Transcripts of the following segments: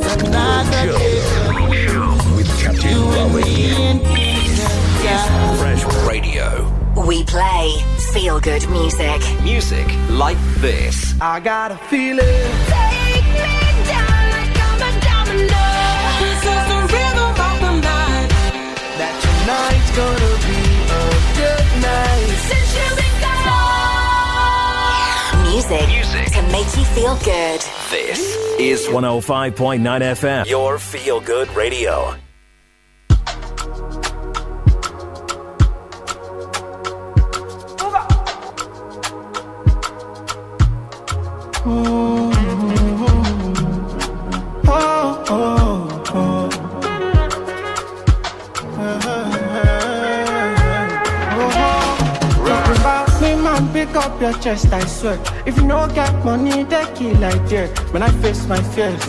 just another With Captain you and Fresh Radio. We play feel good music. Music like this. I got a feeling. Take me down like I'm a domino. This is the rhythm of the night. That tonight's gonna be a good night. Since you music, music to make you feel good. This is 105.9 FM, your feel good radio. up your chest, I swear. If you don't get money, they kill like dare. When I face my fears,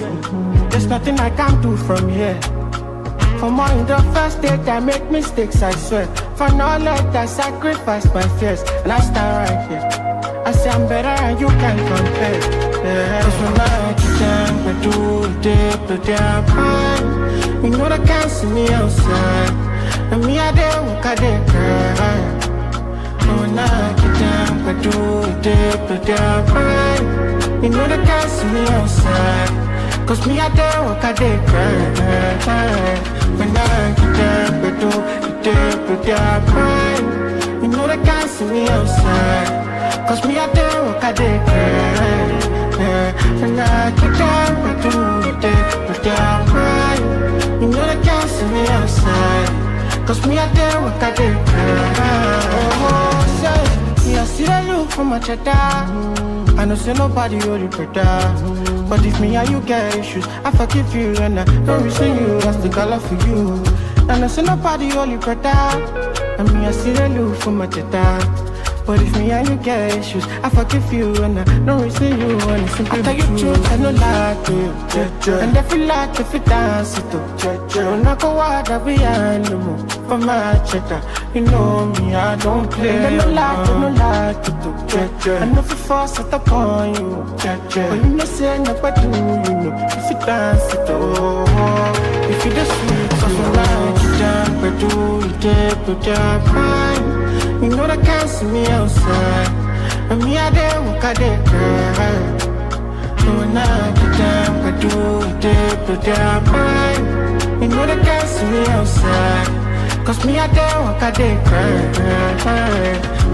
there's nothing I can do from here. For more in the first date, I make mistakes, I swear. For knowledge, I sacrifice my fears, and I stand right here. I say I'm better, and you can compare. Yeah. Cause when I get down, I do dip to their mind. You know they can't see me outside. And me, I dare walk, I dare cry. When I I do it deep but down right You know the guys see me outside Cause me I dare walk I did grind When I get down I do it deep but down right You know the guys see me outside Cause me I dare walk I did grind When I get down I do it deep but down right You know the guys see me outside Cause me I dare walk I did grind me, I see that look from my cheddar. I know say nobody only brother, But if me and you get issues, I forgive you and I don't resent you. That's the color for you. And I say nobody only brother, and me I see that look from my cheddar. But if me and you get issues, I forgive you and I don't reach you and it's simply I tell you truth, I no lie to you. Yeah, yeah. And if you like, if you dance it up, yeah, yeah. you not go out of behind no more. For my checker, you know me, I don't play. And I no lie, to no lie to you. Yeah, yeah. And if you force it upon you, yeah, yeah. but you no say do. you know. If you dance it up, if you just sweet, so right, you down, but do you take, but you you know they can't see me outside. And me I there walk a day girl. No not to them, I do it to them mind. You know they can't see me outside. Cause me I there walk a day girl.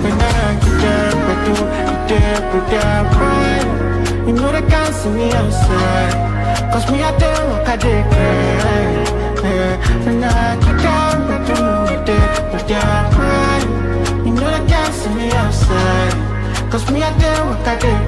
No not to them, I do it to them mind. You know they can't see me outside. Cause me I there walk a day girl. No not to them, I do it to them say Cause me, I did what I did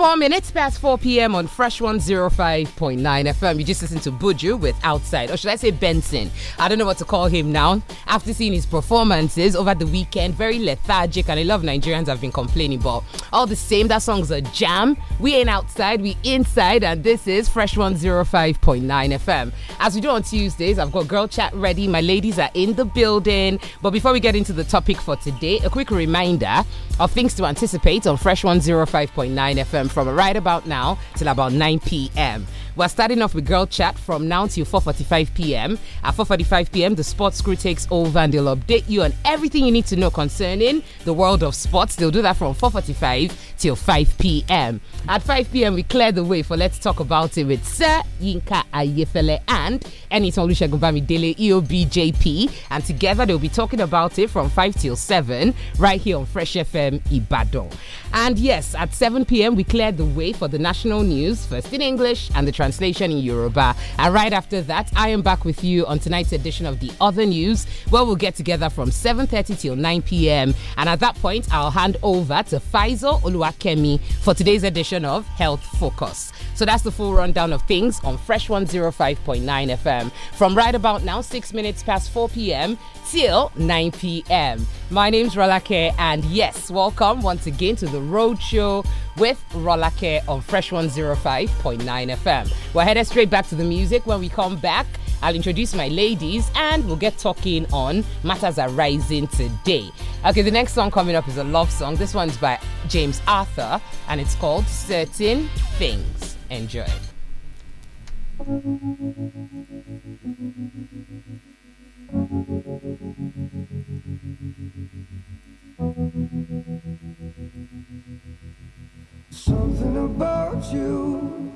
four minutes past 4 p.m. on Fresh 105.9 FM. You just listen to Buju with Outside, or should I say Benson? I don't know what to call him now. After seeing his performances over the weekend, very lethargic, and a lot of Nigerians have been complaining, but all the same, that song's a jam. We ain't outside, we inside, and this is Fresh 105.9 FM. As we do on Tuesdays, I've got Girl Chat ready. My ladies are in the building. But before we get into the topic for today, a quick reminder of things to anticipate on Fresh 105.9 FM from right about now till about 9 p.m. We're starting off with Girl Chat from now till 4.45 p.m. At 4.45 p.m., the sports crew takes over and they'll update you on everything you need to know concerning the world of sports. They'll do that from 4.45 till 5 p.m. At 5 p.m., we clear the way for Let's Talk About It with Sir Yinka Ayefele and Eniton Olusegun Dele EOBJP. And together, they'll be talking about it from 5 till 7 right here on Fresh FM Ibadan. And yes, at 7 p.m., we cleared the way for the national news, first in English and the translation in Yoruba. And right after that, I am back with you on tonight's edition of The Other News, where we'll get together from 7.30 till 9 p.m. And at that point, I'll hand over to Faisal Oluwakemi for today's edition of Health Focus. So that's the full rundown of things on Fresh 105.9 FM. From right about now, 6 minutes past 4 p.m., till 9 p.m. My name's Rolake, and yes, welcome once again to the Roadshow with Rolake on Fresh 105.9 FM. We're headed straight back to the music. When we come back, I'll introduce my ladies and we'll get talking on matters arising today. Okay, the next song coming up is a love song. This one's by James Arthur and it's called Certain Things. Enjoy. Something about you,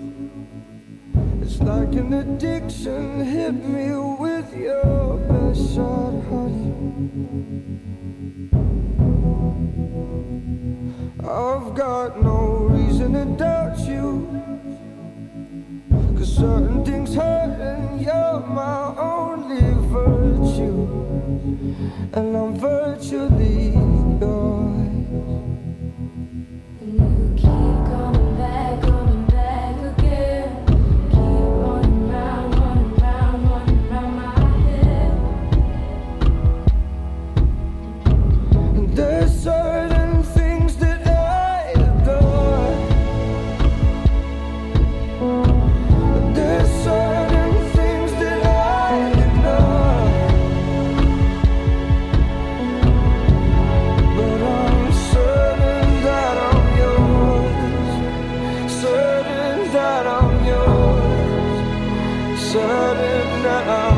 it's like an addiction. Hit me with your best shot, honey. I've got no reason to doubt you certain things hurt and you're my only virtue And I'm virtually yours And you keep coming back, coming back again Keep my head there's certain sudden now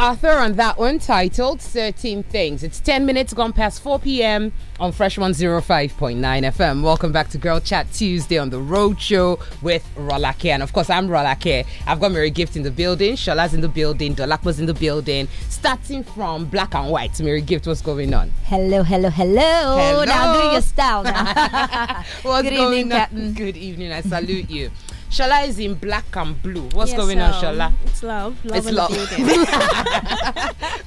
Arthur on that one titled 13 Things. It's 10 minutes gone past 4 p.m. on Fresh 105.9 FM. Welcome back to Girl Chat Tuesday on the Road Show with Rolake. And of course, I'm Rolake. I've got Mary Gift in the building, Shola's in the building, Dolakwa's in the building. Starting from black and white, Mary Gift, what's going on? Hello, hello, hello. hello. Now do your style now. what's Good going evening, on? Captain. Good evening. I salute you. Shala is in black and blue. What's yes, going um, on, Shala? It's love. love it's love.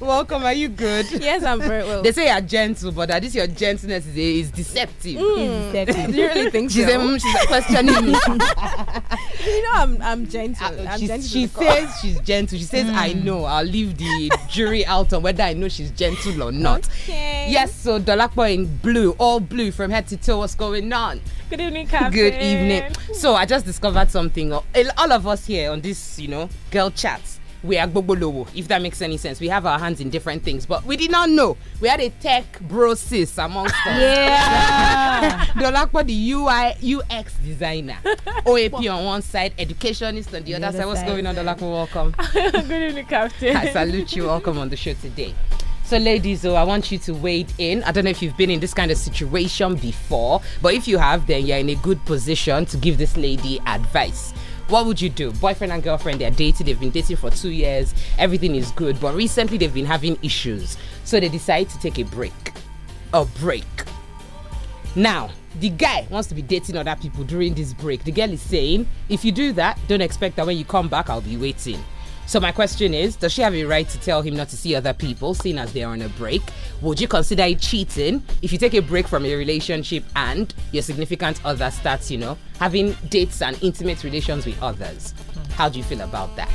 Welcome. Are you good? Yes, I'm very well. They say you're gentle, but this your gentleness is, is deceptive. Mm. deceptive. you really think she's, so? a, she's questioning me? you know, I'm, I'm gentle. Uh, I'm gentle she says she's gentle. She says, mm. I know. I'll leave the jury out on whether I know she's gentle or not. Okay. Yes, so Dolakbo in blue, all blue from head to toe. What's going on? Good evening, Captain. Good evening. So I just discovered something. All of us here on this, you know, girl chats, we are Gbogbolowo, if that makes any sense. We have our hands in different things, but we did not know. We had a tech bro sis amongst us. Yeah. Dolakwa, the UI, UX designer. OAP on one side, educationist on the, the other, other side. side. What's going on, Dolakwa? Welcome. Good evening, Captain. I salute you. Welcome on the show today. So, ladies, oh, I want you to wade in. I don't know if you've been in this kind of situation before, but if you have, then you're in a good position to give this lady advice. What would you do? Boyfriend and girlfriend, they're dating, they've been dating for two years, everything is good, but recently they've been having issues. So they decide to take a break. A break. Now, the guy wants to be dating other people during this break. The girl is saying, if you do that, don't expect that when you come back, I'll be waiting. So my question is, does she have a right to tell him not to see other people, seeing as they're on a break? Would you consider it cheating if you take a break from your relationship and your significant other starts, you know, having dates and intimate relations with others? How do you feel about that?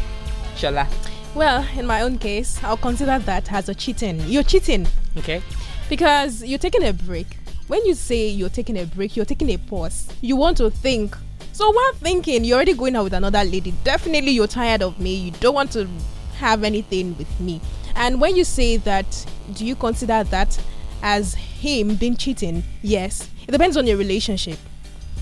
Shola? Well, in my own case, I'll consider that as a cheating. You're cheating. Okay. Because you're taking a break. When you say you're taking a break, you're taking a pause. You want to think so while thinking, you're already going out with another lady. Definitely you're tired of me. You don't want to have anything with me. And when you say that, do you consider that as him being cheating? Yes. It depends on your relationship.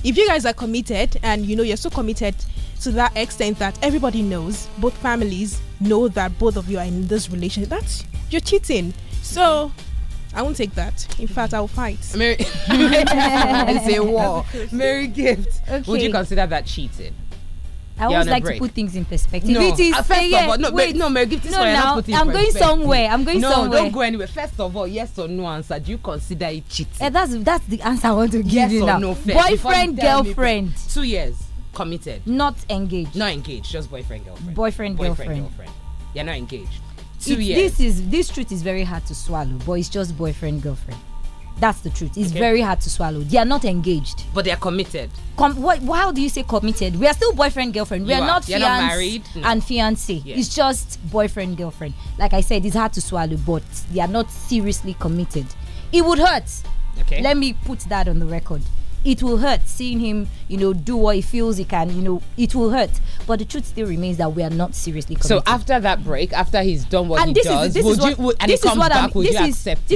If you guys are committed and you know you're so committed to that extent that everybody knows, both families know that both of you are in this relationship, that's you're cheating. So I won't take that. In fact, I'll fight. Mary, it's a war. Mary Gift. Okay. Would you consider that cheating? I always yeah, like break. to put things in perspective. No, it is, uh, first yeah, of all, no, wait, no, Mary, give this no, now, I'm going somewhere. I'm going no, somewhere. No, don't go anywhere. First of all, yes or no answer. Do you consider it cheating? Yeah, that's that's the answer I want to give yes you now. No, first, boyfriend, girlfriend. Me, two years committed. Not engaged. Not engaged. Just boyfriend, girlfriend. Boyfriend, boyfriend girlfriend. girlfriend. You're not engaged two years. This is this truth is very hard to swallow, but it's just boyfriend girlfriend. That's the truth. It's okay. very hard to swallow. They are not engaged, but they are committed. Com- what, how do you say committed? We are still boyfriend girlfriend. We are, are, not fiance not married no. and fiance. Yeah. It's just boyfriend girlfriend. Like I said, it's hard to swallow, but they are not seriously committed. It would hurt. Okay. Let me put that on the record. It will hurt seeing him you know, do what he feels he can, you know, it will hurt. But the truth still remains that we are not seriously committed. So after that break, after he's done what and he this does, is, this would is what, you, would, and this he comes is what I'm,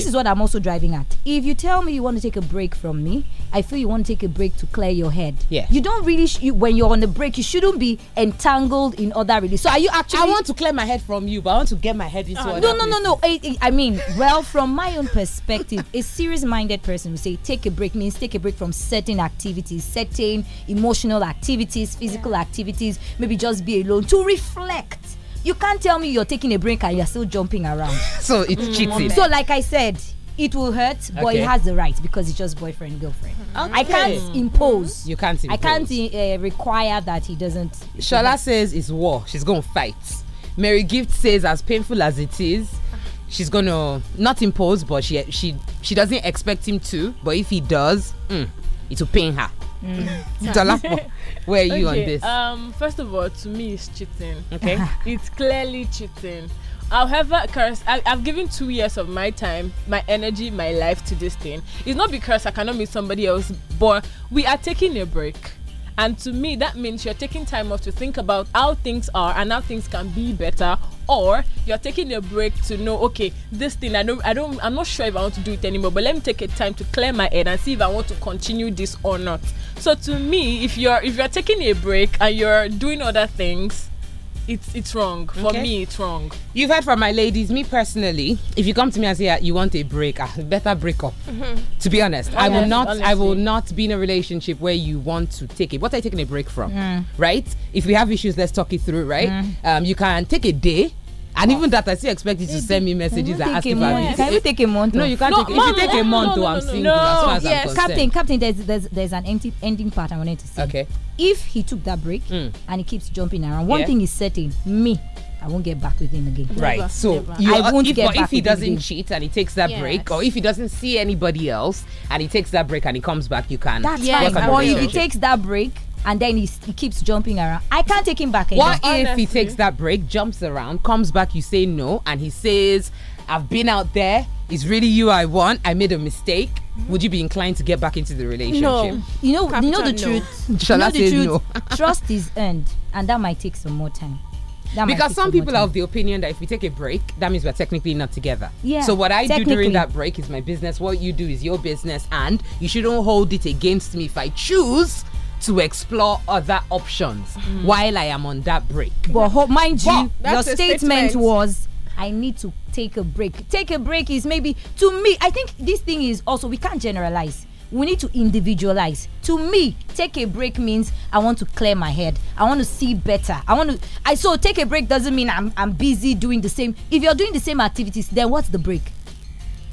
is, what I'm also driving at. If you tell me you want to take a break from me, I feel you want to take a break to clear your head. Yeah. You don't really, you, when you're on the break, you shouldn't be entangled in other really. So are you actually? I want to clear my head from you, but I want to get my head into. Uh, no, no, no, no, I, I mean, well, from my own perspective, a serious-minded person would say take a break means take a break from certain activities, certain emotional activities, physical yeah. activities, maybe just be alone to reflect. You can't tell me you're taking a break and you're still jumping around. so it's mm, cheating. So, like I said, it will hurt, but okay. he has the right because it's just boyfriend girlfriend. Mm-hmm. Okay. I can't impose. You can't. Impose. I can't uh, eh, require that he doesn't. Shola says it's war. She's gonna fight. Mary Gift says as painful as it is, she's gonna not impose, but she she she doesn't expect him to. But if he does, mm, it will pain her. Mm. Jalapa, where are okay, you on this? Um, first of all, to me, it's cheating. Okay, it's clearly cheating. However, curse, I, have given two years of my time, my energy, my life to this thing. It's not because I cannot meet somebody else, but we are taking a break. And to me, that means you're taking time off to think about how things are and how things can be better. Or you're taking a break to know, okay, this thing I don't, I don't, I'm not sure if I want to do it anymore. But let me take a time to clear my head and see if I want to continue this or not. So to me, if you're if you're taking a break and you're doing other things, it's it's wrong for me it's wrong you've heard from my ladies me personally if you come to me and say you want a break ah, better break up mm -hmm. to be honest i will not honestly. i will not be in a relationship where you want to take it what are you taking a break from mm. right if we have issues let's talk it through right mm. um, you can take a day and even that i still expect you to send me messages and ask about it can we take a month no you can't no, take if you take a month no, i'm single as far as i'm concerned captain captain there's there's there's an empty ending part i wanted to say okay if he took that break hmm. and he keeps jumping around one thing is certain me I won't get back with him again. Right. Never, so you, I won't if, get back if he doesn't cheat and he takes that yes. break, or if he doesn't see anybody else and he takes that break and he comes back, you can. That's yes. fine. Or if he takes that break and then he, he keeps jumping around. I can't take him back. Again. What Honestly. if he takes that break, jumps around, comes back, you say no, and he says, I've been out there, it's really you I want, I made a mistake. Would you be inclined to get back into the relationship? No. You know, Capital you know the no. truth. Shall you know I the say truth? no? Trust is earned, and that might take some more time. That because some people are of the opinion that if we take a break, that means we're technically not together. Yeah. So what I do during that break is my business. What you do is your business, and you shouldn't hold it against me if I choose to explore other options mm. while I am on that break. But mind but you, your statement, statement was I need to take a break. Take a break is maybe to me. I think this thing is also we can't generalize we need to individualize to me take a break means i want to clear my head i want to see better i want to i so take a break doesn't mean i'm i'm busy doing the same if you're doing the same activities then what's the break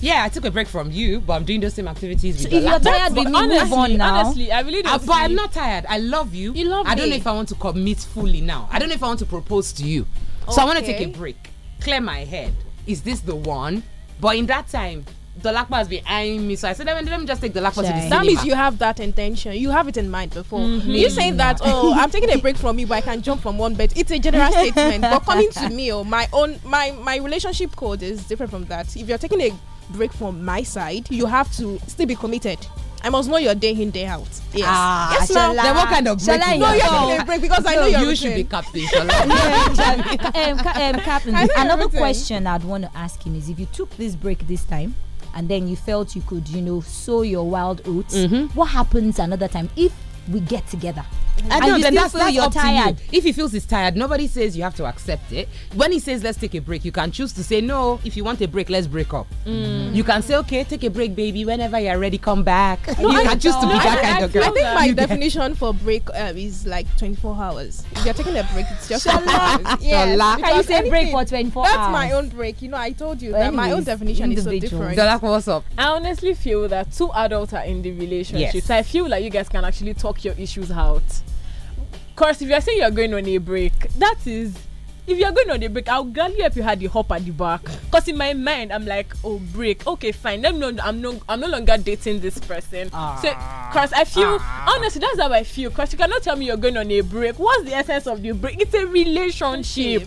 yeah, I took a break from you, but I'm doing those same activities. So if you're tired, we move on now. Honestly, I really don't. but I'm not tired. I love you. You love I don't know if I want to commit fully now. I don't know if I want to propose to you. Okay. So I want to take a break, clear my head. Is this the one? But in that time, the Lakpa has been eyeing me. So I said, let me, just take the Lakpa to the cinema. That means you have that intention. You have it in mind before. Mm -hmm. You saying that, oh, I'm taking a break from you, but I can jump from one bed. It's a general statement. But coming to me, oh, my own, my, my relationship code is different from that. If you're taking a break from my side, you have to still be committed. I must know your day in day out. Yes. Ah, yes, ma'am. Then what kind of break? No, you're not break because I know you're. You should be captain. um, ca um, captain. Another question I'd want to ask him is: If you took this break this time, and then you felt you could, you know, sow your wild oats, mm -hmm. what happens another time if we get together. I do that's, that's you're tired. You. If he feels he's tired, nobody says you have to accept it. When he says let's take a break, you can choose to say no. If you want a break, let's break up. Mm. You can say okay, take a break, baby. Whenever you're ready, come back. No, you I can choose to be no, that I, kind I, of girl. I think my definition for break um, is like 24 hours. If you're taking a break, it's just. Shala. yeah. Can you say anything, break for 24 that's hours? my own break. You know, I told you well, that anyways, my own definition is so different. what's up? I honestly feel that two adults are in the relationship. Yes. I feel like you guys can actually talk talk your issues out Because if you're saying you're going on a break that is if you're going on a break i'll gladly help you had the hop at the back because in my mind i'm like oh break okay fine let me know i'm no i'm no longer dating this person uh, so because ah. i feel uh, honestly that's how i feel because you cannot tell me you're going on a break what's the essence of the break it's a relationship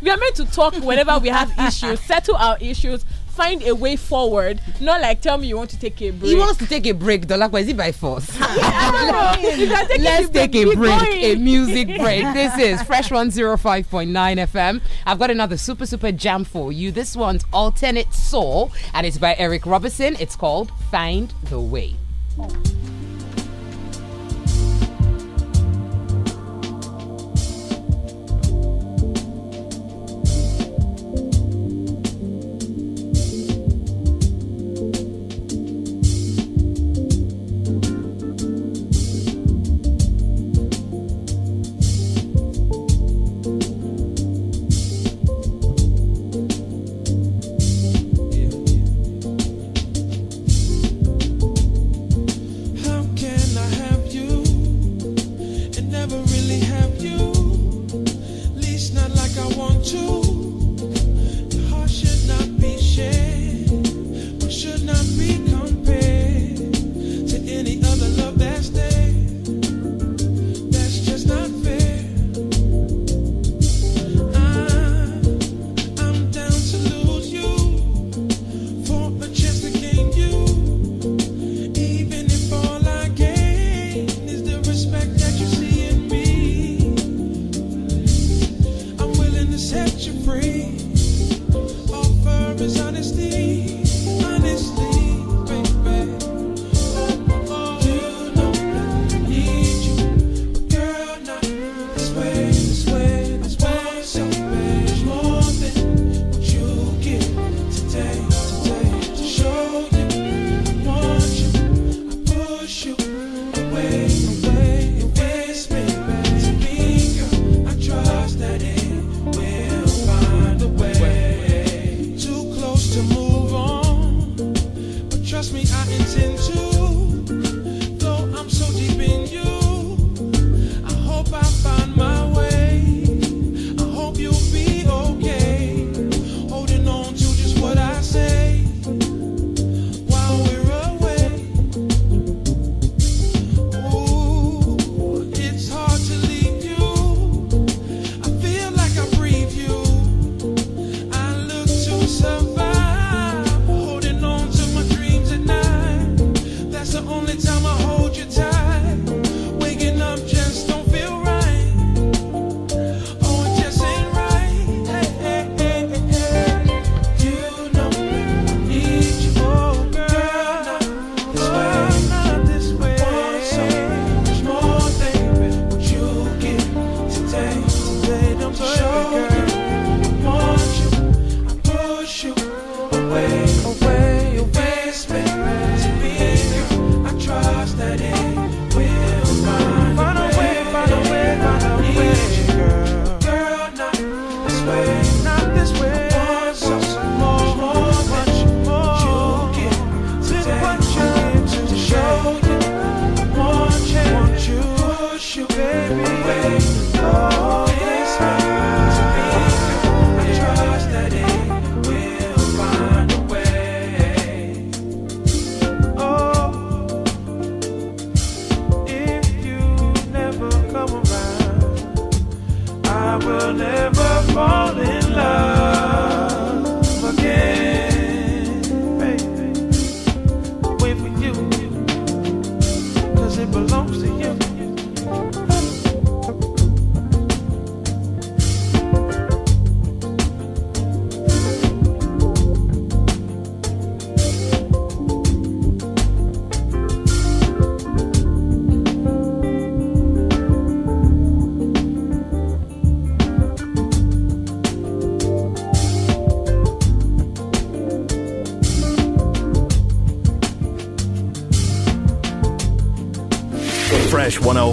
we are meant to talk whenever we have issues settle our issues find a way forward, not like tell me you want to take a break. He wants to take a break, Dolakwa. Is it by force? yeah, Let's a take a break, a music break. This is Fresh 105.9 FM. I've got another super, super jam for you. This one's Alternate Soul, and it's by Eric Robertson. It's called Find the Way. Oh.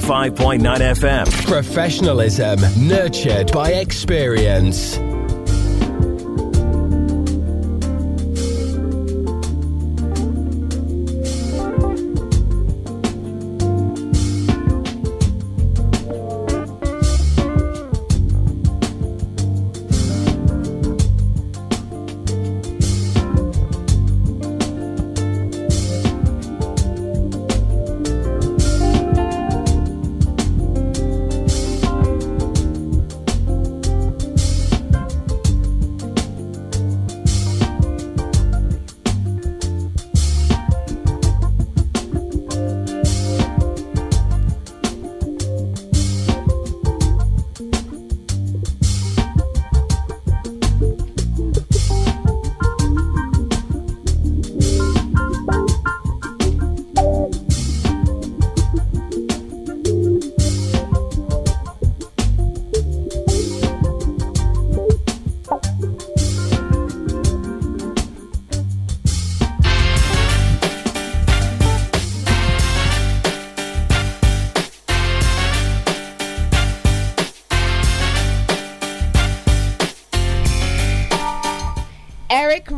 105.9 FM. Professionalism nurtured by experience.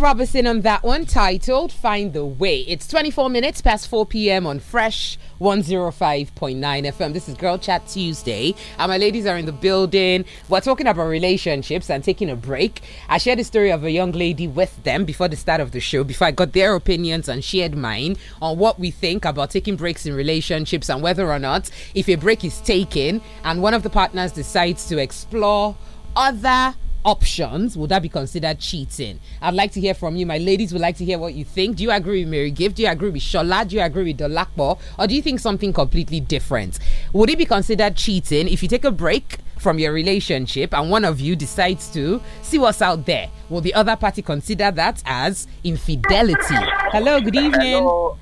Robertson on that one, titled Find the Way. It's 24 minutes past 4 p.m. on Fresh 105.9 FM. This is Girl Chat Tuesday, and my ladies are in the building. We're talking about relationships and taking a break. I shared the story of a young lady with them before the start of the show, before I got their opinions and shared mine on what we think about taking breaks in relationships and whether or not, if a break is taken and one of the partners decides to explore other options, would that be considered cheating? I'd like to hear from you. My ladies would like to hear what you think. Do you agree with Mary Gift? Do you agree with Shola? Do you agree with Dolakbo? Or do you think something completely different? Would it be considered cheating if you take a break from your relationship and one of you decides to see what's out there? Will the other party consider that as infidelity? Hello, good evening. Hello,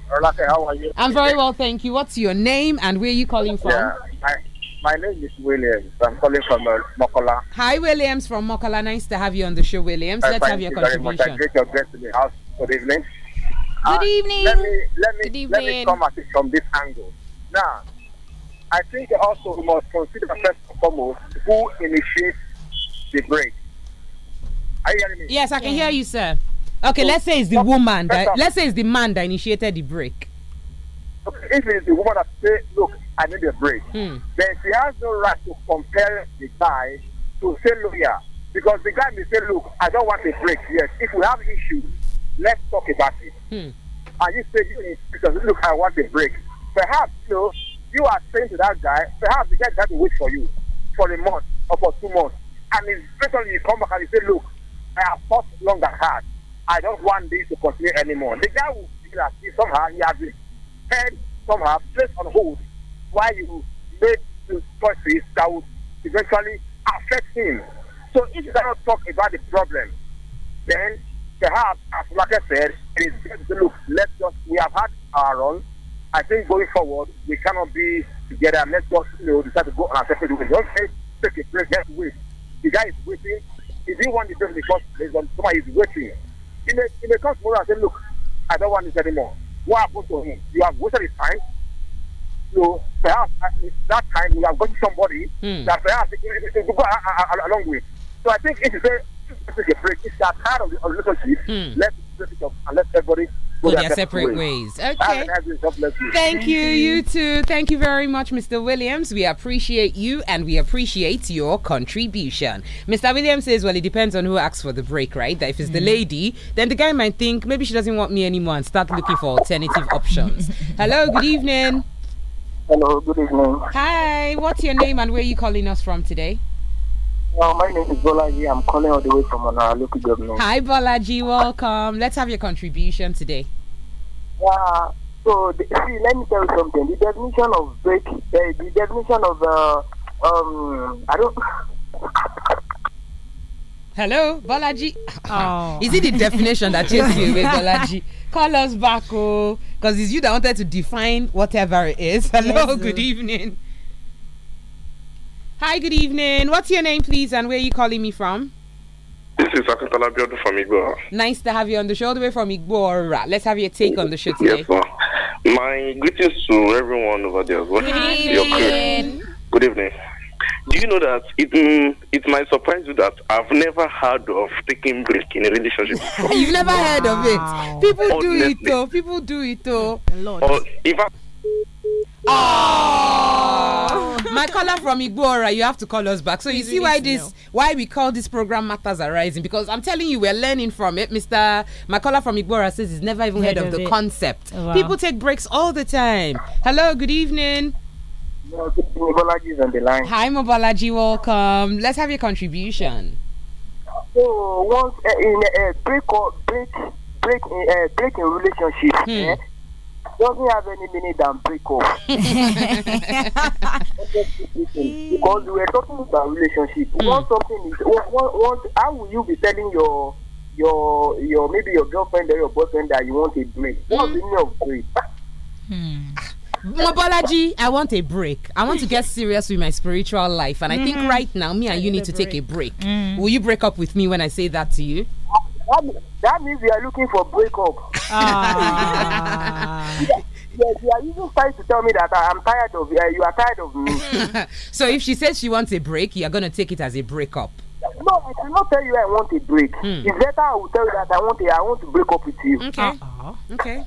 how are you? I'm very well, thank you. What's your name and where are you calling from? Yeah, my name is Williams. I'm calling from uh, Mokola. Hi, Williams from Mokola. Nice to have you on the show, Williams. Hi, Let's have you your contribution. Great your guest in the house. Good evening. Good ah, evening. Uh, let me let me Good evening. let me come at it from this angle. Now, I think also we must consider first and foremost who initiates the break. Are you hearing me? Yes, I can yeah. hear you, sir. Okay, so, let's say it's the woman that, let's say it's the man that initiated the break. Okay, if it's the woman that say, look, I need a break. Hmm. Then she has no right to compare the guy to say lawyer because the guy may say, look, I don't want a break. Yes, if we have issues, let's talk about it. Hmm. And you say, because look, I want a break. Perhaps you know you are saying to that guy, perhaps the guy has to wait for you for a month or for two months, and it's you come back and you say, look, I have fought long and hard. I don't want this to continue anymore. The guy will feel as if somehow he has been head somehow placed on hold why you make choices that would eventually affect him. So if you cannot talk about the problem, then perhaps, as I said, it is best to look, let's just, we have had our own. I think going forward, we cannot be together let's just, you know, decide to go on our separate ways. Don't say, take a break, let's wait. The guy is waiting. If he wants the break because there's somebody is waiting, he may, he may come tomorrow and say, look, I don't want this anymore. What happened to him? You have wasted his time. So perhaps at uh, that time we have got somebody mm. that perhaps to go uh, uh, along with. So I think it is very take a break. If they are of the relationship, mm. let and let everybody go their, separate ways. ways. Okay. Thank you, you too. Thank you very much, Mr. Williams. We appreciate you and we appreciate your contribution. Mr. Williams says, well, it depends on who asks for the break, right? That if it's mm. the hmm. lady, then the guy might think maybe she doesn't want me anymore and start looking for alternative options. Hello, good evening. Hello, good evening. Hi, what's your name and where are you calling us from today? Well, my name is Bolaji. I'm calling all the way from our local government. Hi, Bolaji. Welcome. Let's have your contribution today. Yeah. So, the, see, let me tell you something. The definition of break, uh, the definition of, uh, um, I don't. Hello, Balaji. Oh. Is it the definition that chased you away, Balaji? Call us back, oh, because it's you that wanted to define whatever it is. Hello, yes, good oh. evening. Hi, good evening. What's your name, please, and where are you calling me from? This is Akintola Biodu from Igbo. Nice to have you on the show, all the way from Igbo. Let's have your take on the show today. Yes, ma'am. My greetings to everyone over there. Good evening. Good evening. Do you know that it mm, it might surprise you that I've never heard of taking break in a relationship before. You've never wow. heard of it. People Honestly. do it though. People do it though. A lot. if I Oh, my caller from Igbora, you have to call us back. So you see why this, why we call this program "Matters Arising" because I'm telling you, we're learning from it. Mister, my caller from Igbora says he's never even heard, heard of, of, the it. concept. Oh, wow. People take breaks all the time. Hello, good evening is on the line. Hi, Mobalaji, welcome. Let's have your contribution. So, once uh, in eh, a uh, break, break, eh, break, uh, break in relationship, hmm. eh, doesn't have any meaning than break up. because we are talking about relationship. Mm. Once something is, what, what, how will you be telling your your your maybe your girlfriend or your boyfriend that you want a break? Mm. What's the hmm. meaning of break? Hmm. Mobology, I want a break. I want to get serious with my spiritual life. And I mm -hmm. think mm-hmm. right now, me and you need to take a break. Mm -hmm. Will you break up with me when I say that to you? That, means you are looking for breakup. Ah. Yes, you are even trying to tell me that I am tired of you. Uh, you are tired of me. so if she says she wants a break, you are going to take it as a breakup. No, I cannot tell you I want a break. Mm. It's better I will tell you that I want a, I want to break up with you. Okay. Uh -huh. Okay.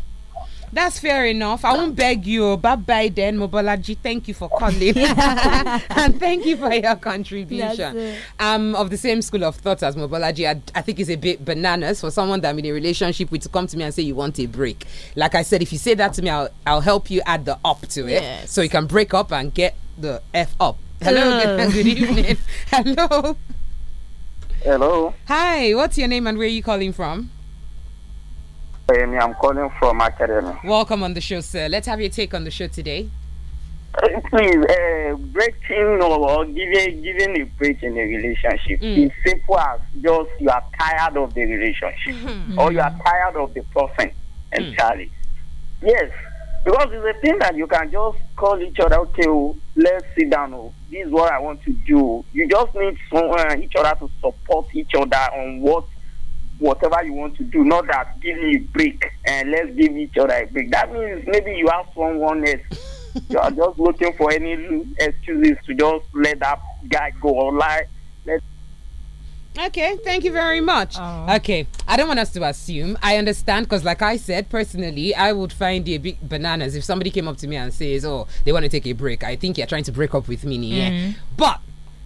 That's fair enough. I won't beg you. Oh, bye bye then, Mobolaji. Thank you for calling. and thank you for your contribution. I'm of the same school of thought as Mobolaji. I, I, think it's a bit bananas for someone that I'm in a relationship with to come to me and say you want a break. Like I said, if you say that to me, I'll, I'll help you add the up to it. Yes. So you can break up and get the F up. Hello, good evening. Hello. Hello. Hi, what's your name and where are you calling from? I'm calling from Academy. Welcome on the show, sir. Let's have your take on the show today. please, uh, breaking or giving giving a break in a relationship mm. is simple as just you are tired of the relationship mm. or you are tired of the person mm. entirely. Mm. Yes, because it's a thing that you can just call each other. Okay, oh, let's sit down. Oh, this is what I want to do. You just need some, uh, each other to support each other on what whatever you want to do, not that give me a break and let's give each other a break. That means maybe you have someone else. you are just looking for any excuses to just let that guy go online. lie. Okay, thank you very much. Aww. Oh. Okay, I don't want us to assume. I understand because, like I said, personally, I would find it a big bananas if somebody came up to me and says, "Oh, they want to take a break." I think you're trying to break up with me, mm -hmm. yeah. But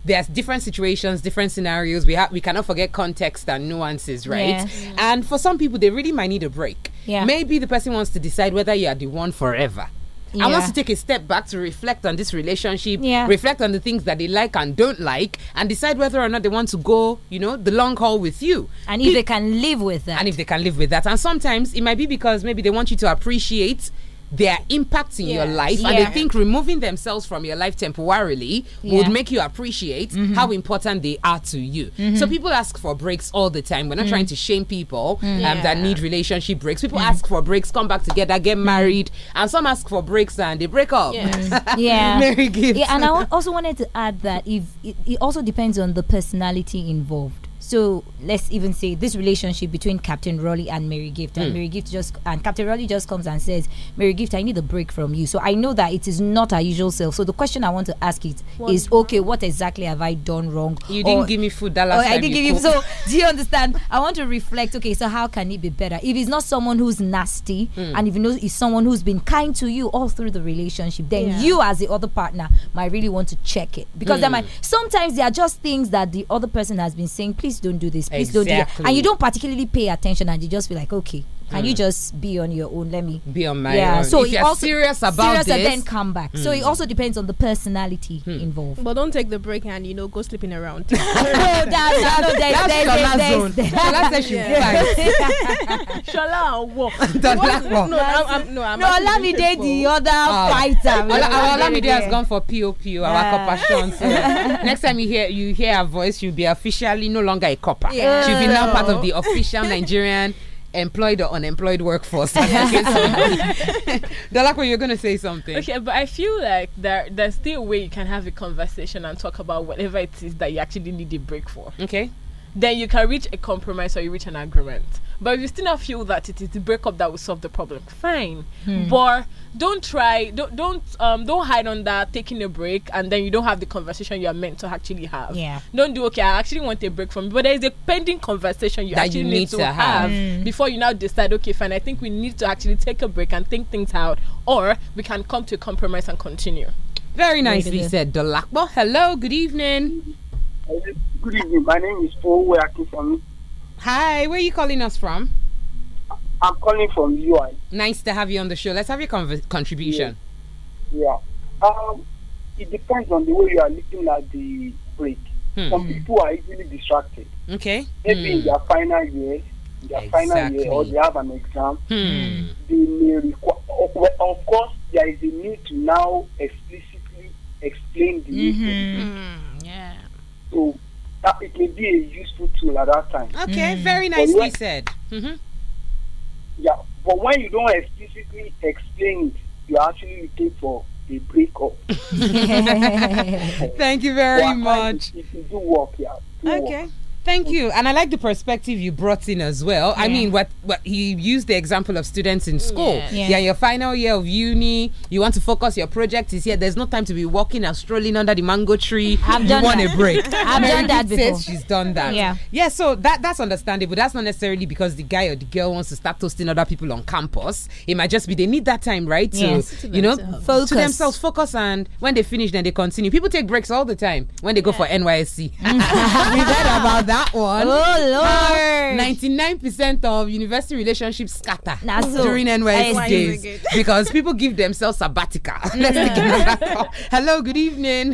there's different situations, different scenarios. We have we cannot forget context and nuances, right? Yes. And for some people, they really might need a break. Yeah. Maybe the person wants to decide whether you are the one forever. Yeah. I want to take a step back to reflect on this relationship, yeah. reflect on the things that they like and don't like, and decide whether or not they want to go, you know, the long haul with you. And if they can live with that. And if they can live with that. And sometimes it might be because maybe they want you to appreciate their impact in your life yeah. and they think removing themselves from your life temporarily yeah. would make you appreciate mm -hmm. how important they are to you mm -hmm. so mm-hmm. people ask for breaks all the time we're not mm. trying to shame people um, mm. that need relationship breaks people mm-hmm. ask for breaks come back together get mm-hmm. married and some ask for breaks and they break up yeah yeah. and i also wanted to add that if it, it also depends on the personality involved so let's even say this relationship between Captain Raleigh and Mary Gift, and mm. Mary Gift just and Captain Raleigh just comes and says, "Mary Gift, I need a break from you." So I know that it is not our usual self. So the question I want to ask it what is, okay, what exactly have I done wrong? You or, didn't give me food that last time. I didn't give you. So do you understand? I want to reflect. Okay, so how can it be better? If it's not someone who's nasty, mm. and if you know it's someone who's been kind to you all through the relationship, then yeah. you as the other partner might really want to check it because mm. there hmm. might sometimes there are just things that the other person has been saying. Please please don't do this, please exactly. don't do that. And you don't particularly pay attention and you just be like, okay, can mm. you hmm. just be on your own? Let me be on my yeah. Own. So if you're serious about serious this, then come back. Mm. So it hmm. also depends on the personality mm. involved. But don't take the break and you know go sleeping around. that's no, that's Shola zone. that's says she fights. Shola walk. The black walk. No, I'm, no, I'm no. Olamide the other uh, fighter. Olamide has gone for POPO. Our compassion. So next time you hear you hear her voice, you'll be officially no longer a copper. She'll be now part of the official Nigerian employed or unemployed workforce. Dalakwa, you're going to say something. Okay, but I feel like there, there's still a way you can have a conversation and talk about whatever it is that you actually need a break for. Okay. Then you can reach a compromise or you reach an agreement. But if you still not feel that it is the breakup that will solve the problem, fine. Hmm. But don't try, don't don't um don't hide that taking a break and then you don't have the conversation you are meant to actually have. Yeah. Don't do okay. I actually want a break from, you. but there is a pending conversation you that actually you need, need, to, have, have mm. before you now decide. Okay, fine. I think we need to actually take a break and think things out, or we can come to a compromise and continue. Very nicely said, Dolakbo. Hello. Good evening. Good evening. My name is Paul Weaki from Hi, where are you calling us from? I'm calling from UI. Nice to have you on the show. Let's have your contribution. Yeah. yeah. Um, it depends on the way you are looking at the break. Hmm. Some people are easily distracted. Okay. Maybe hmm. in their final year, their exactly. final year, or they have an exam, hmm. they may require. Of course, there is a need to now explicitly explain the mm -hmm. Yeah. So that it may be a useful tool at that time. Okay, mm. very nicely when, said. Mm-hmm. Yeah, but when you don't explicitly explain it, you actually looking for a breakup. Thank you very so much. It, it, do work, yeah. Do okay. Work. Thank you. And I like the perspective you brought in as well. Yeah. I mean, what, what he used the example of students in school. Yeah. yeah. yeah, your final year of uni, you want to focus, your project is here. There's no time to be walking and strolling under the mango tree. I've you done want that. a break. I've done that before. Says she's done that. Yeah. Yeah, so that that's understandable. That's not necessarily because the guy or the girl wants to start toasting other people on campus. It might just be they need that time, right? Yes. To, you know, focus. To themselves, focus. And when they finish, then they continue. People take breaks all the time when they go for NYSC. we heard about that that one. Oh Lord! Ninety-nine percent of university relationships scatter during NYS eh, days because people give themselves sabbatical. Yeah. Hello, good evening.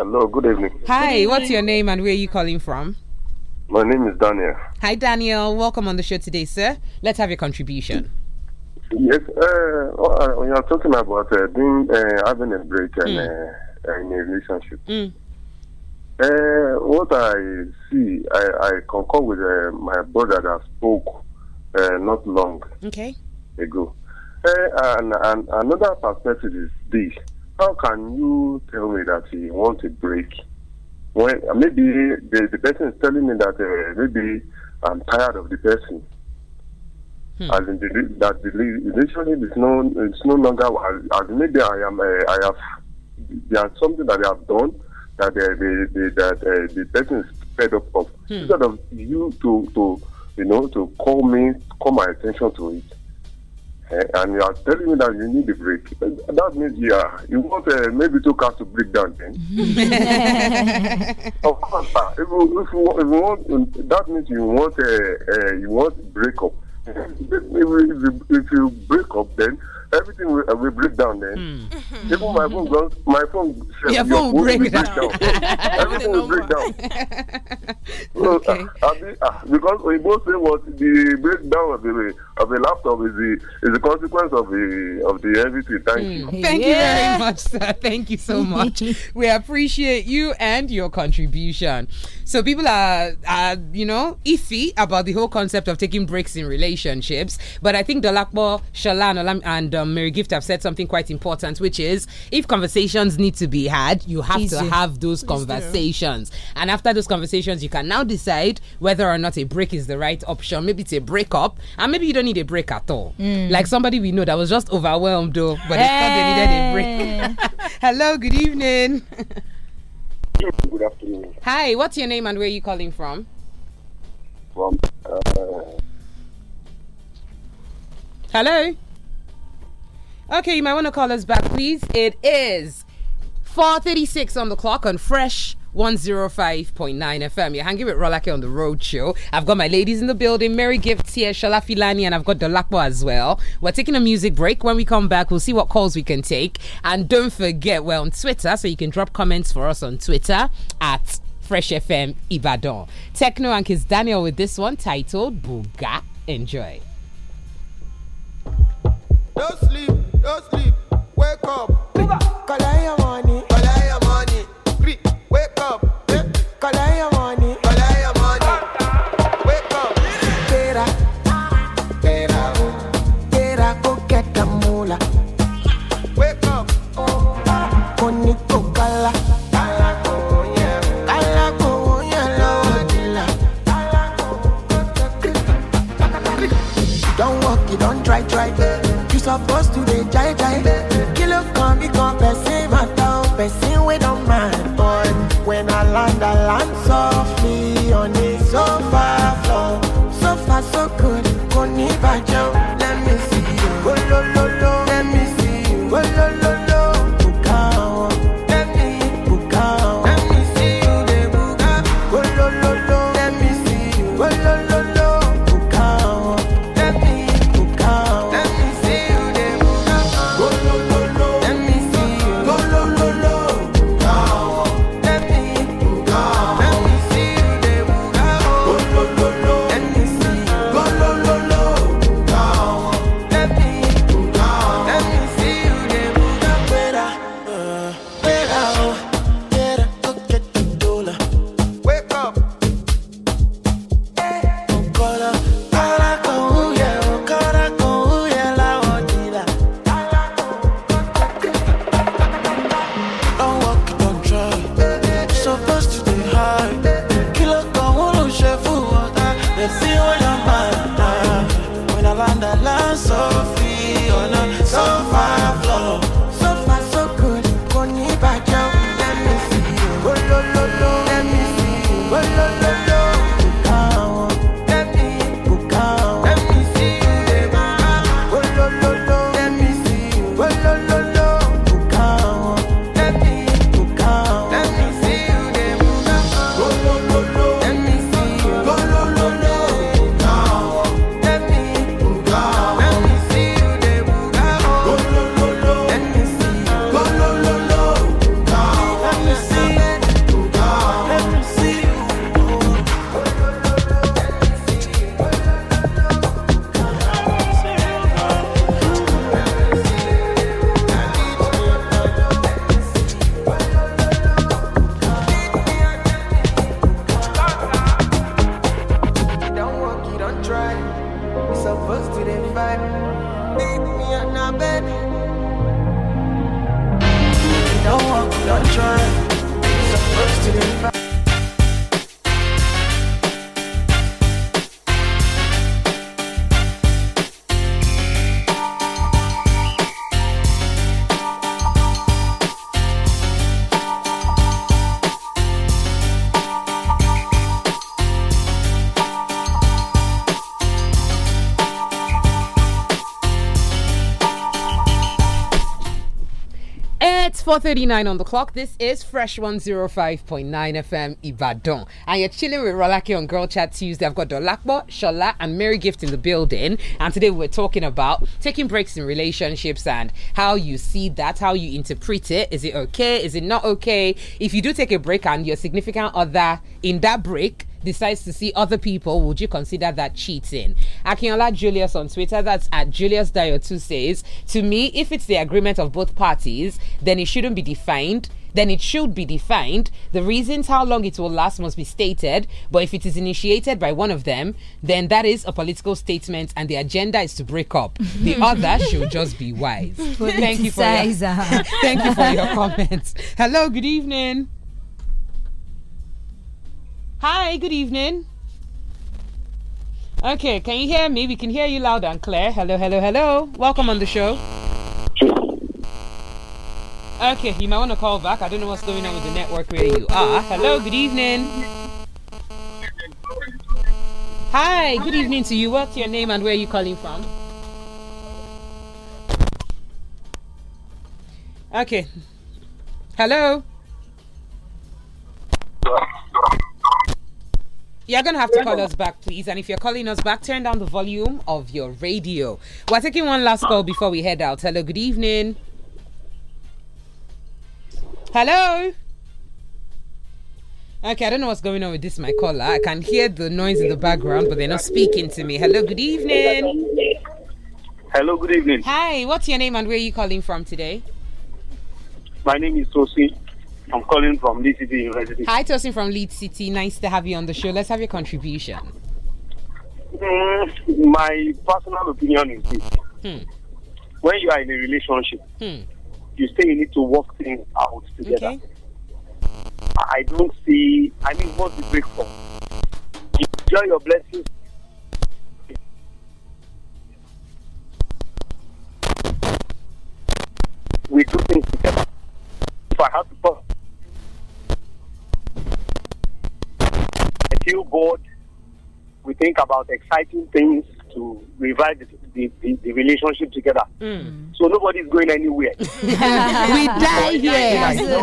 Hello, good evening. Hi, good evening. what's your name and where are you calling from? My name is Daniel. Hi, Daniel. Welcome on the show today, sir. Let's have your contribution. Yes, uh, uh we are talking about uh, uh, having a break and hmm. uh, in a relationship. Mm. Uh, what I see, I, I concur with uh, my brother that spoke uh, not long okay. ago. Uh, and, and, another perspective is this: How can you tell me that you want a break? When maybe the, the person is telling me that uh, maybe I'm tired of the person, hmm. as in the, that the relationship is no it's no longer as, as maybe I am uh, I have there's something that I have done that uh, the, the, that uh, the person is fed up of. Hmm. Instead of you to to you know to call me, call my attention to it, uh, and you are telling me that you need a break. Eh, that means yeah, you want uh, maybe two cars to break down then. of course, if you, if, you want, if you, want, um, that means you want a uh, uh, you want break up. if, you, if you break up then everything will, uh, will break down then. Hmm. Mm. Mm-hmm. Even my phone goes, my phone. Your phone will break, down. down. everything will break down. so, uh, okay. Uh, uh, because we both say what the breakdown of the of laptop is the is the consequence of the of the everything. Thank mm. you. Hmm. Thank yeah. you very much, sir. Thank you so much. we appreciate you and your contribution. So people are are you know iffy about the whole concept of taking breaks in relationships, but I think Dolakbo, Shalan, and uh, um, Mary Gift have said something quite important, which is if conversations need to be had, you have Easy. to have those conversations. And after those conversations, you can now decide whether or not a break is the right option. Maybe it's a breakup, and maybe you don't need a break at all. Mm. Like somebody we know that was just overwhelmed, though, but they thought they needed a break. Hello, good evening. Good afternoon. Hi, what's your name and where are you calling from? From. Uh, Hello. Okay, you might want to call us back, please. It is 4.36 on the clock on Fresh 105.9 FM. You're hanging with Rolake on the road show. I've got my ladies in the building, Mary Gifts here, Shala and I've got Dolakwa as well. We're taking a music break. When we come back, we'll see what calls we can take. And don't forget, we're on Twitter, so you can drop comments for us on Twitter at Fresh FM Ibadan. Techno and Kiss Daniel with this one titled Buga. Enjoy. sleep do sleep, wake up. your money, collect your money. Wake up, collect your money. 4.39 on the clock. This is Fresh 105.9 FM Ibadan. And you're chilling with Rolake on Girl Chat Tuesday. I've got Dolakbo, Shola and Mary Gift in the building. And today we're talking about taking breaks in relationships and how you see that, how you interpret it. Is it okay? Is it not okay? If you do take a break and your significant other in that break decides to see other people, would you consider that cheating? Akinola Julius on Twitter, that's at Julius Dio2 says, To me, if it's the agreement of both parties, then it shouldn't be defined then it should be defined. The reasons how long it will last must be stated, but if it is initiated by one of them, then that is a political statement and the agenda is to break up. The other should just be wise. thank you for your, uh-huh. thank you for your comments. Hello, good evening. Hi, good evening. Okay, can you hear me? We can hear you loud and clear. Hello, hello, hello. Welcome on the show. Okay, you might want to call back. I don't know what's going on with the network where you are. Hello, good evening. Hi, good evening to you. What's your name and where are you calling from? Okay. Hello? You're going to have to call us back, please. And if you're calling us back, turn down the volume of your radio. We're taking one last call before we head out. Hello, good evening. Hello? Okay, I don't know what's going on with this, my caller. I can hear the noise in the background, but they're not speaking to me. Hello, good evening. Hello, good evening. Hi, what's your name and where are you calling from today? My name is Tosin. I'm calling from Leeds City University. Hi, Tosin from Leeds City. Nice to have you on the show. Let's have your contribution. Mm, my personal opinion is this. Hmm. When you are in a relationship, hmm you say you need to work things out together. Okay. I don't see, I mean, what's the break for? Enjoy your blessings. We do things together. If I have to pause, I feel bored. We think about exciting things to revive the the, the, the relationship together. Mm. mm. So nobody's going anywhere. we die here.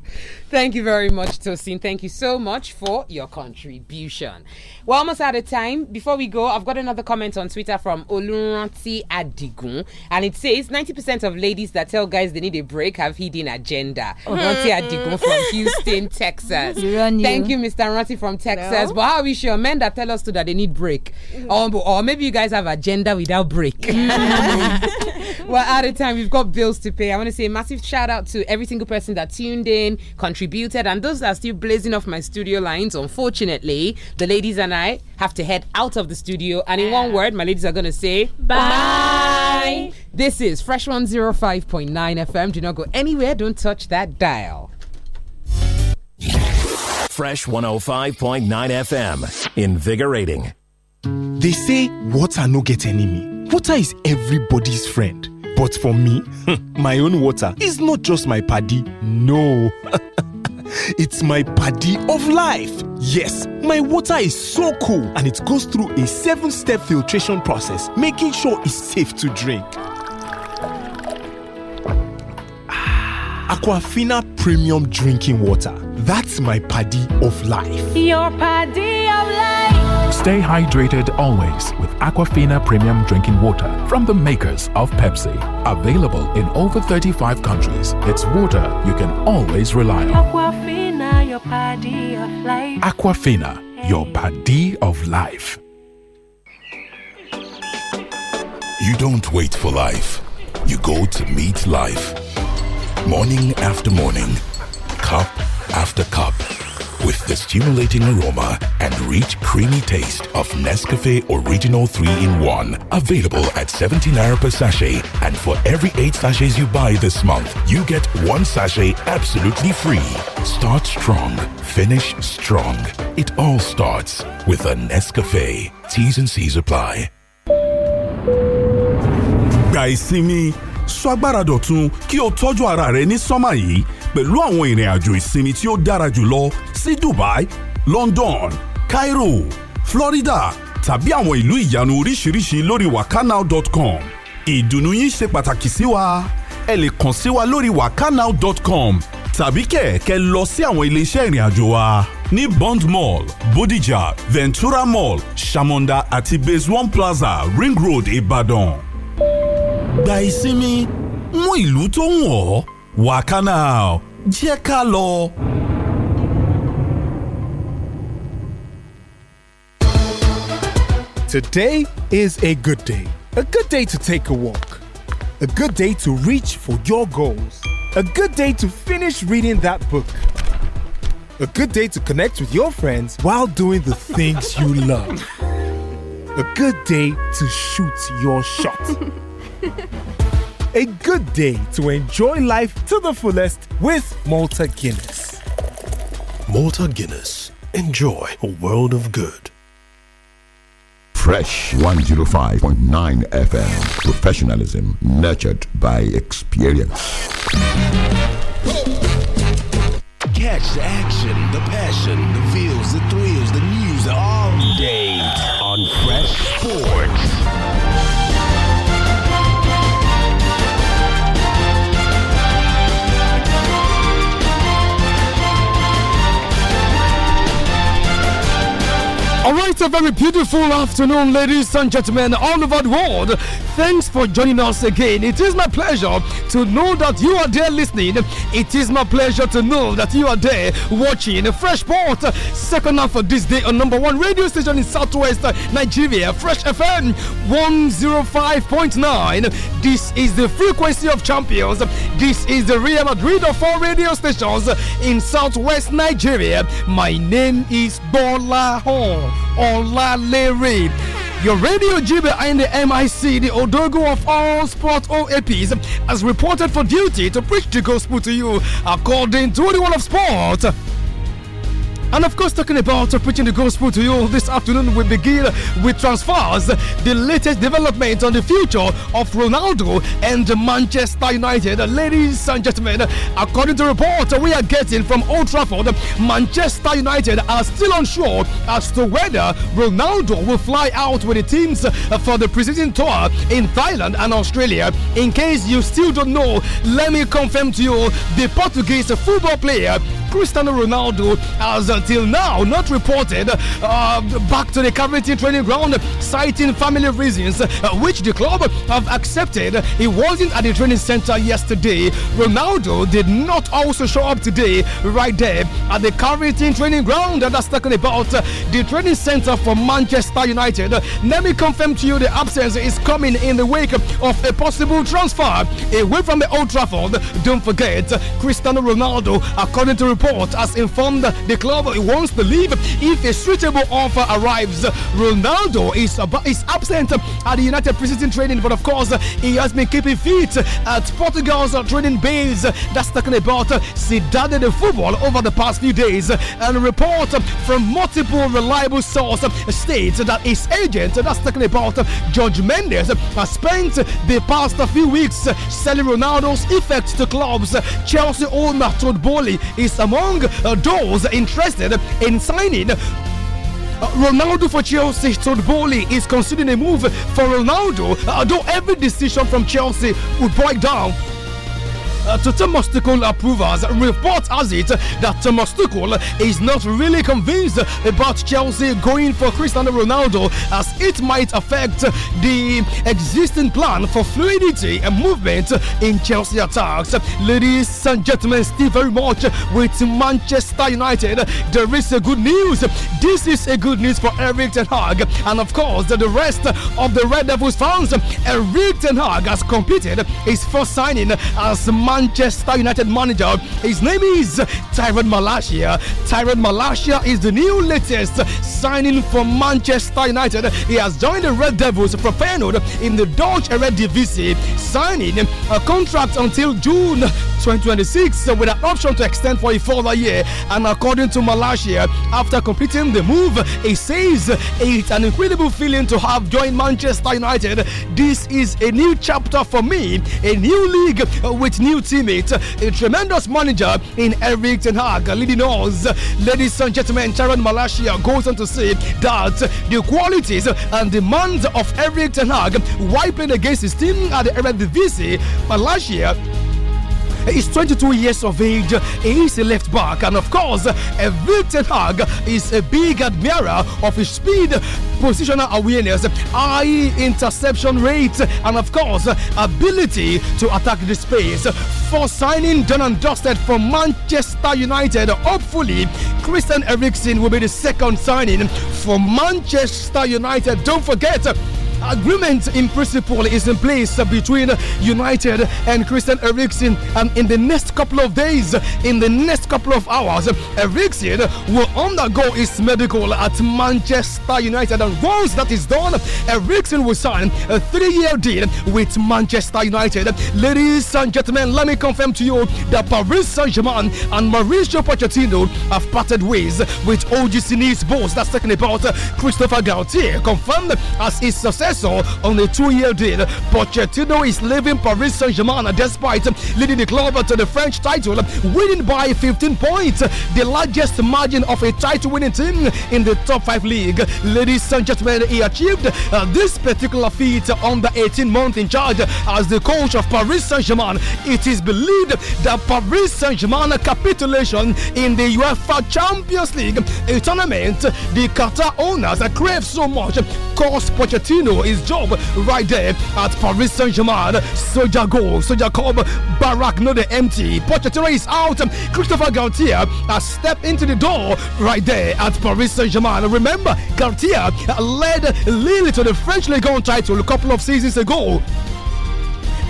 Thank you very much, Tosin. Thank you so much for your contribution. We're almost out of time. Before we go, I've got another comment on Twitter from Olunranti Adigun, and it says 90% of ladies that tell guys they need a break have hidden agenda. Olunranti oh. Adigun from Houston, Texas. Thank you, Mr. Ranti from Texas. No? But how is your men that tell us too that they need break? Mm. Um, or maybe you guys have agenda without break. Mm. We're out of time. We've got bills to pay. I want to say a massive shout out to every single person that tuned in, contributed, and those that are still blazing off my studio lines. Unfortunately, the ladies and I have to head out of the studio. And in one word, my ladies are going to say bye. bye. This is Fresh 105.9 FM. Do not go anywhere. Don't touch that dial. Fresh 105.9 FM. Invigorating. They say water no get enemy. Water is everybody's friend. But for me, my own water is not just my paddy. No. It's my paddy of life. Yes, my water is so cool and it goes through a seven step filtration process, making sure it's safe to drink. Ah, Aquafina Premium Drinking Water. That's my paddy of life. Your paddy of life. Stay hydrated always with Aquafina Premium Drinking Water from the makers of Pepsi. Available in over 35 countries, it's water you can always rely on. Aquafina, your paddy of life. Aquafina, your paddy of life. You don't wait for life, you go to meet life. Morning after morning, cup after cup with the stimulating aroma and rich creamy taste of Nescafe Original 3-in-1. Available at 70 naira per sachet and for every 8 sachets you buy this month, you get 1 sachet absolutely free. Start strong, finish strong. It all starts with a Nescafe. T's and C's apply. Gba ìsinmi, sọ agbára dọ̀tun kí o tọ́jú ara rẹ ní sọ́mà yìí pẹ̀lú àwọn ìrìn àjò ìsinmi tí ó dára jùlọ sí Dubai, London, Cairo, Florida tàbí àwọn ìlú ìyanu oríṣiríṣi lórí wakanow.com ìdùnnú yín ṣe pàtàkì sí wa ẹ lè kàn sí wa lórí wakanow.com tàbí kẹ̀kẹ́ lọ sí àwọn iléeṣẹ́ ìrìn àjò wa ní Bond Mall, Bodija, Ventura Mall, Shamonda àti Base One Plaza, Ring Road, Ìbàdàn. Gba ìsinmi mú ìlú tó ń wọ̀ ọ́. wákà now, jẹ́ ká lọ. Today is a good day. A good day to take a walk. A good day to reach for your goals. A good day to finish reading that book. A good day to connect with your friends while doing the things you love. A good day to shoot your shot. a good day to enjoy life to the fullest with Malta Guinness. Malta Guinness. Enjoy a world of good. Fresh 105.9 FM. Professionalism nurtured by experience. Catch the action, the passion, the feels, the thrills, the news all day on Fresh Sports. All right, a very beautiful afternoon, ladies and gentlemen, all over the world. Thanks for joining us again. It is my pleasure to know that you are there listening. It is my pleasure to know that you are there watching Fresh Port, second half of this day on number one radio station in southwest Nigeria, Fresh FM 105.9. This is the frequency of champions. This is the Real Madrid of all radio stations in southwest Nigeria. My name is Bola Hall. Ola Olalere. Your radio G in the MIC, the Odogo of all sports OAPs, has reported for duty to preach the gospel to you according to the world of sport. And of course, talking about preaching the gospel to you this afternoon, we begin with transfers, the latest development on the future of Ronaldo and Manchester United. Ladies and gentlemen, according to reports we are getting from Old Trafford, Manchester United are still unsure as to whether Ronaldo will fly out with the teams for the preseason tour in Thailand and Australia. In case you still don't know, let me confirm to you the Portuguese football player Cristiano Ronaldo has until now not reported uh, back to the Covington training ground, citing family reasons, uh, which the club have accepted. He wasn't at the training center yesterday. Ronaldo did not also show up today, right there at the Covington training ground. That's talking about uh, the training center for Manchester United. Let me confirm to you the absence is coming in the wake of a possible transfer away from the Old Trafford. Don't forget, Cristiano Ronaldo, according to report, has informed the club he wants to leave if a suitable offer arrives. Ronaldo is, is absent at the United Precision Training, but of course, he has been keeping fit at Portugal's training base. That's talking about Cidade Football over the past few days. And report from multiple reliable sources states that his agent, that's talking about George Mendes, has spent the past few weeks selling Ronaldo's effects to clubs. Chelsea owner Todd Bowley is among those interested interested in signing uh, Ronaldo for Chelsea Todboli is considering a move for Ronaldo, uh, though every decision from Chelsea would break down uh, to Thomas Tuchel approvers. Report has it that Thomas Tuchel is not really convinced about Chelsea going for Cristiano Ronaldo as it might affect the existing plan for fluidity and movement in Chelsea attacks. Ladies and gentlemen, still very much with Manchester United. There is a good news. This is a good news for Eric Ten Hag and of course the rest of the Red Devils fans. Eric Ten Hag has completed his first signing as Manchester United manager. His name is Tyrone Malasia. Tyrone Malasia is the new latest signing for Manchester United. He has joined the Red Devils from Feyenoord in the Dutch Eredivisie, signing a contract until June 2026 with an option to extend for a further year. And according to Malasia, after completing the move, he says it's an incredible feeling to have joined Manchester United. This is a new chapter for me, a new league with new teammate, a tremendous manager in Eric Ten Hag leading us. Ladies and gentlemen, Sharon Malashia goes on to say that the qualities and demands of Eric Ten Hag wiping against his team at the Eredivisie, Malashia He's 22 years of age. He's a left back. And of course, a Ten Hag is a big admirer of his speed, positional awareness, high interception rate, and of course, ability to attack the space. For signing done and dusted from Manchester United, hopefully, Christian Eriksen will be the second signing for Manchester United. Don't forget, agreement in principle is in place between United and Christian Eriksen. And um, in the next couple of days, in the next couple of hours, Eriksen will undergo his medical at Manchester United. And once that is done, Eriksen will sign a three year deal with Manchester United. Ladies and gentlemen, let me confirm to you that Paris Saint Germain and Mauricio Pochettino have parted ways with OGC Nice boss. That's talking about Christopher Gautier, confirmed as his successor. Newcastle on a two-year deal. Pochettino is leaving Paris Saint-Germain despite leading the club to the French title, winning by 15 points, the largest margin of a title-winning team in the top five league. Ladies and gentlemen, he achieved uh, this particular feat under 18 months in charge as the coach of Paris Saint-Germain. It is believed that Paris Saint-Germain capitulation in the UEFA Champions League, a tournament the Qatar owners crave so much, caused Pochettino his job right there at Paris Saint Germain. Soja goal, Soja Cobb, barrack, not empty. Pochettino is out. Christopher Gaultier has stepped into the door right there at Paris Saint Germain. Remember, Gaultier led Lille to the French league on title a couple of seasons ago.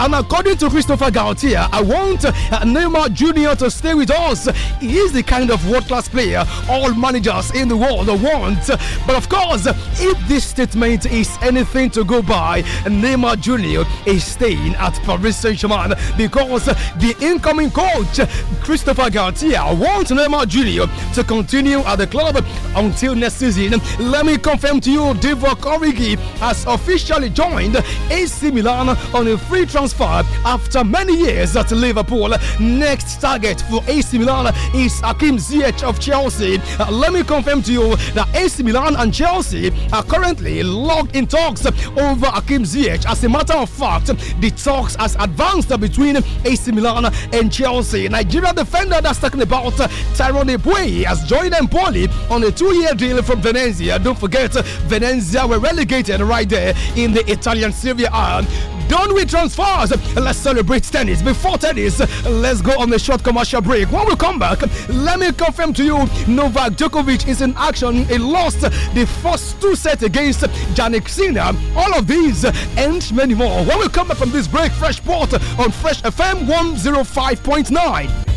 And according to Christopher Gautier, I want uh, Neymar Jr. to stay with us. He is the kind of world class player all managers in the world want. But of course, if this statement is anything to go by, Neymar Jr. is staying at Paris Saint Germain because the incoming coach, Christopher Gautier, wants Neymar Jr. to continue at the club until next season. Let me confirm to you, Divock Origi has officially joined AC Milan on a free transfer transfer after many years at Liverpool. Next target for AC Milan is Akim Ziyech of Chelsea. Uh, let me confirm to you that AC Milan and Chelsea are currently locked in talks over Akim Ziyech. As a matter of fact, the talks has advanced between AC Milan and Chelsea. Nigeria defender that's talking about uh, Tyrone Ebue has joined Empoli on a two-year deal from Venezia. Don't forget, Venezia were relegated right there in the Italian Serie A. Don't we transfers. Let's celebrate tennis. Before tennis, let's go on a short commercial break. When we come back, let me confirm to you Novak Djokovic is in action. He lost the first two sets against Janik Sinner. All of these and many more. When we come back from this break, Fresh Port on Fresh FM 105.9.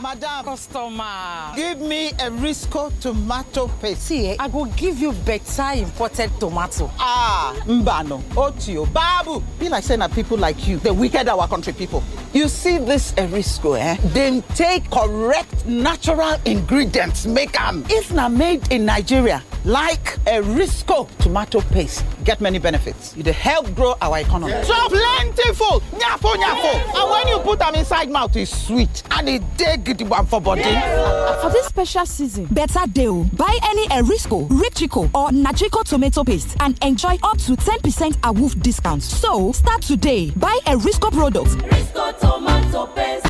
Madam. Customer. Give me a Risco tomato paste. See, eh, I will give you better imported tomato. Ah, mbano, otio, babu. Be like saying that people like you, the wicked our country people. You see this Risco, eh? Then take correct natural ingredients, make them. It's not made in Nigeria, like Risco tomato paste, get many benefits. It help grow our economy. Yeah. So plentiful, nyafo, nyafo. Yeah. And when you put them inside mouth, it's sweet and it dig gidigba for body. Yeah. For this special season, better deal. Buy any Erisco, Richico, or Nachico tomato paste and enjoy up to 10% awoof discount. So, start today. Buy Erisco products. Risco tomato paste.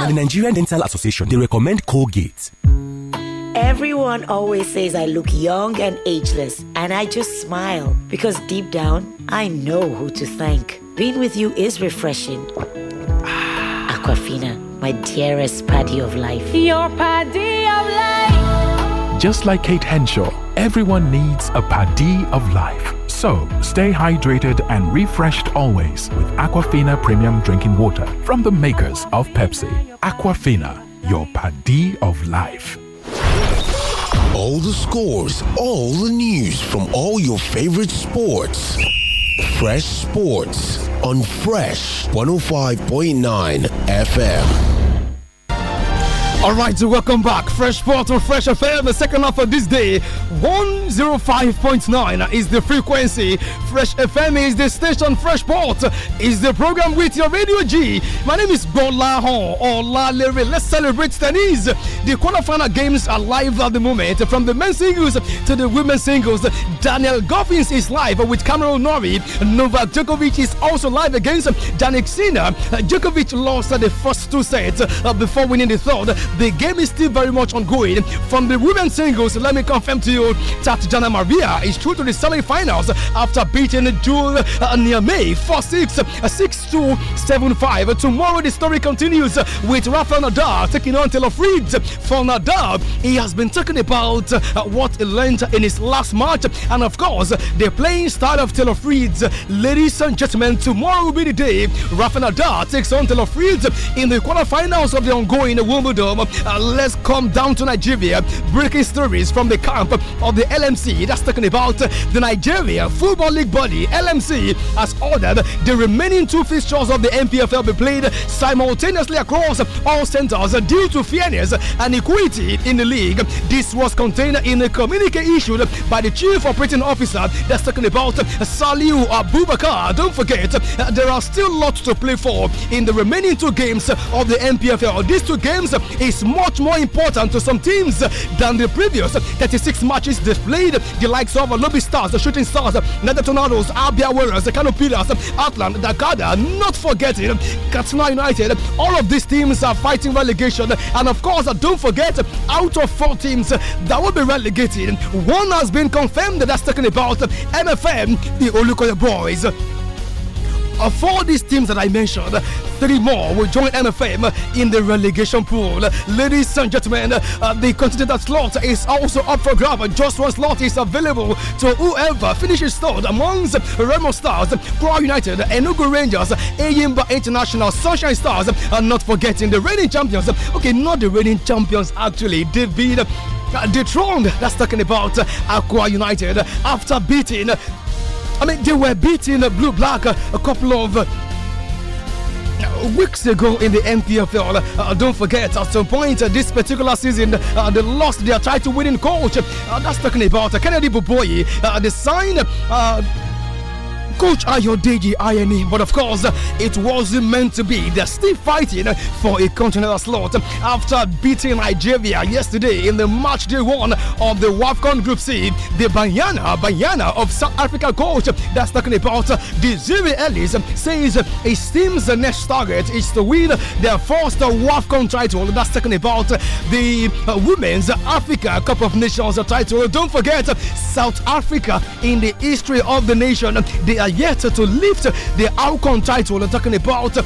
Now, the Nigerian Dental Association, they recommend Colgate. Everyone always says I look young and ageless, and I just smile because deep down, I know who to thank. Being with you is refreshing. Aquafina, my dearest paddy of life. Your paddy of life. Just like Kate Henshaw, everyone needs a paddy of life so, stay hydrated and refreshed always with Aquafina Premium Drinking Water from the makers of Pepsi. Aquafina, your paddy of life. All the scores, all the news from all your favorite sports. Fresh Sports on Fresh 105.9 FM. All right, so welcome back. Fresh Port on Fresh FM, the second half of this day. 105.9 is the frequency. Fresh FM is the station. Fresh Port is the program with your Radio G. My name is Bola Hon Olalere. Let's celebrate tennis. The quarterfinal games are live at the moment. From the men's singles to the women's singles, Daniel Goffins is live with Cameron Norrie. Novak Djokovic is also live against Danik Sina. Djokovic lost the first two sets uh, before winning the third. The game is still very much ongoing. From the women's singles, let me confirm to you, Tatiana Maria is through to the semi-finals after beating Jewel Niamey 4-6, 6-2, 7-5. Tomorrow the story continues with Rafael Nadal taking on Taylor Fritz. For Nadal, he has been talking about uh, what he learned in his last match and of course the playing style of Taylor Fritz. Ladies and gentlemen, tomorrow will be the day Rafael Nadal takes on Taylor Fritz in the quarterfinals of the ongoing Wimbledon uh, let's come down to Nigeria. Breaking stories from the camp of the LMC. That's talking about the Nigeria Football League body. LMC has ordered the remaining two fixtures of the NPFL be played simultaneously across all centers due to fairness and equity in the league. This was contained in a communique issued by the chief operating officer. That's talking about Saliu Abubakar. Don't forget, uh, there are still lots to play for in the remaining two games of the NPFL. These two games is much more important to some teams than the previous 36 matches displayed. The likes of Lobby Stars, the Shooting Stars, Nether Tornadoes, Abia Warriors, Canopilas, Atlant, Dakada, not forgetting Katsina United. All of these teams are fighting relegation. And of course, don't forget, out of four teams that will be relegated, one has been confirmed that's talking about MFM, the Olukoya Boys. Of all these teams that I mentioned, three more will join MFM in the relegation pool. Ladies and gentlemen, uh, the continental slot is also up for grab. Just one slot is available to whoever finishes third amongst Remo Stars, Pro United, Enugu Rangers, Ayimba International, Sunshine Stars, and not forgetting the reigning champions. Okay, not the reigning champions actually, David. Uh, that's talking about Aqua United after beating I mean, they were beating Blue Black a couple of uh, weeks ago in the NPFL. Uh, don't forget, at some point uh, this particular season, uh, they lost their title winning coach. Uh, that's talking about Kennedy Buboyi, uh, the sign uh, Coach Ayodeji Ayeni. But of course, it wasn't meant to be. They're still fighting for a continental slot after beating Nigeria yesterday in the match day one of the WAFCON Group C. The Banyana, Banyana of South Africa coach that's talking about Desiree Ellis says his team's next target is to win their first WAFCON title. That's talking about the Women's Africa Cup of Nations title. Don't forget, South Africa in the history of the nation, they are yet to lift the outcome title. I'm talking about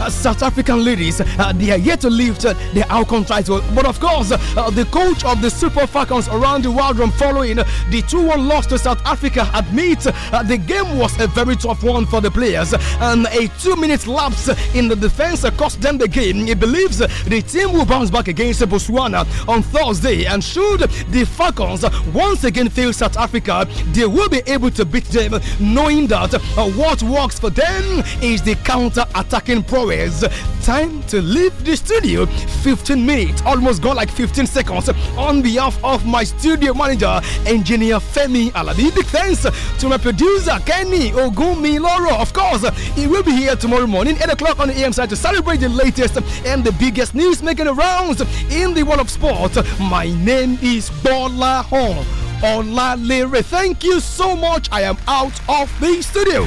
uh, South African ladies, uh, they are yet to lift uh, the outcome title. But of course, the coach of the Super Falcons, around world Waldron, following the 2 1 loss to South Africa, admits the game was a very tough one for the players. And a two minute lapse in the defense cost them the game. He believes the team will bounce back against Botswana on Thursday. And should the Falcons once again fail South Africa, they will be able to beat them, knowing that what works for them is the counter attacking program Flores. Time to leave the studio. 15 minutes, almost gone like 15 seconds. On behalf of my studio manager, engineer Femi Alabi, big thanks to my producer Kenny Ogumi Loro. Of course, he will be here tomorrow morning, 8 o'clock on the AM side to celebrate the latest and the biggest news making the rounds in the world of sports. My name is Bola Hon. Olalere. Thank you so much. I am out of the studio.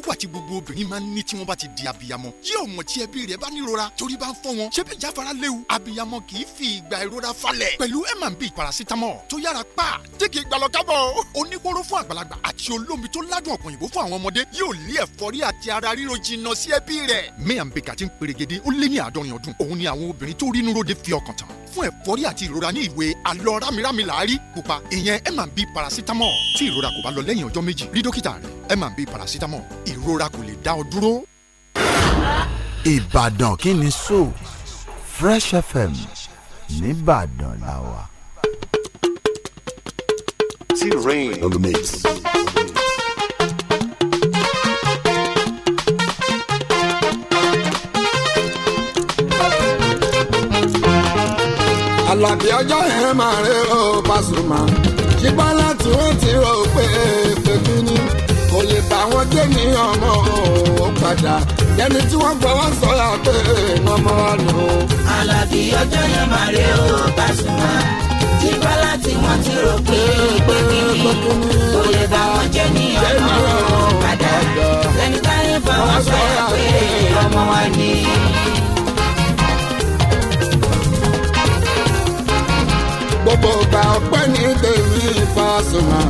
kan wà tí gbogbo obìnrin máa ń ní tí wọ́n bá ti di abiyamọ tí ọmọ tí ẹbí rẹ̀ bá nírora torí bá ń fọ́ wọn ṣebí jáfara léwu abiyamọ kì í fi ìgbà ìrora falẹ̀ pẹ̀lú M&B paracetamol tó yára pa tíkì ìgbàlọ́kábọ̀ oníkóró fún àgbàlagbà àti olómi tó ládùn ọ̀pọ̀ òyìnbó fún àwọn ọmọdé yóò lé ẹ̀fọ́rí àti ara ríro jìnnà sí ẹbí rẹ̀. M&B kàti ń perégedé ó lé ní àádọ́rin ọdún òun ni àwọn obìnrin tó rínú ròde fi ọkàn tán fún ẹ̀fọ́rí àti ìrora ní ìwé àlọ́ rámirámi làárí pupa ìyẹn M&B paracetamol tí ìrora kò bá lọ lẹ́yìn ọjọ́ méjì rí dókítà rẹ̀ M&B paracetamol ìrora kò lè dá ọ dúró. ìbàdàn kí ni so Fresh FM nìbàdàn la wà. tí rain on the mix. àlàbí ọjọ́ yẹn máa rí o Pasuma ṣùgbọ́n láti wọ́n ti rò pé táwọn jẹ́ ní ọmọ òun padà ẹni tí wọ́n fọwọ́ sọ́ra pé wọ́n mọ́ wa nù. alábí ọjọ́ yẹn máa rí o Pasuma tí bọ́lá tí wọ́n ti rò pé pé kí ni kò lè bá wọn jẹ́ ní ọmọ òun padà ẹni táyé fọwọ́ sọ́ra pé ọmọ wa ni. gbogbo ọgbà ọpẹ́ ní tèmi Pasuma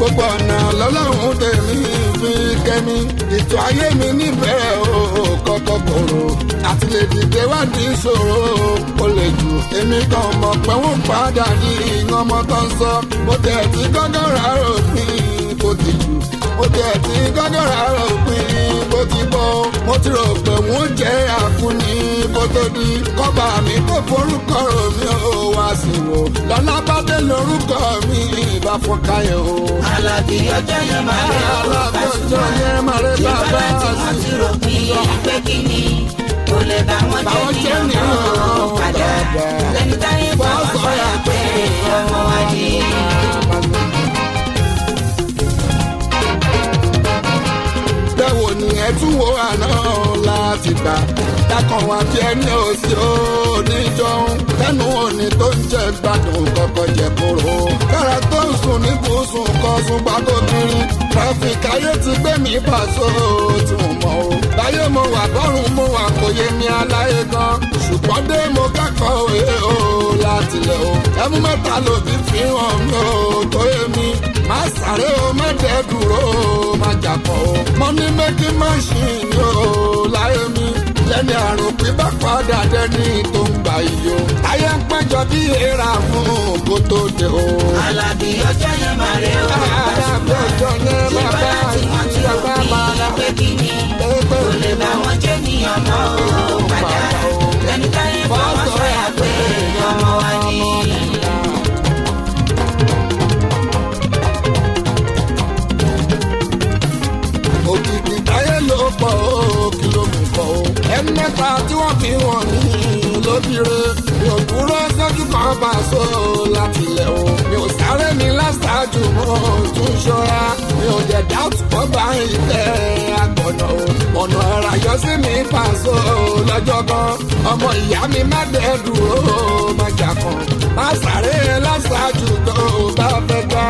gbogbo ọ̀nà lọ́lọ́run tèmi fi kẹ́mi ètò ayé mi níbẹ̀rẹ̀ o kọ́kọ́ gbòòrò àti lè dìde wá ní ìṣòro o lè jù èmi kan mọ̀ pé wọ́n padà ní ìyàn ọmọ tó ń sọ bó tẹ̀ tí gángan rárá òpin kò dì ó jẹ́ tí gánàrà òpin bó ti bọ́ mo ti rò pé wọ́n jẹ́ àkúni kó tó di kọ́ba mi kó forúkọ rò mí ò wá sí wò lọ́lá bá dé lórúkọ mi ìbá fún káyọ̀ o. alábí ọjọ́ yẹn máa rẹ bàbá sùnmọ́ tí bàbá tí wọ́n ti rò pé pé kí kò lè bá wọn jẹ́ nìyẹn padà lẹ́ni táyé bá wọn sọ̀rọ̀ ọmọ wa ni. tún wo àná láti gbà dákan wá bí ẹni òsì oníjọun lẹ́nu òní tó ń jẹ gbádùn kọ́kọ́ jẹ kóró. kára tó ń sùn ní gúúsù kan sùn gbàgbọ́ kiri tráfíkì ayé ti gbé mi pàṣọ tí mo mọ̀ o báyé mo wà bọ́rùn mo wà kò yé mi aláyé gan ṣùgbọ́n dé mo kẹ́kọ̀ọ́ ẹ̀ o láti lẹ̀ o ẹ̀mú mẹ́ta ló fi fi hàn mí o tó yé mi má sáré o má dẹ́ dúró má jàpọ̀ o mọ́ ní making machine o láyé mi ẹni àrùn pípa padà dẹni tó ń gbà iyo. ayé ń péjọ bí èèrà fún ògo tó dé o. alábí ọjọ́ yẹn máa rẹ o. alábí ọjọ́ yẹn máa bá àyè bàbá máa rà. ṣùgbọ́n àti wọn tí ó pé kí ni kò lè bá wọn jẹ́ níyàn mẹ́ta tí wọ́n fi wọ̀n mí lóbìrè mi ò dúró sójú kan bá a sọ láti lẹ̀ o mi ò sáré mi lásàájú mo tún ṣọ́ra mi ò jẹ̀ dáàtú kọ́ bá ilẹ̀ àgbọ̀nà o ọ̀nà ẹ̀rà yọ sí mi pàṣọ lọ́jọ́ kan ọmọ ìyá mi má dẹ́ dúró má jà kan má sáré lásàájú tó bá fẹ́ gbá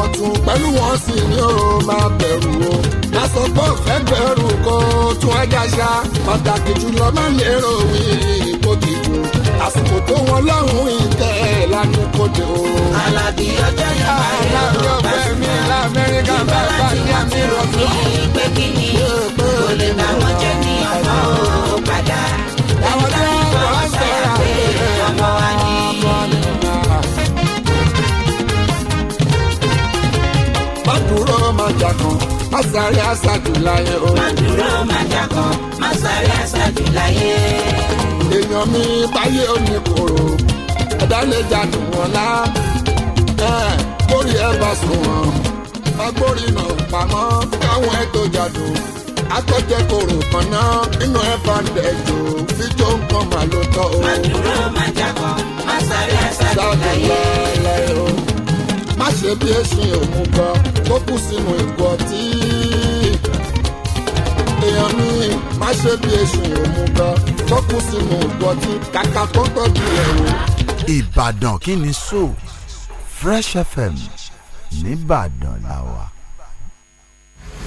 wọn tún pẹ̀lú wọn sì ní o máa bẹ̀rù o. má sọ pé bẹ̀rù kó tún ọjà ṣá pàtàkì jùlọ má lérò wí kó dìbò àsìkò tó wọn lọ́hùn ìtẹ́ lánàá kóde o. alábí ọjọ́ yẹn máa yọ ọ̀pẹ́ bá bá ní àmì rọ̀ fún mi pé kí ni kò lè bá wọn jẹ́ ní ọ̀pá o. àjà kan má sáré àṣàjù láyé o. má dúró má jà kan má sáré àṣàjù láyé. èèyàn mi báyé ò ní kòrò ẹ̀dá lè jà dùn wọn lá. kórì ẹ bá sùn wọn má pamọ́ káwọn ẹ tó jà dùn. kan náà nínú ẹ̀ bá ń jò fíjó nǹkan màlúù tọ́ o. má dúró má jà má ṣe bí tó kù sínú èèyàn mi má ṣe bí tó kù sínú kàkà tó tọ́jú ẹ̀rù. ìbàdàn kí ni so fresh fm nìbàdàn la wà.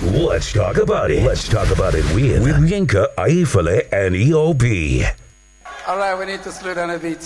Let's talk about it. Let's talk about it with, with Yinka, Aifale, and EOB. All right, we need to slow down a bit.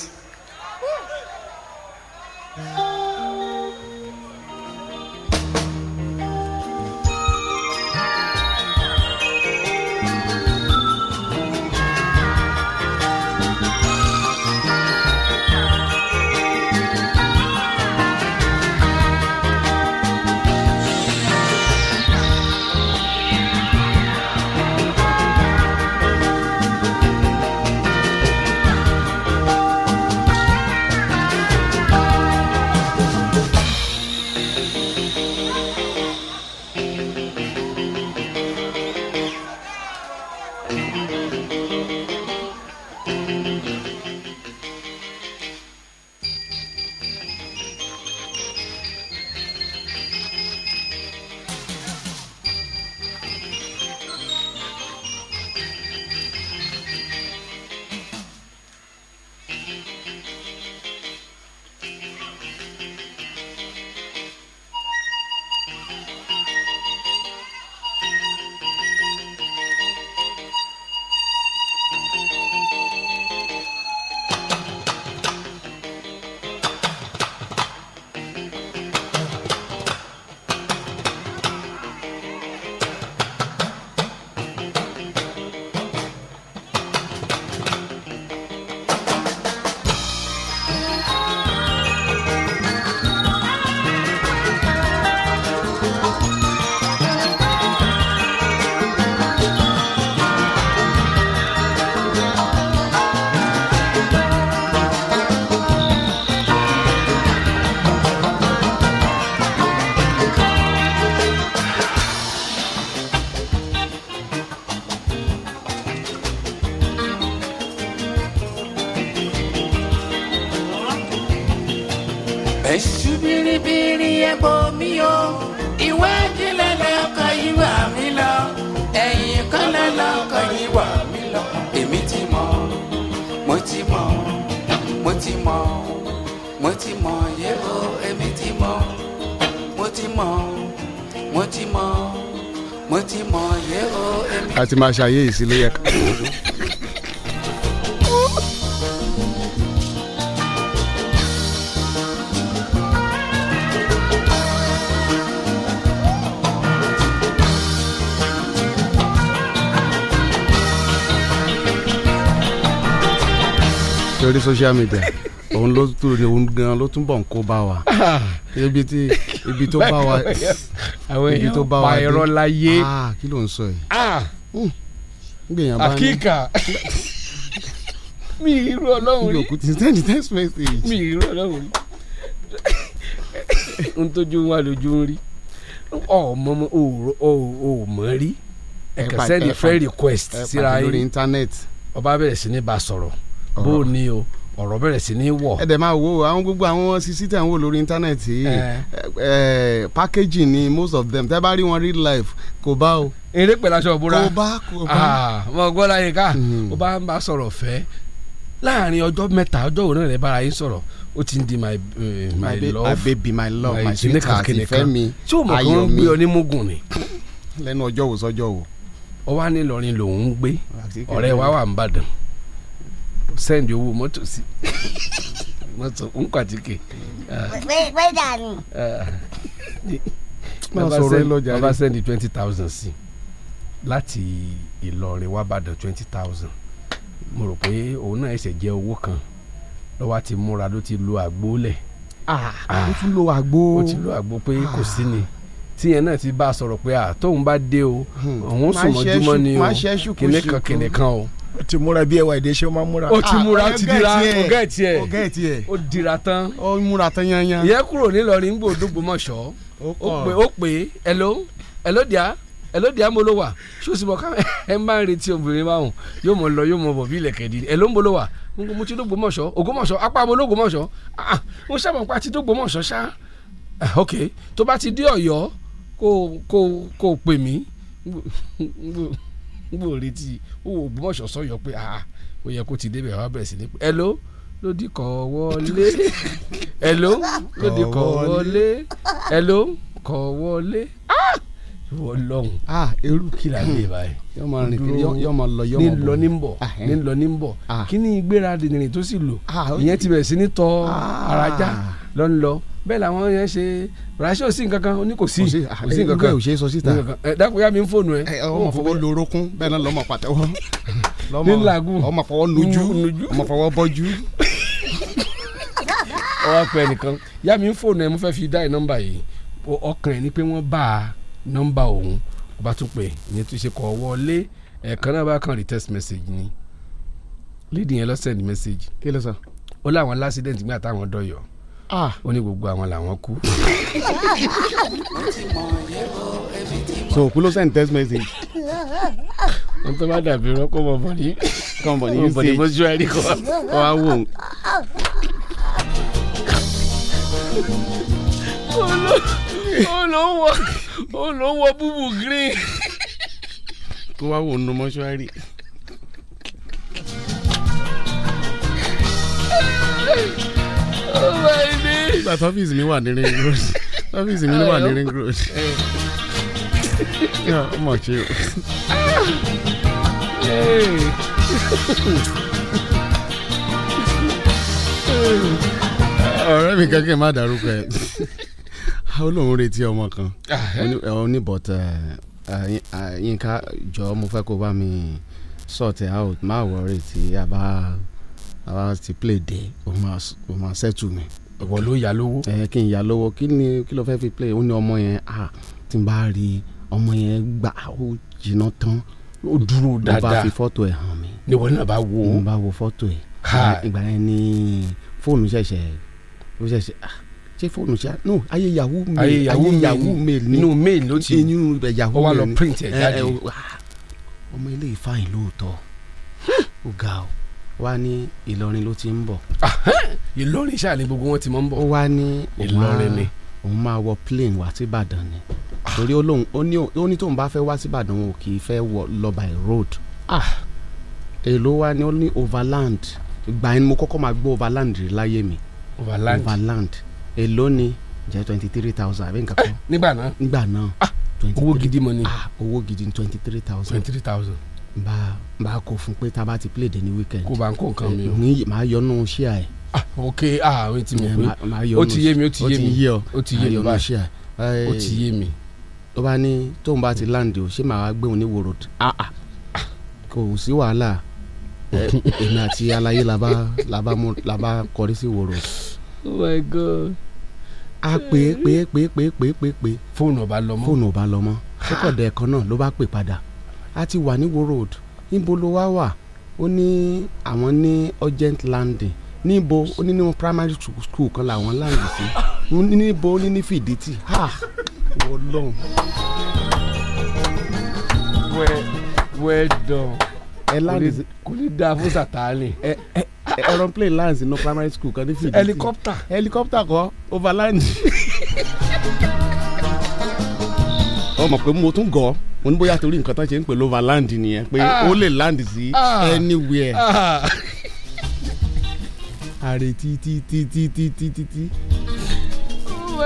mo ti mọ mo ti mọ yẹ o èmi. a ti máa ṣe ayé ìsílé yẹ ká. lórí social media òun ló tún bọ̀ ń kó bá wa ibi tó bá wa Ah ibi tó bá wa dé pààrọ̀ láyé ah, kí ló ń sọ yìí ah! hmm. gbìyànjú bá ní àkíkà mi irú ọlọ́run rí send text message mi irú ọlọ́run rí n tójú wa lójú ń rí ọmọ ọmọ rí ẹ̀ka send friend request síra yín ọba bẹ̀rẹ̀ sí ní bá sọ̀rọ̀ bó o ní o ọ̀rọ̀ bẹ̀rẹ̀ sí ní wọ̀. ẹ dẹ̀ máa wo àwọn gbogbo àwọn sisi tẹ̀ ń wò lórí íńtánẹ́ẹ̀tì packaging ni most of them tẹ́ bá rí wọn real life kò bá o. eré pẹ̀láṣọ òbúra kò bá kò bá. Ah, mo gbọ́ láyé ká o hmm. bá ń bá sọ̀rọ̀ fẹ́ láàrin ọjọ́ mẹ́ta ọjọ́ òun rẹ̀ bára yín sọ̀rọ̀ ó ti ń di my eh, love my baby my love my sweetheart ìfẹ́ mi ayọ̀ mi tí o mọ̀ kí wọ́n gbé ọ ní mugun ni. lẹ́nu ọjọ́ wo sọ́jọ́ wo. ọwọ́ á ní Ìlọrin lòún ń gbé ọ̀rẹ́ wa wà ń bàdàn send owó mọ́tò sí mọ́tò ń pàtíkè. pé dànù. bàbá send twenty thousand sí láti Ìlọrin wá twenty thousand mo rò pé òun náà ẹsẹ̀ jẹ́ owó kan lọ́wọ́ ti múra ló ti lo àgbo lẹ̀. Ah, ah. ó ti lo àgbo. ó ti lo àgbo pé kò sí ni tí yẹn náà ti bá a sọ̀rọ̀ pé ah, tóun bá dé o hmm. òun sùn mọ́júmọ́ ni o kìnìkan kìnìkan o o ti múra bí ẹwà èdè ṣe ó máa múra. o ti múra o ti dira ọgá ẹ tiẹ ọgá ẹ tiẹ o dira tán. ó múra tán yanyan. ìyẹn kúrò nílọrin gbò dógbòmọ̀ṣọ́ ó pè ó pè é hello hello díà hello díà mo ló wà ṣùsùmọ̀ ká ẹ ń bá ń retí obìnrin báwọn yóò mọ̀ lọ yóò mọ̀ bọ̀ bí ilẹ̀kẹ̀ di hello mo ló mo ti dógbòmọ̀ṣọ́ ògbómọ̀ṣọ́ apá mo lógbòmọ̀ṣọ́ ah, ah mo sábà pa ti dógbòmọ̀ṣọ́ ṣá ah, ok tó bá ti dé ọ̀yọ́ kó kó kó pè mí n gbò wò Ògbómọ̀ṣọ́ sọ̀yọ́ pé ah, ó yẹ kó ti débẹ̀ wá bẹ̀rẹ̀ sí ní pé hello ló di kọ̀ wọlé hello ló di kọ̀ wọlé hello kọ̀ wọlé ah, wọ lọ́hùn. eru ah, kìlà lè báyìí. yọọ ma rìn kiri yọọ ma lọ yọọ ma bọ. ní lọ ní bọ ní lọ ní bọ. kí ni ìgbéra dìrìn tó sì lò. ìyẹn ti bẹ̀rẹ̀ sí ní tọ́ ara lọ́nlọ́ bẹ́ẹ̀ làwọn yẹn ṣe rasheed sí nǹkan kan ó ní kò sí kò sí ah, nǹkan kan ò ṣe sọ síta dákun yá mi ń fóònù ẹ. ọmọ fọwọ́ lorokún bẹ́ẹ̀ náà lọ́mọ pàtẹ́wọ́ ọmọ fọwọ́ mm, nujú ọmọ fọwọ́ bọ́jú. ọwọ́ pẹ́ nìkan yá mi ń fóònù ẹ mo fẹ́ fi dá ẹ nọ́mbà yìí ọkàn ẹ ni pé wọ́n bá a nọ́mbà òun ọba tún pè ìyẹn tún ṣe kọ́ wọlé ẹ̀ẹ̀kan náà bá kàn rí text message ni lady yẹn lọ send message. kí ló sọ. ó láwọn lásìdẹ̀ntì gbà táwọn dọ̀yọ̀ Ah. ó ní gbogbo àwọn làwọn kú. so òkú ló send text message. wọ́n tó bá dàbí rán kó mọ̀ bọ̀ ní kó mọ̀ ní usage bó ṣe wá rí kó wá wò. ó ló wọ green. kó wá wò nínú mọ́ṣúárì. Thank you. Oh bàtà ọ́fíìsì mi wà ní ring road ọ́fíìsì mi wà ní ring road ọmọ ṣe o. ọ̀rẹ́ mi kankan má dárúkọ ẹ̀ olóhùn retí ọmọ kan oníbọ̀tà Yínká jọ mo fẹ́ kó bá mi sort out má worry tí a bá àwa ti play dé o máa o máa settle mi. ìwọ ló yá lówó. ẹ kí n yá lówó kí ni kí ló fẹ́ fi play ó ní ọmọ yẹn a ti bá rí ọmọ yẹn gbà ó jìnnà tán. ó dúró dáadáa mo bá fi fọ́tò ẹ̀ hàn mi. níwọ náà bá wo. mo bá wo fọ́tò ẹ̀. ìgbà yẹn ni fóònù ṣẹ̀ṣẹ̀ ó ṣẹ̀ṣẹ̀ ah ṣé fóònù ṣá no ayé yahoo mail ayé yahoo mail yahoo mail ni inú mail ló ti inú ibẹ̀ yahoo mail ni ó wá lọ print ẹ̀ jáde ọmọ ilé ìfàyìn lóòótọ́ ó ga o wá ní Ìlọrin ló ti ń bọ̀. Ìlọrin ṣáà ni gbogbo wọn ti mọ̀ ń bọ̀. ó wá ní òun máa wọ plane wá sí Ìbàdàn ni ah! torí ó ní tóun bá fẹ́ wá sí Ìbàdàn òun kì í fẹ́ lọ by road. Ah! èló wá ní ó ní overland ìgbà yẹn mo kọ́kọ́ máa gbọ́ overland rí láyé mi overland overland èló ni jẹ́ twenty three thousand àbí nǹkan kan. Eh! nígbà náà nígbà náà. Ah! owó gidi mọ ni. owó gidi twenty three thousand. twenty three thousand bá bá kó fún pé tá a bá ti play dé ní weekend. kó bá ń kó nǹkan mi o. ní màá yọ nù ṣíà ẹ. ah ok ah o ti mọ̀ pé o ti yé mi o ti yé mi o ti yé mi báyìí o ti yé mi. tó bá ní tóun bá ti láǹdì o ṣé màá wá gbé òun ní wòrò ah ah kò sí wàhálà èmi àti aláyé làbá làbá mú làbá kọrí sí wòrò. oh my god a pè é pè é pè é pè é pè é pè é. fóònù ọba lọ mọ fóònù ọba lọ mọ kókòdà ẹ̀kọ́ náà ló bá pè padà a ti wà ní Iwo Road níbo ló wá wà ó ní àwọn ní urgent landing níbo ó ní níwọn primary school kan làwọn láǹdì sí níbo ó ní ní fìdítì ha Ọlọ́run. well well done ẹ láǹdì kò ní dáa fún sátani. aeroplane lands ní primary school kan ní fìdítì helicopter helicopter kọ overland. mọ̀ pé mo tún gọ̀ mo ní bóyá torí nǹkan tán ṣe ń pè lova land nìyẹn pé ah. ó lè land sí ah. anywhere. àrè ah. tí tí tí tí tí tí tí tí. oh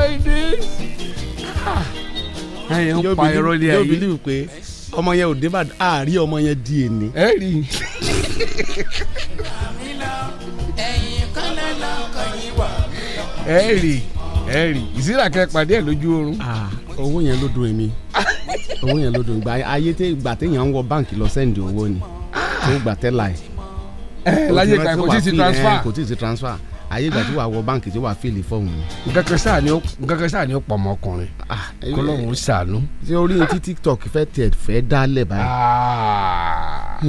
ẹyẹ ń pa irọ́ ní ayé yóò believe pé ọmọ yẹn ò dé bá àárí ọmọ yẹn di èní. ẹ rí i. ẹ rí i ẹ rí i ìsirà pàdé ẹ lójú oorun owó yẹn ló dùn èmi owó yẹn ló dùn ìgbà ayé tẹ ìgbà téèyàn ń wọ báǹkì lọ sẹ́ǹdì owó ni tó gbà tẹ́ láì. Eh, láyé ìgbà kò tí ì ti eh, transfer kò tí ì ti transfer ayé ìgbà tí wàá wọ báǹkì tí wàá fìlì fọ́ọ̀mù. nǹkan kan sáà ni ó pọ̀ ọmọkùnrin ah, eh, kó lóun ṣàánú. ṣé orí yẹn tí tiktok fẹ́ tiẹ̀ fẹ́ dálẹ̀ báyìí.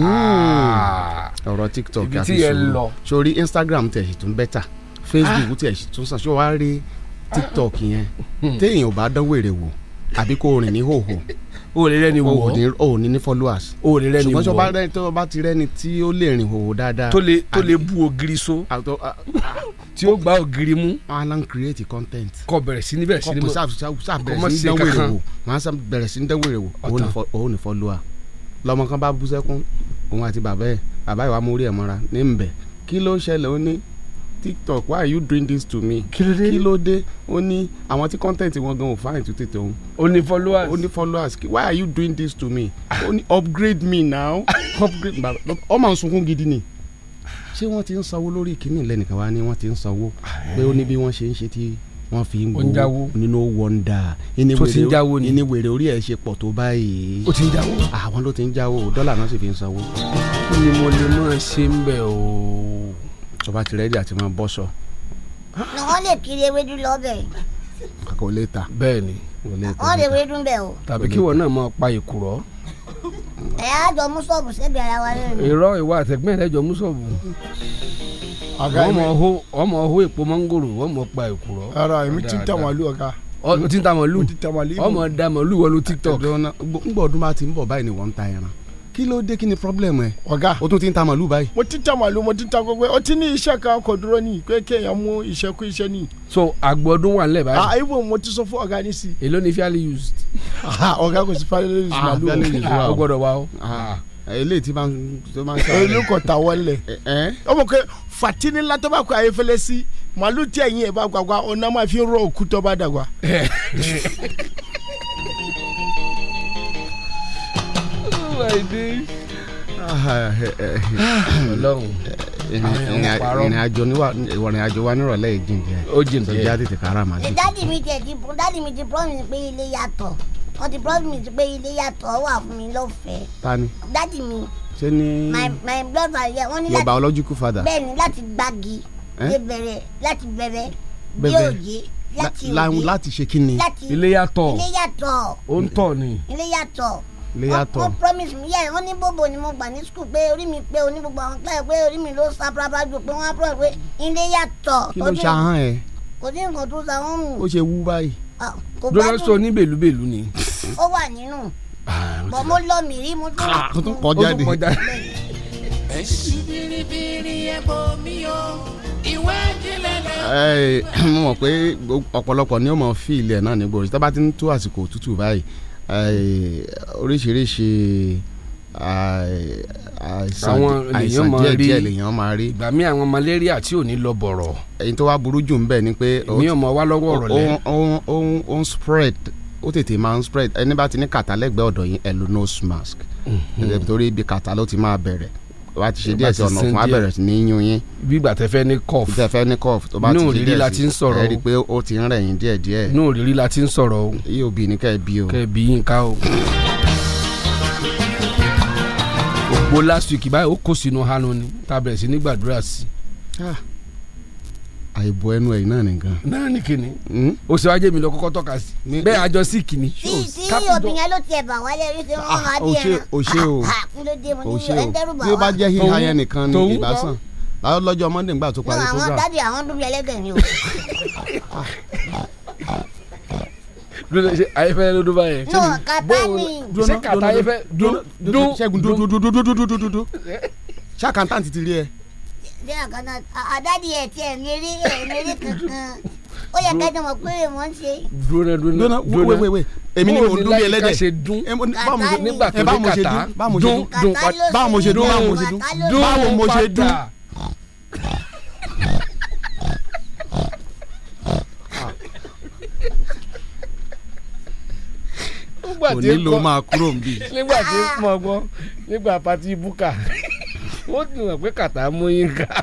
Ah. ọ̀rọ̀ tiktok àti sùúrù sórí instagram tẹ̀ tún bẹ́tà facebook ah. tẹ̀ tún sàn ṣé wàá rí tiktok yẹn téèyàn ò bá dán wèrè wò àbí kó rìn ní hòhò o lè rẹni wò wọ o ní ní followers o lè rẹni wò wọ ṣùgbọ́n tó bá ti rẹni tí ó lè rìn hòhò dáadáa. tó lè tó lè bu ògiri so tí ó gba ògiri mú. alan create content. kọ bẹ̀rẹ̀ sí ní bẹ̀rẹ̀ sí ní mọ kọ mọ sí kankan wò màá sá bẹ̀rẹ̀ sí ní dánwò rẹ̀ wò o ní follower lọmọ kan bá bú sẹ́kún òun àti bàbá ẹ̀ bàbá ìwà mórí ẹ̀ mọ́ra ní nbẹ̀ kí ló ṣẹlẹ̀ ó ní tiktok why are you doing this to me. kílódé kílódé ó ní àwọn tí content wọn gan ò fine tó tètè òun. ó ní followers ó ní followers why are you doing this to me. ó ní upgrade me now upgrade me ọmọ sunkún gidi ni ṣé wọ́n ti ń sanwó lórí ìkíní lẹ́nìkan wá ni wọ́n ti ń sanwó pé ó ní bí wọ́n ṣe ń ṣe tí wọ́n fi ń gbó nínú wọ́ndà ìní wèrè orí ẹ̀ ṣe pọ̀ tó báyìí. ó ti ń jáwó. àwọn ló ti ń jáwó dọ́là náà sì fi ń sanwó. kí ni mo lè máa ṣe ń bẹ̀ o. tó bá ti rẹ́dí àti máa bọ́ sọ. lọ́wọ́ lè kiri ewédú lọ́bẹ̀. kò lè ta. bẹ́ẹ̀ ni kò lè ta. lè wédú o. tàbí kí wọn náà máa pa ẹ á jọ sẹ́bi ara wa lẹ́nu. irọ́ ìwà àtẹ̀gbẹ́ jọ mọ́ngòrò pa ara èmi ti ń tà wọn ọ̀gá ti ń ọmọ wọlé tiktok. bá ti ń bọ̀ báyìí kí ló dé kí ni problem ẹ. ọ̀gá o tún ti ń ta màlúù báyìí. mo ti ta màlúù mo ti ta gbogbo o ti ní iṣẹ́ kan kò dúró ní pé kéèyàn mú iṣẹ́ kú iṣẹ́ ní. so àgbọ̀dún wà nílẹ̀ báyìí. àìwò ah, mo ti sọ fún ọ̀gá ní sí. èló ni fiali used. ọ̀gá kò sí fiali used ah, màlúù ah, o gbọ́dọ̀ wa o. eléyìí tí máa ń sọ. olú kò ta wọlé. ọmọ kẹ fatini latọ́ bá kọ ayéfẹ́lẹ́ sí màlúù tí ẹ̀yìn ẹ̀ bá gbàgbà ọ̀nà máa fi rọ òkú tó dàgbà. my days. Ọlọ́run ìrìn àjò ìrìn àjò wa nírọ̀lẹ́ ìjìn jẹ ó jìn jẹ ìjà tètè kára màá jẹ. dáàdi mi tẹ̀ di dáàdi mi ti promise pé ilé yàtọ̀ wọ́n ti promise pé ilé yàtọ̀ wà fún mi lọ́fẹ̀ẹ́. ta ni. dáàdi mi. ṣé ni. my my blood father wọ́n ní láti. yorùbá ọlọ́jùkú father. bẹ́ẹ̀ ni láti gbági. ẹ eh? bẹ̀rẹ̀ láti bẹ̀rẹ̀ bí òye láti òye. láti ṣe kí ni. ilé yàtọ̀. ilé yàtọ̀. ó ń tọ̀ ni. ilé yàtọ̀ léyàtọ̀. wọ́n promise mi yẹ wọ́n ní bòbò ni mo gbà ní school pé orí mi pé oní gbogbo àwọn kílẹ̀ pé orí mi ló sa parapara jù pé wọ́n á promise pé ilé yàtọ̀. kí ló ṣe ahọ́n ẹ. kò sí nǹkan tó sa wọ́n mú. ó ṣe wú báyìí. Ah, kò bá dùn lọ́sọ ní bèlúbèlú ni. ó wà nínú ah, bọ̀ mo lọ mìírí mo tún. Ah, ó tún kọjá de. bìrìbìrì ẹ̀ bọ̀ mí o ìwé ìjìnlẹ̀ náà. mo mọ̀ pé ọ̀pọ̀lọpọ̀ ni ó mọ̀ fí ilẹ̀ náà ní borí tí a bá ti ń tó àsìkò òtútù báyìí oríṣiríṣi àìsàn díẹ̀ díẹ̀ lèèyàn máa rí. ìgbà mi àwọn malaria tí ò ní lọ bọ̀rọ̀. èyí tó wá burú jù ń bẹ̀ ni pé. mi ò mọ wá lọ́wọ́ ọ̀rọ̀ lẹ. ó ń spread ó tètè máa ń spread ẹni bá ti ní kàtà lẹ́gbẹ̀ẹ́ ọ̀dọ̀ yín ẹ lo nose mask. nítorí mm-hmm. ibi kàtà ló ti máa bẹ̀rẹ̀ tó bá ti ṣe díẹ̀ sí ọ̀nà fún abẹ́rẹ́ sí ní yún yín. bí ìgbà tẹ́fẹ́ ní cough. tẹ́fẹ́ ní cough tó bá ti ṣe díẹ̀ sí ẹ rí i pé ó ti ń rẹ̀ yín díẹ̀ díẹ̀. inú la ti ń sọ̀rọ̀ o. iye òbí ni kẹ́ o. kẹ́ yín ká o. òpó last week báyìí ó kó sínú hanu ni tá a bẹ̀rẹ̀ sí ní gbàdúrà sí àìbọ ẹnu ẹ̀yìn náà nìkan. náà ní kíni hmm? o ṣe wá jẹ́ mi lọ kọ́kọ́ tọ́ka sí bẹ́ẹ̀ àjọ sí kíni. tí tí obìnrin ló tiẹ̀ bà wálé rí sí wọn máa ah, bí ẹran o ṣe o ah, o ṣe o bí ó bá jẹ́ híha yẹn nìkan ni ìbásàn lọ́jọ́ monday nígbà tó parí program. dábì àwọn dúbí ẹlẹ́gẹ̀ mi o. dunu ṣe ayefẹ ló dún báyẹn. no kata ni. ṣé kata ayefẹ dun dun ṣẹ́gun dun dun dun dun dun dun ṣé àkàntàn ti ti rí ẹ bí nǹkan náà àdáàdì ẹ̀ tiẹ̀ lérí lérí kankan ó yẹ ká dùn mọ̀ pé èèmọ ń ṣe. dúnà dúnà dúnà wéwé èmi ni mò ń dún bí ẹlẹ́dẹ̀ báwo nígbà tó dé kàtá dún dún báwo mo ṣe dún báwo mo ṣe dún báwo mo ṣe dún. kò nílò máa kúrò níbí. nígbà tí mo ah. gbọ́ nígbà pati buka ó dùn ọ̀ pé kàtà mú yín ká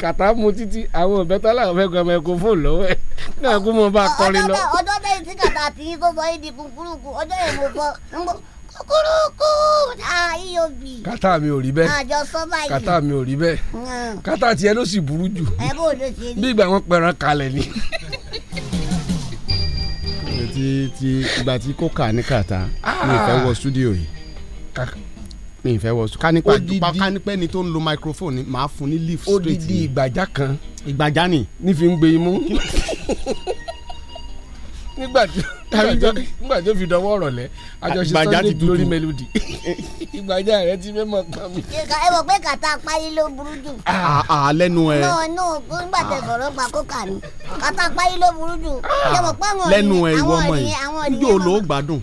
kàtà mú títí àwọn ọ̀bẹ tó láwọn fẹ́ gba microphone lọ́wọ́ ẹ̀ náà kó mọ bá kọrin lọ. ọjọ́ bẹ́ẹ̀ tí kàtà tí kò bọ́ yín di kúkúrúkú ọjọ́ yẹn mo bọ́ kúkúrúkú iyob. kàtà mi ò rí bẹ́ẹ̀ àjọ sọ báyìí kàtà mi ò rí bẹ́ẹ̀ kàtà tiẹ̀ ló sì burú jù bí ìgbà wọn pẹran kalẹ̀ ni ti ti ìgbà tí kò kà ní kàtà mi fẹ́ ah. wọ studio yìí mi ìfẹ́ wọ kánípa kánípẹ́ ni tó ń lo microphone ni màá fún ní leaf straight ni. odidi ìgbàjá kan. ìgbàjá ni. ní fi ń gbé imú. nígbà tí fi dánwó ọ̀rọ̀ lẹ̀ àjọṣe sunday glory melody ìgbàjá rẹ ti mẹ́mọ̀ kan mi. ẹ mọ̀ pé kàtà páyé ló burú jù. lẹ́nu ẹ. náà náà nígbà tẹ sọ̀rọ̀ pa kókà mi kàtà páyé ló burú jù. lẹ́nu ẹ ìwọ ọmọ yìí yóò lọ gbádùn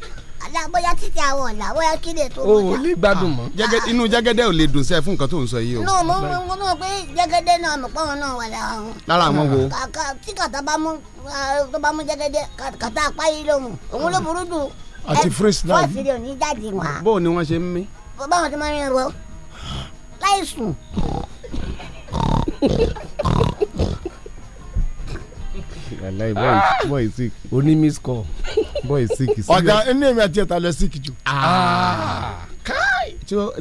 àlá bóyá títí àwọn ọ̀la bóyá kí lè tó wọ́n. o ò lè gbádùn mọ́ ah, ah. inú jẹ́gẹ́dẹ́ ò lè dùn sí ẹ fún nǹkan tó ń sọ yìí o. nù mo mo mọ pé jẹ́gẹ́dẹ́ náà mọ̀ pé wọn náà wà lára wọn. lára àwọn wo. kàkà tí kàtà bá mú ah, tó bá mú jẹ́gẹ́dẹ́ kàtà apá yìí lòun òun ló burú dùn. àti fresh life fọ́ọ̀sì rẹ̀ ò ní jáde wá. bó ni wọ́n ṣe ń mí. báwọn ti máa ń rọ láì aláì ah! boy is sick. miss call boy sick. ẹni èmi àti ah!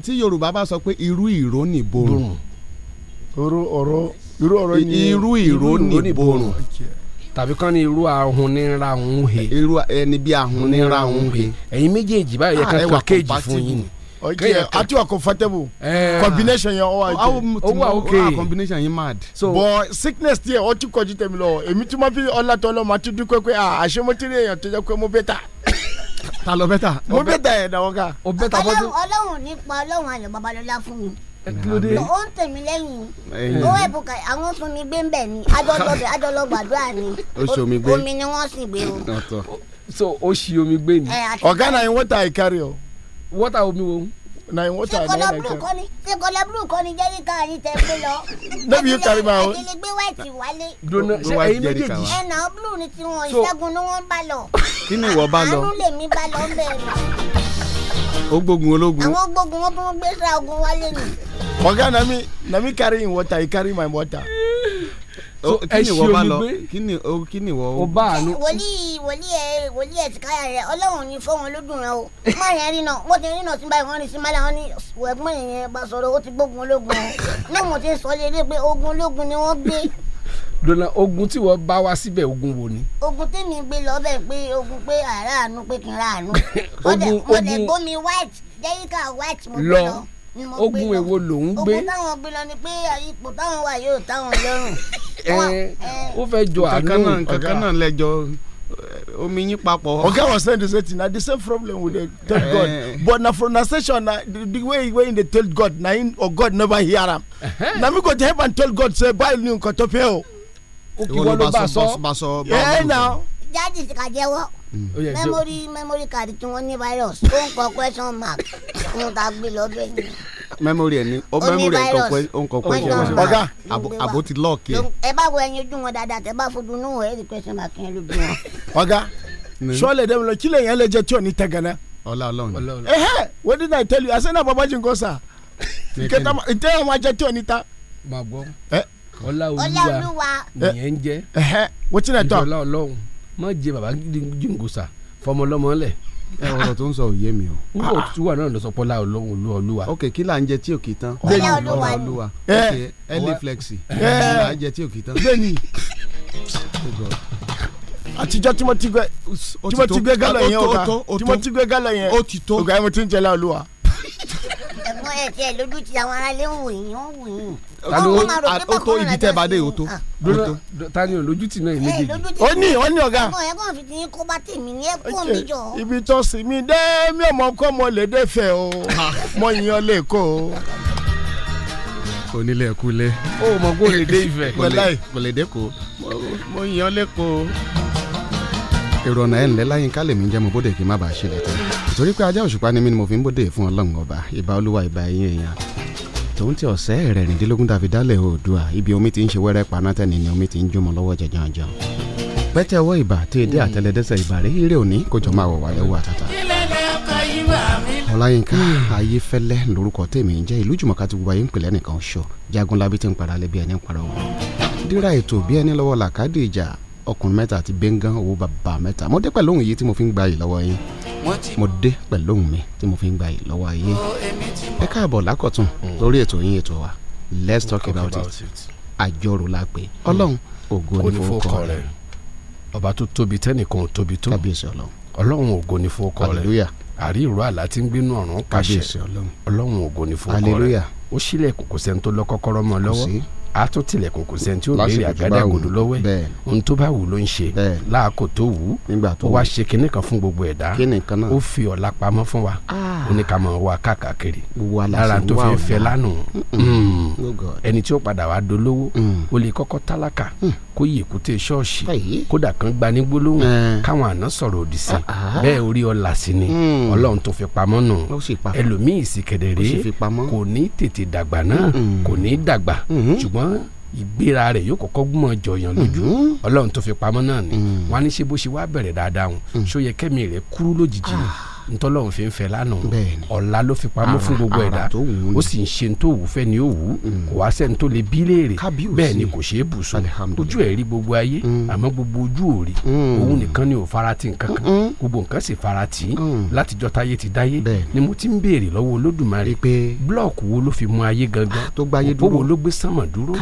tí yorùbá bá sọ pé irú ìró ni borun. irú ọ̀rọ̀ irú ọ̀rọ̀ ìró ni borun. tàbí kán ni irú ahun ní ra he. irú ẹni bí ahun ní ra he. ẹ̀yin méjèèjì báyìí yẹ ah, ká fún yín ọjẹ ati wa comfortable eh. combination yẹn ọwọ ajẹ a ok ah, combination yẹn mad. so bọ sickness tiẹ ọtí kọjú tẹmí lọ èmi tí ma fi ọlọtọ lọ ma ti dúpẹ́ pé ah, àṣemọtiri èèyàn tó jẹ pé mo bẹ ta. ta lọ bẹ ta. mo bẹ ta yẹn dàwọn ká. o bẹ ta bọ́dún. ọlọ́run nípa ọlọ́run àlọ́ babalọ́lá fún mi kílódé. ó ń tèmi lẹ́yìn owó ẹ̀bùkà àwọn somi gbé ń bẹ̀ ni adọ́lọ́bẹ̀ adọ́lọ́gbàdúrà ni omi ni wọ́n sì gbé o. so ó ṣi omi gbé ni. ọ̀gá náà ń wọ́ta ìkárí o wọ́tà omi wo nine water nine naira kan. ṣé kọlọ́bùrù kọ́ ni jẹ́rí kan àti tẹ̀gbẹ́ lọ. níbi yóò kárí máa wọ. ẹ̀jẹ̀ lè gbé wáìtì wálé. dùnà ṣe ẹyin méjèèjì. ẹ̀nà blu ni tiwọn ìṣẹ́gun ni wọ́n bá lọ. kí ni ìwọ bá lọ. àánú lèmi bá lọ ń bẹ̀rẹ̀. ó gbógun ológun. àwọn gbógun wọn bí wọn gbé sa ogun wálé ni. ọ̀gá nami nami carry in water he carry my water ẹ ṣe omi gbé kí ni kí ni oh, wọ́n. o bá àánú. wòlíì wòlíì ẹ wòlíì ẹ tìkáyà rẹ ọlọ́run ní fọwọ́n lódùn rẹ o má yẹn rí náà wọ́n ti rí náà tí báyìí wọ́n rí sí mọ́lá wọn ní ẹ̀gbọ́n yẹn bá sọ̀rọ̀ ó ti gbógun ológun o náà mo ti sọ lé pé ogun ológun ni wọ́n gbé. dona ogun tí wọ́n bá wá síbẹ̀ ogun wo ni. ogun tèmi gbé lọ́bẹ̀ pé ogun pé àràánú pé kí n ráàánú. ogun ogun ọ̀dẹ̀ gómi white jẹ́ríkà white mo gbé ogun èwo lòún gbé. ogun táwọn gbé lọ ni pé ipò táwọn wà yóò táwọn lọ́rùn. ó fẹ́ jọ àánú ọ̀gá náà lẹ́jọ́ omi yín papọ̀. ọ̀gá was saying the same thing na the same problem we eh. dey tell God but na from na session na the way wey dey tell God na him or God never hear am eh. na me go to heaven tell God say báyìí ni nǹkan tó fẹ́ o. ó kí wọ́n ló bá sọ. ìwọ ló bá sọ bá sọ bá sọ. ẹ ẹ na. jáde ti ka jẹ́wọ́ memory memory card tí wọ́n ní virus ó ń kọ question mark fún ta gbé lọ́dọ̀ ẹ̀yìn memory ẹ ni o memory ẹ n kọ question mark ọgá àbò ti lọọkì ẹ. ẹ bá wo ẹyin ojú wọn dáadáa tẹ bá fojú inú ẹ ẹ di question mark yẹn lójú wọn. ọgá sọlẹ mm-hmm. dẹmu lọ kílẹ yẹn lè jẹ tí o ní tẹgànà. ọlá Ọlọ́run ni. ẹhẹ what did I tell you asẹ́nà bàbá jìn kò sà ǹtẹ́ ẹ̀ máa jẹ tí o ní ta. màá gbọ́ ọlá olúwa nìyẹn jẹ́. ẹhẹ wọ́n ti nà tọ́ ìjọba Ọlọ́run má jẹ bàbá jìngùsà fọmọlọmọ lẹ̀ ẹ ọ̀rọ̀ tó ń sọ òye mi o. n kò tún náà lọ sọ pọlá ok kí là ń jẹ tí ò tán. bẹ́ẹ̀ni ọlọ olúwa ok ẹlẹ flexi kí là ń jẹ tí ò kì í tán. bẹ́ẹ̀ni oh àtijọ́ tí mo ti gbé gálọ̀ yẹn ọ̀gá tí mo ti gbé gálọ̀ yẹn ọ̀gá ẹ̀ mo ti ń jẹ láolúwa ẹ̀gbọ́n ẹ̀ tiẹ̀ lójú ti àwọn aráalé ń wò yín wọ́n wò yín. ó tó ibi tẹ́ bá dé o tó. Ah. ta o lójú tì náà yìí méjèèjì. ní ó ní ọ̀gá. ọmọ ẹ̀gbọ́n fi ti kó bá tèmi ní ẹ̀kọ́ mi jọ. ibi tó sì mí dé mi ò mọ kọ́ mọ lè dé fẹ́ o mọ yín ọ lè kó o. onílé ẹ̀kúlé. ó mọ kó lè dé Ifẹ̀ kò lè dé kó mọ yín ọ lè kó o. èrò ọ̀nà ẹ̀ ńlẹ́ láyínká lèmi jẹ́ mo bóde kí n má bàa ṣe lẹ́tọ́ torí pé ajá òṣùpá ni mí ni mo fi ń bóde fún ọlọ́run ọba ìbà olúwa ìbà ẹ̀yìn èèyàn tòun ti ọ̀sẹ́ ẹ̀rẹ̀rìndínlógún tàfi dálẹ̀ oòdùà ibi omi ti ń ṣe wẹ́rẹ́ panátẹ́ni ni omi ti ń jómọ lọ́wọ́ jẹjọ́njọ́ pẹ́tẹ́ ọwọ́ ìbà tí èdè àtẹlẹdẹsẹ̀ ìbà rí eré òní kójọ máa wọ̀ wálé wà tata. ọláyínká ayéfẹ́lẹ́ lórúkọ tèmi ń jẹ́ ìlú jùmọ̀ká ti wáyé ń pèlẹ́ nìkan ṣọ jagunlabi ti ń paralẹ́ bí ẹni ń parọ́ wọn. dírà ètò bí ẹni lọ́wọ́ làkàdé ìjà ọkùnrin mẹ́ta àti bẹ́ngàn owó bàbá mẹ́ta mo dé pẹ̀lú òun yìí tí mo fi ń gba yìí lọ́wọ́ yín mo dé pẹ̀lú òun mi tí mo fi ń gba yìí lọ́wọ́ yín ẹ káàbọ̀ lákọ̀tún hmm. lórí ètò yín ètò wa let's hmm, talk about it àjọrò la pé ọlọ́run ògo ni fowókọ rẹ ọba tó tóbi tẹ́nìkan tóbi tó kábíyèsí ọlọ́run ọlọ́run ògo ni fowókọ rẹ àrí ìró àlá tí ń gbénu ọ̀run pàṣẹ ọlọ́run ògo ni fowókọ rẹ ó sílẹ̀ kò sẹ́ni tó lọ mọ́ lọ́wọ́ a tún tilẹ̀ kò kò sẹ́ni tí ó béèrè àgádágodo lọ́wọ́ ẹ̀ ohun tó bá wù ló ń ṣe láàkó tó wù ó wá ṣe kinní kan fún gbogbo ẹ̀dá ó fi ọ̀la pamọ́ fún wa ah. ó ní ká máa wá káàkiri lára tó fi fẹ́ lánàá mm. oh ẹni tí ó padà wá dolówó mm. ó lè kọ́kọ́ tálákà mm. kó yí èkúté ṣọ́ọ̀ṣì kódà kan gba ní gbólóhùn eh. káwọn àná sọ̀rọ̀ òdì sí ah, ah. bẹ́ẹ̀ orí ọ̀la sí ni ọlọ́run tó fi pamọ́ nù ẹlòmíì sì kẹ̀dẹ̀ rèé kò ní tètè dàgbà náà kò ní dàgbà mm-hmm. ṣùgbọ́n ṣùgbọ́n ìgbéra rẹ̀ yóò kọ́kọ́ gbọ́mọ jọyàn lójú mhm. ọlọ́run tó fi pamọ́ náà ni mm. wọ́n á ní ṣe bó ṣe wá bẹ̀rẹ̀ dáadáa wọn mm. ṣó yẹ kẹ́mi rẹ̀ kúrú lójijì ni. Ah ntọ́lọ́hún fi ń fẹ́ lánàá ọ̀la ló fi pamọ́ fún gbogbo ẹ̀dá ó sì ń ṣe tó wù fẹ́ ni ó wù mm. kò wá sẹ́ni tó lè bí léèrè bẹ́ẹ̀ ni kò ṣeé bù sùn ojú ẹ̀ rí gbogbo ayé mm. àmọ́ gbogbo ojú ò rí mm. òun nìkan ni ò farati nǹkan kan gbogbo nǹkan sì farati látijọ́ táyé ti dáyé ni mo ti ń béèrè lọ́wọ́ olódùmarè pé blọọkù wo ló fi mú ayé gangan ah, òpó wo ló gbé sánmà dúró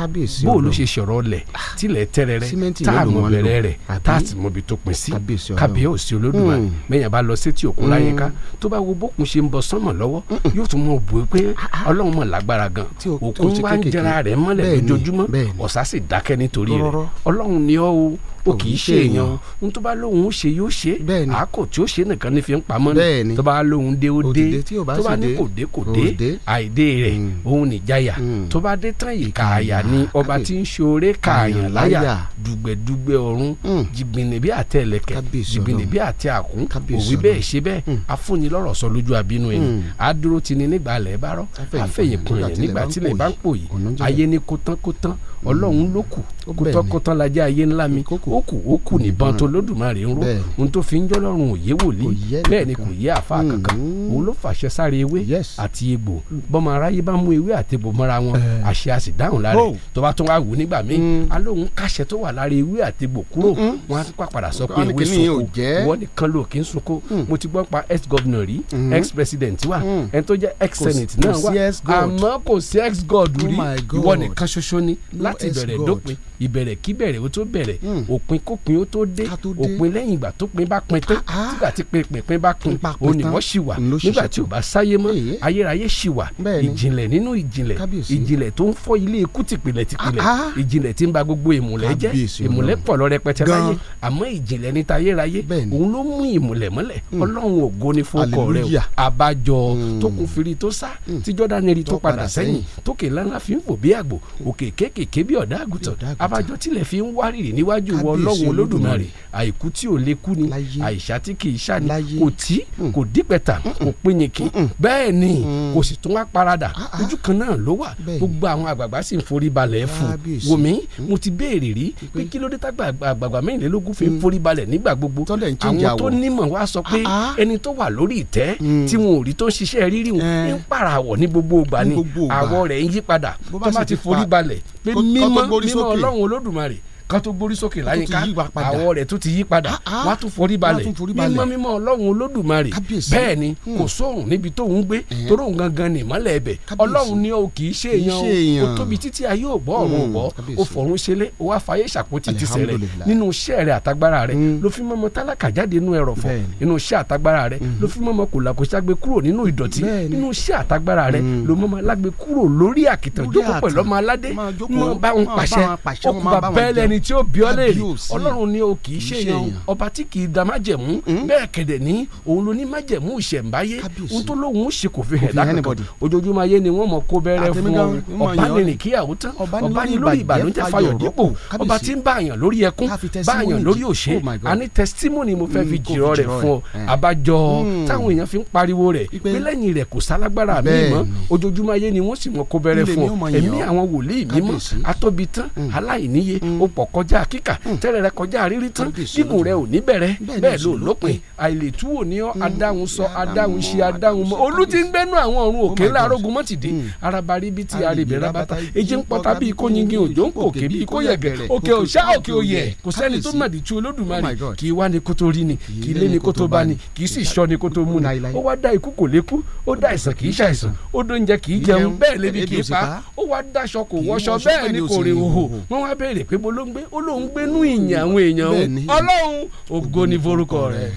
bó o ló ṣe ṣọ̀rọ̀ lẹ̀ tilẹ̀ tẹ́rẹ̀rẹ̀ nìkan mm. tó bá wo bókun ṣe ń bọ sánmọ̀ lọ́wọ́ yóò tún mọ bò pé ah, ah, ah. ọlọ́run mọ̀ lágbára gan òkun wá ń jẹra rẹ̀ mọ́lẹ̀ lójoojúmọ́ ọ̀sà sì dákẹ́ nítorí rẹ̀ ọlọ́run ni ọ́ o o kì í ṣe èèyàn n tó bá lóun ó ṣe yóò ṣe àákò tí ó ṣe nìkan ní fi ń pamọ́ ní tó bá lóun dé ó dé tó bá ní kò dé kò dé àìdé rẹ̀ hmm. òun nìjáyà hmm. tó bá dé tán yìí kààyà ni ọba tí ń ṣoore kààyàn láyà dùgbẹ̀dùgbẹ̀ ọ̀run jìbìnìbí àtẹ ẹlẹ́kẹ̀ jìbìnìbí àtẹ àkún òwí bẹ́ẹ̀ ṣe bẹ́ẹ̀ hmm. afúnni lọ́rọ̀ sọ lójú abínú ẹni adúró ti ni nígbà lẹ́ẹ̀ bá rọ́ afẹ́yìnkùn yẹn nígbà tí lè bá ń pò yìí ayé ni kó tán kó tán ọlọ́run ló kù kótọ́kótọ́ lajẹ́ ayé ńlá mi ó kù ó kù nìbọn mm-hmm. tó lódùmarè ń ró ohun tó fi ń jọ́lọ́run òye wòlíì bẹ́ẹ̀ ni kò yé àfa kankan mm-hmm. òun ló fàṣẹ sáré ewé àti egbò bọ́mọ aráyé bá mú ewé àti egbò mọ́ra wọn eh. àṣẹ a sì dáhùn lára tó bá tún wá wù nígbà míì mm. alóhùn kàṣẹ tó wà lára ewé àti egbò kúrò mm-hmm. wọn á padà sọ pé ewé sunko wọn nìkan ló kì í sunko mm. mo ti gbọ́ pa ex governor rí ex president wa mm. ẹni tó jẹ́ ex senate náà wa àmọ́ ex oh god rí ìwọ nìkan láti bẹ̀rẹ̀ dópin ìbẹ̀rẹ̀ kí bẹ̀rẹ̀ ó tó bẹ̀rẹ̀ hmm. òpin kópin ó tó dé òpin lẹ́yìn ìgbà tó pin bá pin tán nígbà ah, ah. tí pin bá pin onímọ̀ ṣì wà nígbà tí ò bá sáyé mọ́ ayérayé ṣì wà ìjìnlẹ̀ nínú ìjìnlẹ̀ ìjìnlẹ̀ tó ń fọ́ ilé ikú tìpìlẹ̀ tìpìlẹ̀ ah, ìjìnlẹ̀ tí ń ba gbogbo ìmùlẹ̀ jẹ́ ìmùlẹ̀ pọ̀ lọ rẹpẹtẹ láyé àmọ́ ìjìnlẹ̀ ní tayérayé òun ló mú ìmùlẹ̀ mọ́lẹ̀ hmm. ọlọ́run ògo ni fọkọ rẹ o àbájọ hmm. tó kun firi tó sá tí jọ́dánì tó padà sẹ́yìn tó kè lánàá fi ń fò bí àgbò òkè kékèké bí ọ̀dà àgùtàn abájọ tilẹ̀ fi ń wárìrì níwájú ìwọ ọlọ́run olódùmarè àìkú tí ò lè kú ni àìsà tí kì í sá ni kò tí kò dípẹ̀tà kò pinyìnkì bẹ́ẹ̀ ni mm. kò sì tún wá parada ah, ah. ojú kan náà ló wà gbogbo àwọn àgbààgbà sì ń forí balẹ̀ fún wòmí mm. mo ti béèrè rí pé kí ló dé tágbà àgbààgbà mẹ́rìnlélógún fi ń mm. forí nígbà gbogbo àwọn tó nímọ̀ wá sọ pé ah, ẹni tó wà lórí ìtẹ́ tí wọn ò rí tó ń ṣiṣẹ́ rírì wọn eh. ń pàràwọ̀ ní gbogbo ìgbà ni àwọ̀ rẹ̀ ń yípadà tó bá ti forí balẹ̀ pé mímọ́ mímọ́ ọlọ́run fọlọ́run olódùmarè kan tó gbórí sókè láyìíká àwọ̀ rẹ̀ tó ti yí padà ah, ah. wá tún forí balẹ̀ mímọ́ mímọ́ ọlọ́run olódùmarè bẹ́ẹ̀ ni hmm. kò sóhun níbi tóun gbé toróhun gangan ni ìmọ́lẹ̀ ẹ̀bẹ̀ ọlọ́run ni o kì í ṣe èèyàn o tóbi títí ayé ò gbọ́ ọ̀run ò gbọ́ o fọ̀run ṣẹlẹ̀ o wá fàyè ṣàpótí ti sẹ̀rẹ̀ nínú iṣẹ́ rẹ̀ àtagbára rẹ̀ hmm. ló fi mọ́mọ́ tálákà jáde nínú iṣẹ́ hmm. nínú ìdọ̀tí tí ó bí ọ léèrè ọlọ́run ni o kì í ṣe èèyàn ọba tí kì í da májẹ̀mú hmm? bẹ́ẹ̀ kẹ̀dẹ̀ ní òun ló ní májẹ̀mú ìṣẹ̀ǹbáyé ohun tó lóun ṣe kò fi hàn lákàtà ojoojúmọ́ ayé ni wọ́n mọ̀ kó bẹ́rẹ́ fún ọ ọba nìrìn kí tán ọba ní lórí ìbànújẹ́ fayọ̀ dípò ọba tí ń bá àyàn lórí ẹkún bá àyàn lórí òṣè àní oh testimony mo fẹ́ fi hmm, jìrọ rẹ̀ fún ọ àbájọ hmm. táwọn èèyàn fi ń pariwo rẹ̀ pé lẹ́yìn rẹ̀ kò sálágbára mi mọ́ ojoojúmọ́ ayé ni wọ́n sì mọ̀ kó bẹ́rẹ́ fún ọ ẹ̀mí àwọn wòlíì mímọ́ atóbi tán aláìníye ó pọ̀ kọ̀ kọjá kíkà hmm. tẹ́rẹ̀ rẹ kọjá rírí tán gígùn rẹ ò ní bẹ̀rẹ̀ bẹ́ẹ̀ ló lópin àìlètú ò ní ọ́ hmm. adáhùn sọ adáhùn ṣe adáhùn mọ́ olú ti ń gbẹ́nu àwọn ọ̀run òkè lárógun mọ́ hmm. ti dé arabari bíi ti arìbẹ̀ rabata èjì ń pọta bíi kó yingin òjò ń pò òkè bíi kó yẹ̀gẹ̀rẹ̀ òkè òṣà òkè òyẹ̀ kò sẹ́ni tó mọ̀dí tí olódùmarè oh kì í wá ni kó tó rí ni kì í lé ni kó tó bá ni kì í sì sọ ni kó tó mú ni ó wá dá ikú kò lékú ó dá ìsàn kì í ṣàìsàn ó dóúnjẹ kì í jẹun bẹ́ẹ̀ lébi kì í pa ó wá dáṣọ kò wọṣọ bẹ́ẹ̀ ni kò rè òhò wọ́n wá béèrè pé bolóngbò gbé ó lóun gbénú ìyìn àwọn èèyàn òun ọlọ́run ògo ni forúkọ rẹ̀.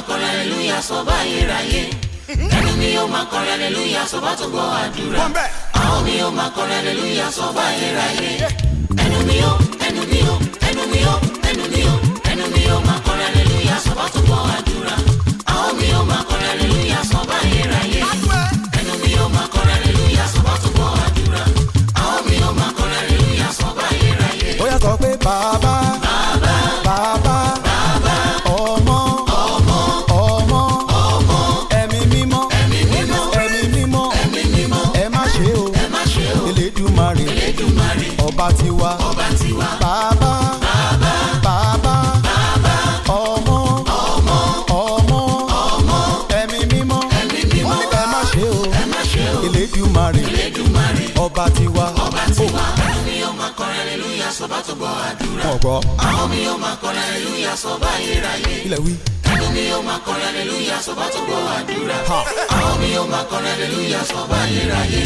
máa kọrin aleluya sọba ayérayé ẹnu mi yóò máa kọrin aleluya sọba tó gbọ́ àdúrà àwọn mi yóò máa kọrin aleluya sọba ayérayé ẹnu mi yóò ẹnu mi yóò ẹnu mi yóò ẹnu mi yóò ẹnu mi yóò máa kọrin aleluya sọba tó gbọ́ àdúrà àwọn mi yóò máa kọrin aleluya sọba ayérayé ẹnu mi yóò máa kọrin aleluya sọba tó gbọ́ àdúrà àwọn mi yóò máa kọrin aleluya sọba ayérayé. ó yà sọ pé bàbá. àwọn mi yóò máa kọrin aleluya sọ báyìí ráyé. ilẹ̀ wí. ẹnu mi yóò máa kọrin aleluya sọ bá àdúrà. àwọn mi yóò máa kọrin aleluya sọ báyìí ráyé.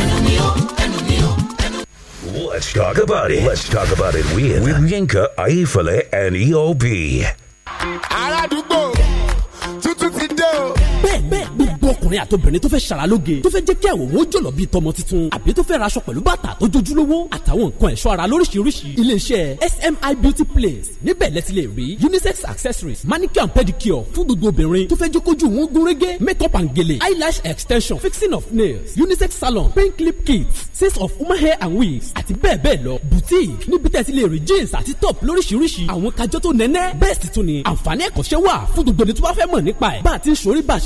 ẹnu mi yóò ẹnu mi yóò. Let's talk about it. Let's talk about it with, with Yinka, Aifale, and EOB. ọkùnrin àtobìnrin tó fẹ́ ṣaralóge tó fẹ́ jẹ́ kí àwòrán jọ̀lọ̀ bíi tọmọ tuntun àbí tó fẹ́ raṣọ pẹ̀lú bàtà tó jojúlówó àtàwọn nǹkan ẹ̀ṣọ́ ara lóríṣiríṣi iléeṣẹ́ SMI beauty place níbẹ̀ lẹ́tí lè rí unisex accessories manicure and pedicure fún gbogbo obìnrin tó fẹ́ jẹ́ kójú wọn gún makeup and gèlè eyelash extension fixing of nails unisex salon pink clip kit, sets of human hair and wigs àti bẹ́ẹ̀ bẹ́ẹ̀ lọ boutique níbi tẹ́tí lè rí jeans àti top lóríṣiríṣi àwọn kájọ́ tó nẹ́nẹ́ bẹ́ẹ̀ sì tún ni àǹfààní ẹ̀kọ́ṣẹ́ wà fún gbogbo ẹni tó bá fẹ́ mọ̀ nípa ẹ̀ bá a ti ń ṣorí bá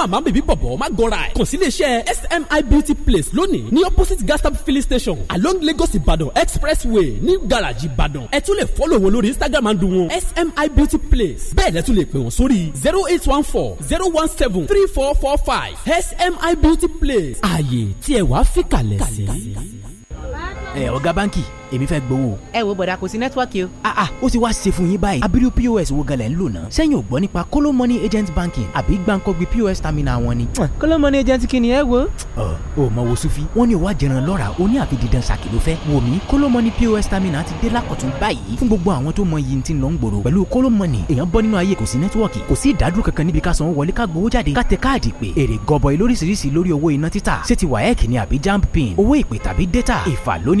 a Mama bèbí bọ̀bọ̀ ma gọra ẹ̀ kàn sí iléeṣẹ́ SMI beauty place lónìí ní opposite gastap filling station along Lagos Ìbàdàn expressway ní garage Ìbàdàn ẹ tún lè fọ́lọ̀ wọn lórí Instagram àdùn wọn SMI beauty place bẹ́ẹ̀ lẹ́tún lè pè wọ́n sórí zero eight one four zero one seven three four four five SMI beauty place ààyè tí ẹ wàá fi kalẹ̀ sí ẹ eh, ọ̀gá báǹkì èmi fẹ́ gbowó. ẹ wo bọ̀dà kò sí nẹ́tíwọ́ọ̀kì o. ah ah ó ti wá ṣe fún yín báyìí. abiru pos wo galẹ̀ ń lò náà. sẹ́yìn ò gbọ́ nípa kóló money agent banking àbí gbàǹkọ́gbì pos terminal wọn ni. kóló money agent kí ni ẹ wo. ọ ò mọ wo sufi wọn ní ìwà jẹran lọ́ra ó ní àfi dídán ṣàkìlò fẹ́. wò kóló money pos terminal ti dé lákọ̀tún báyìí. fún gbogbo àwọn tó mọ iye tí ń lọ ń gbòòrò pẹ̀lú kóló money èèyàn bọ́ nínú ayé kò sí nẹ́tíwọ́ọ̀kì kò sí ìdádúró kankan níbi ká sanwó wọlé ká gbowó jáde ká tẹ káàdì pé èrè gọbọi lóríṣiríṣi data ìfà lóní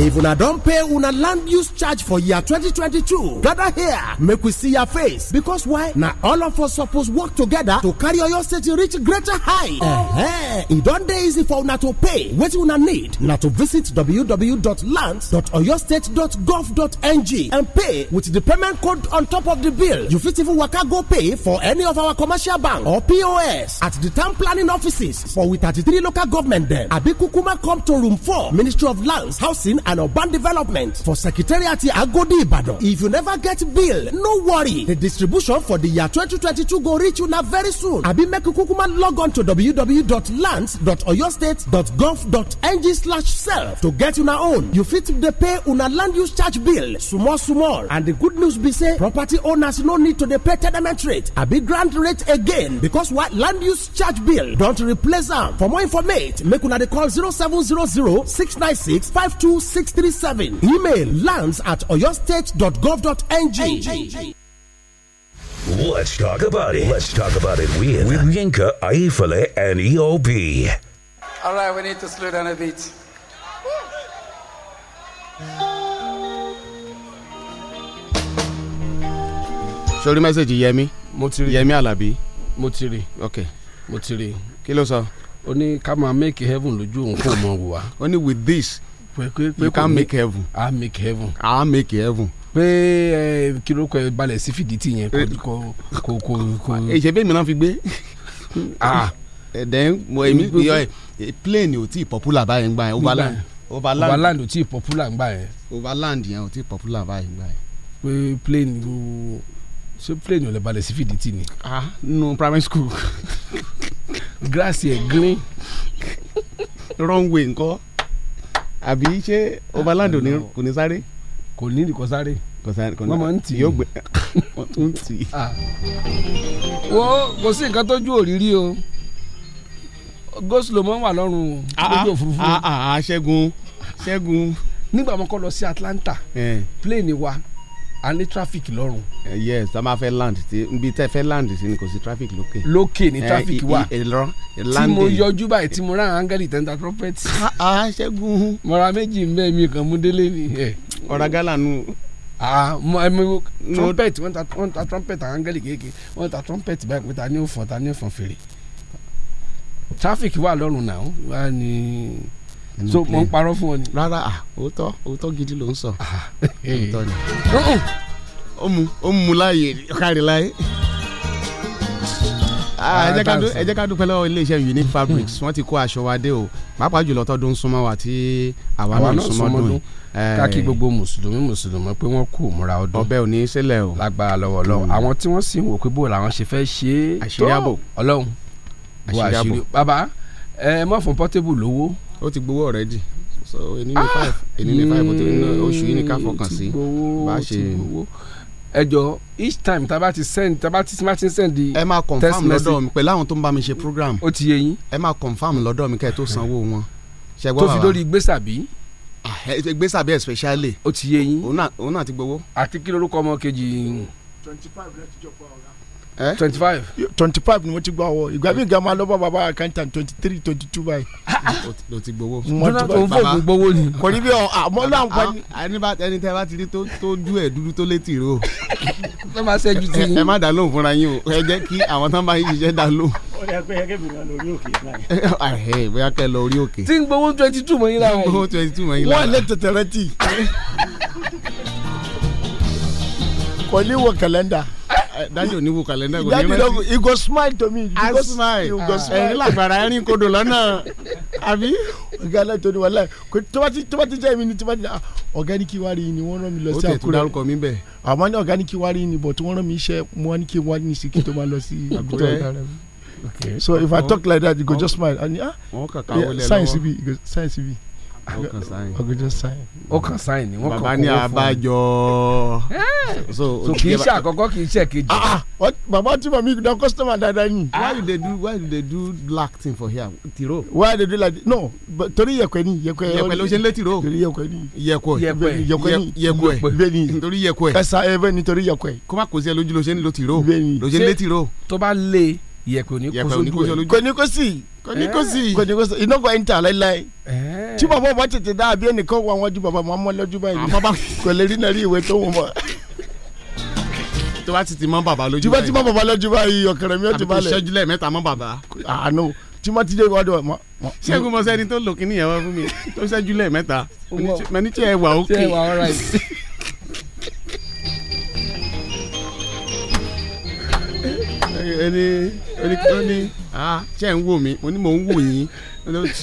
if una don pay una land use charge for year 2022 gather here make we see your face because why Now all of us suppose work together to carry oyo state reach greater height eh uh-huh. It don't day easy for una to pay What una need na to visit www.lands.oyostate.gov.ng and pay with the payment code on top of the bill you fit even waka go pay for any of our commercial bank or pos at the town planning offices for we 33 local government dem abi kukuma come to room 4 ministry of lands housing and urban development for secretariat agodi ibadan if you never get bill no worry the distribution for the year 2022 go reach you now very soon abi make kukuma log on to www.lands.oyostate.gov.ng slash self to get una own you fit dey pay una land use charge bill small small and the good news be say property owners no need to dey pay tenement rate abi grant rate again because why land use charge bill don't replace am for more information make una dey call 0700 696 526 six three seven email lands at oyostate.gov.ng. Let's talk about it. Let's talk about it with, with Yinka, Aifale, and EOB. All right, we need to slow down a bit. sori mẹ́sẹ̀gì yẹmi mo ti rí yẹmi alabi mo ti rí ok mo ti rí kí ló sọ. ó ní ká máa make heaven lójú òun kó mọ̀ wá. ó ní with this pé pé pé you can make heaven. I make heaven. I make heaven pé ẹ kí ló kọ ẹ balẹ̀ sí fìdítì yẹn kò kò kò kò. ìṣèbí mi náà fi gbé. ẹ̀dẹ̀ ah, mo emi yọ ẹ eh, plane ò tí ì popular báyìí gbà yẹn overland overland ò tí ì popular gbà yẹn. overland yẹn ò tí ì popular báyìí gbà yẹn. pé plane o ṣé plane ò lè balẹ̀ sí fìdítì ni. ah no primary school. grass yẹn green. Wrong runway ńkọ́ àbí ṣé overland ah, kò ní sáré. kò ní kò sáré wọ́n máa ń tì í yóò tún ń tì í. Ah. wo kò sí nǹkan tójú òrírí o goslow máa ń wà lọ́rùn ah, lójú òfurufú. ṣẹ́gun ṣẹ́gun. nígbà mo lọ sí Atlanta eh. plane wa a ní traffic lọ́rùn. Eh, yes tá a máa fẹ́ land tí nbí tẹ́ fẹ́ land sí ni kò sí traffic lókè. lókè ni eh, traffic wà tí mo yọjú báyìí tí mo rán angeli tenta property. a ṣẹ́gun. mọ̀ra méjì ń bẹ́ mi kàn mú délé ni. Eh. ọ̀rá gálà nù. trumpet wọ́n ta trumpet angeli kéèké wọ́n ta trumpet báyìí pé ta ni ó fọ́n ta ni ó fọ́n fèrè. traffic wà lọ́rùn náà wà ní. Ni so mo ń parọ́ fún ọ ni. rárá òótọ́ òótọ́ gidi ló ń sọ ah. òótọ́ ni ó mu ó mu láàyè kárí láyé ah, ah, ẹ jẹ́ ká dúpẹ́ lọ́wọ́ iléeṣẹ́ unique fabrics mm. wọ́n ti kó aṣọ wa dé o pàápàá jùlọ tọdún súnmọ́ wa tí àwa náà súnmọ́ dùn káàkiri eh. gbogbo mùsùlùmí mùsùlùmí pé wọ́n kú múra ọdún ọbẹ̀ ò ní í sílẹ̀ o lágbára lọ́wọ́ ọlọ́run mm. àwọn tí wọ́n sì ń wò pé bó làwọn ṣe fẹ́ ṣe é tó ọlọ́run bó àṣírí bàbá ẹ mọ̀ fún Portable lówó ó ti gbowó already so èní ni five èní ni five tó ní oṣù yìí ni ká fọkàn sí bá ṣe ẹ each time taba ti send taba ti ma ti send di text message. ẹ máa confam lọ́dọ̀ mi pẹ̀lú àwọn tó ń bá mi ṣe program. ó ti yé ẹ máa confam lọ́dọ̀ mi kẹ́ tó sanwó wọn. ṣẹgbọ́n bàbá tó fi lórí gbèsàbí. Ah, gbèsàbí especially. ó ti yé òun náà ti gbowó. àti kí lorúkọ ọmọ kejì. twenty five lẹ́tí jọ pa ọ̀rẹ́ twenty eh? five. twenty five ni mo ti gbọ́ àwọ̀ ìgbà mi gan ma lọ́bọ̀ bàbá àkàntàn twenty three twenty two báyìí. ló ti gbowó. jọ́nà tó ń fò gbogbo ni. kò ní bí ọ àmọ́ náà ń pani. ẹni tẹ́ bá ti rí tó dú ẹ̀ dúdú tó létí rò. ẹ má ṣẹ́jú ti yín. ẹ má dá lóhùn fúnra yín o ẹ jẹ́ kí àwọn tán bá yín ṣiṣẹ́ dá lóhùn. ó yẹ pé ẹgẹ́ mi lọ orí òkè báyìí. bóyá kẹ́ lọ orí òkè. tí ń gbowó twenty two mọ́ yín lára yìí. tí ń gbowó twenty two mọ́ yín lára. wọ́n lè tètè rẹ tì. kò ní wo kàlẹ́ndà. Eh, dájú oníwù kàlẹ́ndà kò ní rántí. dájú you go smile to me. i go smile ah. ẹ̀yin làgbàrá ẹ̀rín kodò lọ́nà àbí. ọ̀gá aláì tó ní wàhálà tọ́bátí tọ́bátí jẹ́ mi ni tọ́bátí náà ah, ọ̀gáníkì wárí ni wọ́n rán mi lọ sí àkúrẹ́. ó tètè dárúkọ mi bẹ́ẹ̀. àmọ́ ní ọ̀gáníkì wárí ni bọ̀ tí wọ́n rán mi iṣẹ́ mo ní kí n ní sí kí tó máa lọ sí àkúrẹ́. so if i talk like that you go just smile and ah science bi science bi ọgọjọ sáyìn ni wọn kàn kówó fún un. bàbá ní abájọ. so kì í ṣe àkọ́kọ́ kì í ṣe kejì. Ah, ah, bàbá tí màmí ìdá kọ́sítọ́mà dáadáa ni. Ah. why you dey do why you dey do black thing for here. tiro. why you dey do like that no torí yẹ̀kọ̀ ni yẹ̀kọ̀ yẹ. yẹ̀kọ̀ ló ṣe ń lé tiro. torí yẹ̀kọ̀ ni. yẹ̀kọ̀ yẹ̀kọ̀ ni yẹ̀kọ̀ ẹ̀ ni torí yẹ̀kọ̀ ẹ̀. ẹ̀sà ni torí yẹ̀kọ̀ ẹ̀. kó má sí ẹ lójú ló ṣe ń lo tiro. bẹ́ẹ̀ ṣe ń lé tiro. tó bá le yẹ̀pẹ̀ oníkóso lójú kòníkósì kòníkósì eh. kòníkósì iná kò ẹ̀ ń tà láíláí eh. tí bàbá bá tètè dá àbí ẹnìkan wà wọ́n ju bàbá máa mọ́ lọ́jú báyìí kò lè rí náà rí ìwé tó wù mọ́. tó bá ti ti mọ́ bàbá lójú báyìí tó bá ti mọ́ bàbá lójú báyìí ọ̀kẹ́rẹ́ mi ó ti balẹ̀ àbí kò ṣẹ́jú lẹ́ẹ̀mẹ́ta mọ́ bàbá. àánú ah, tí mo ti dé wọ́dọ̀ mọ́. ṣẹ́gun mọ́sẹ́ni tó lò kíní yẹn wá fún mi tó ṣẹ́jú ẹni ẹni ẹni ah ṣe ń wò mí mo ní mò ń wò yín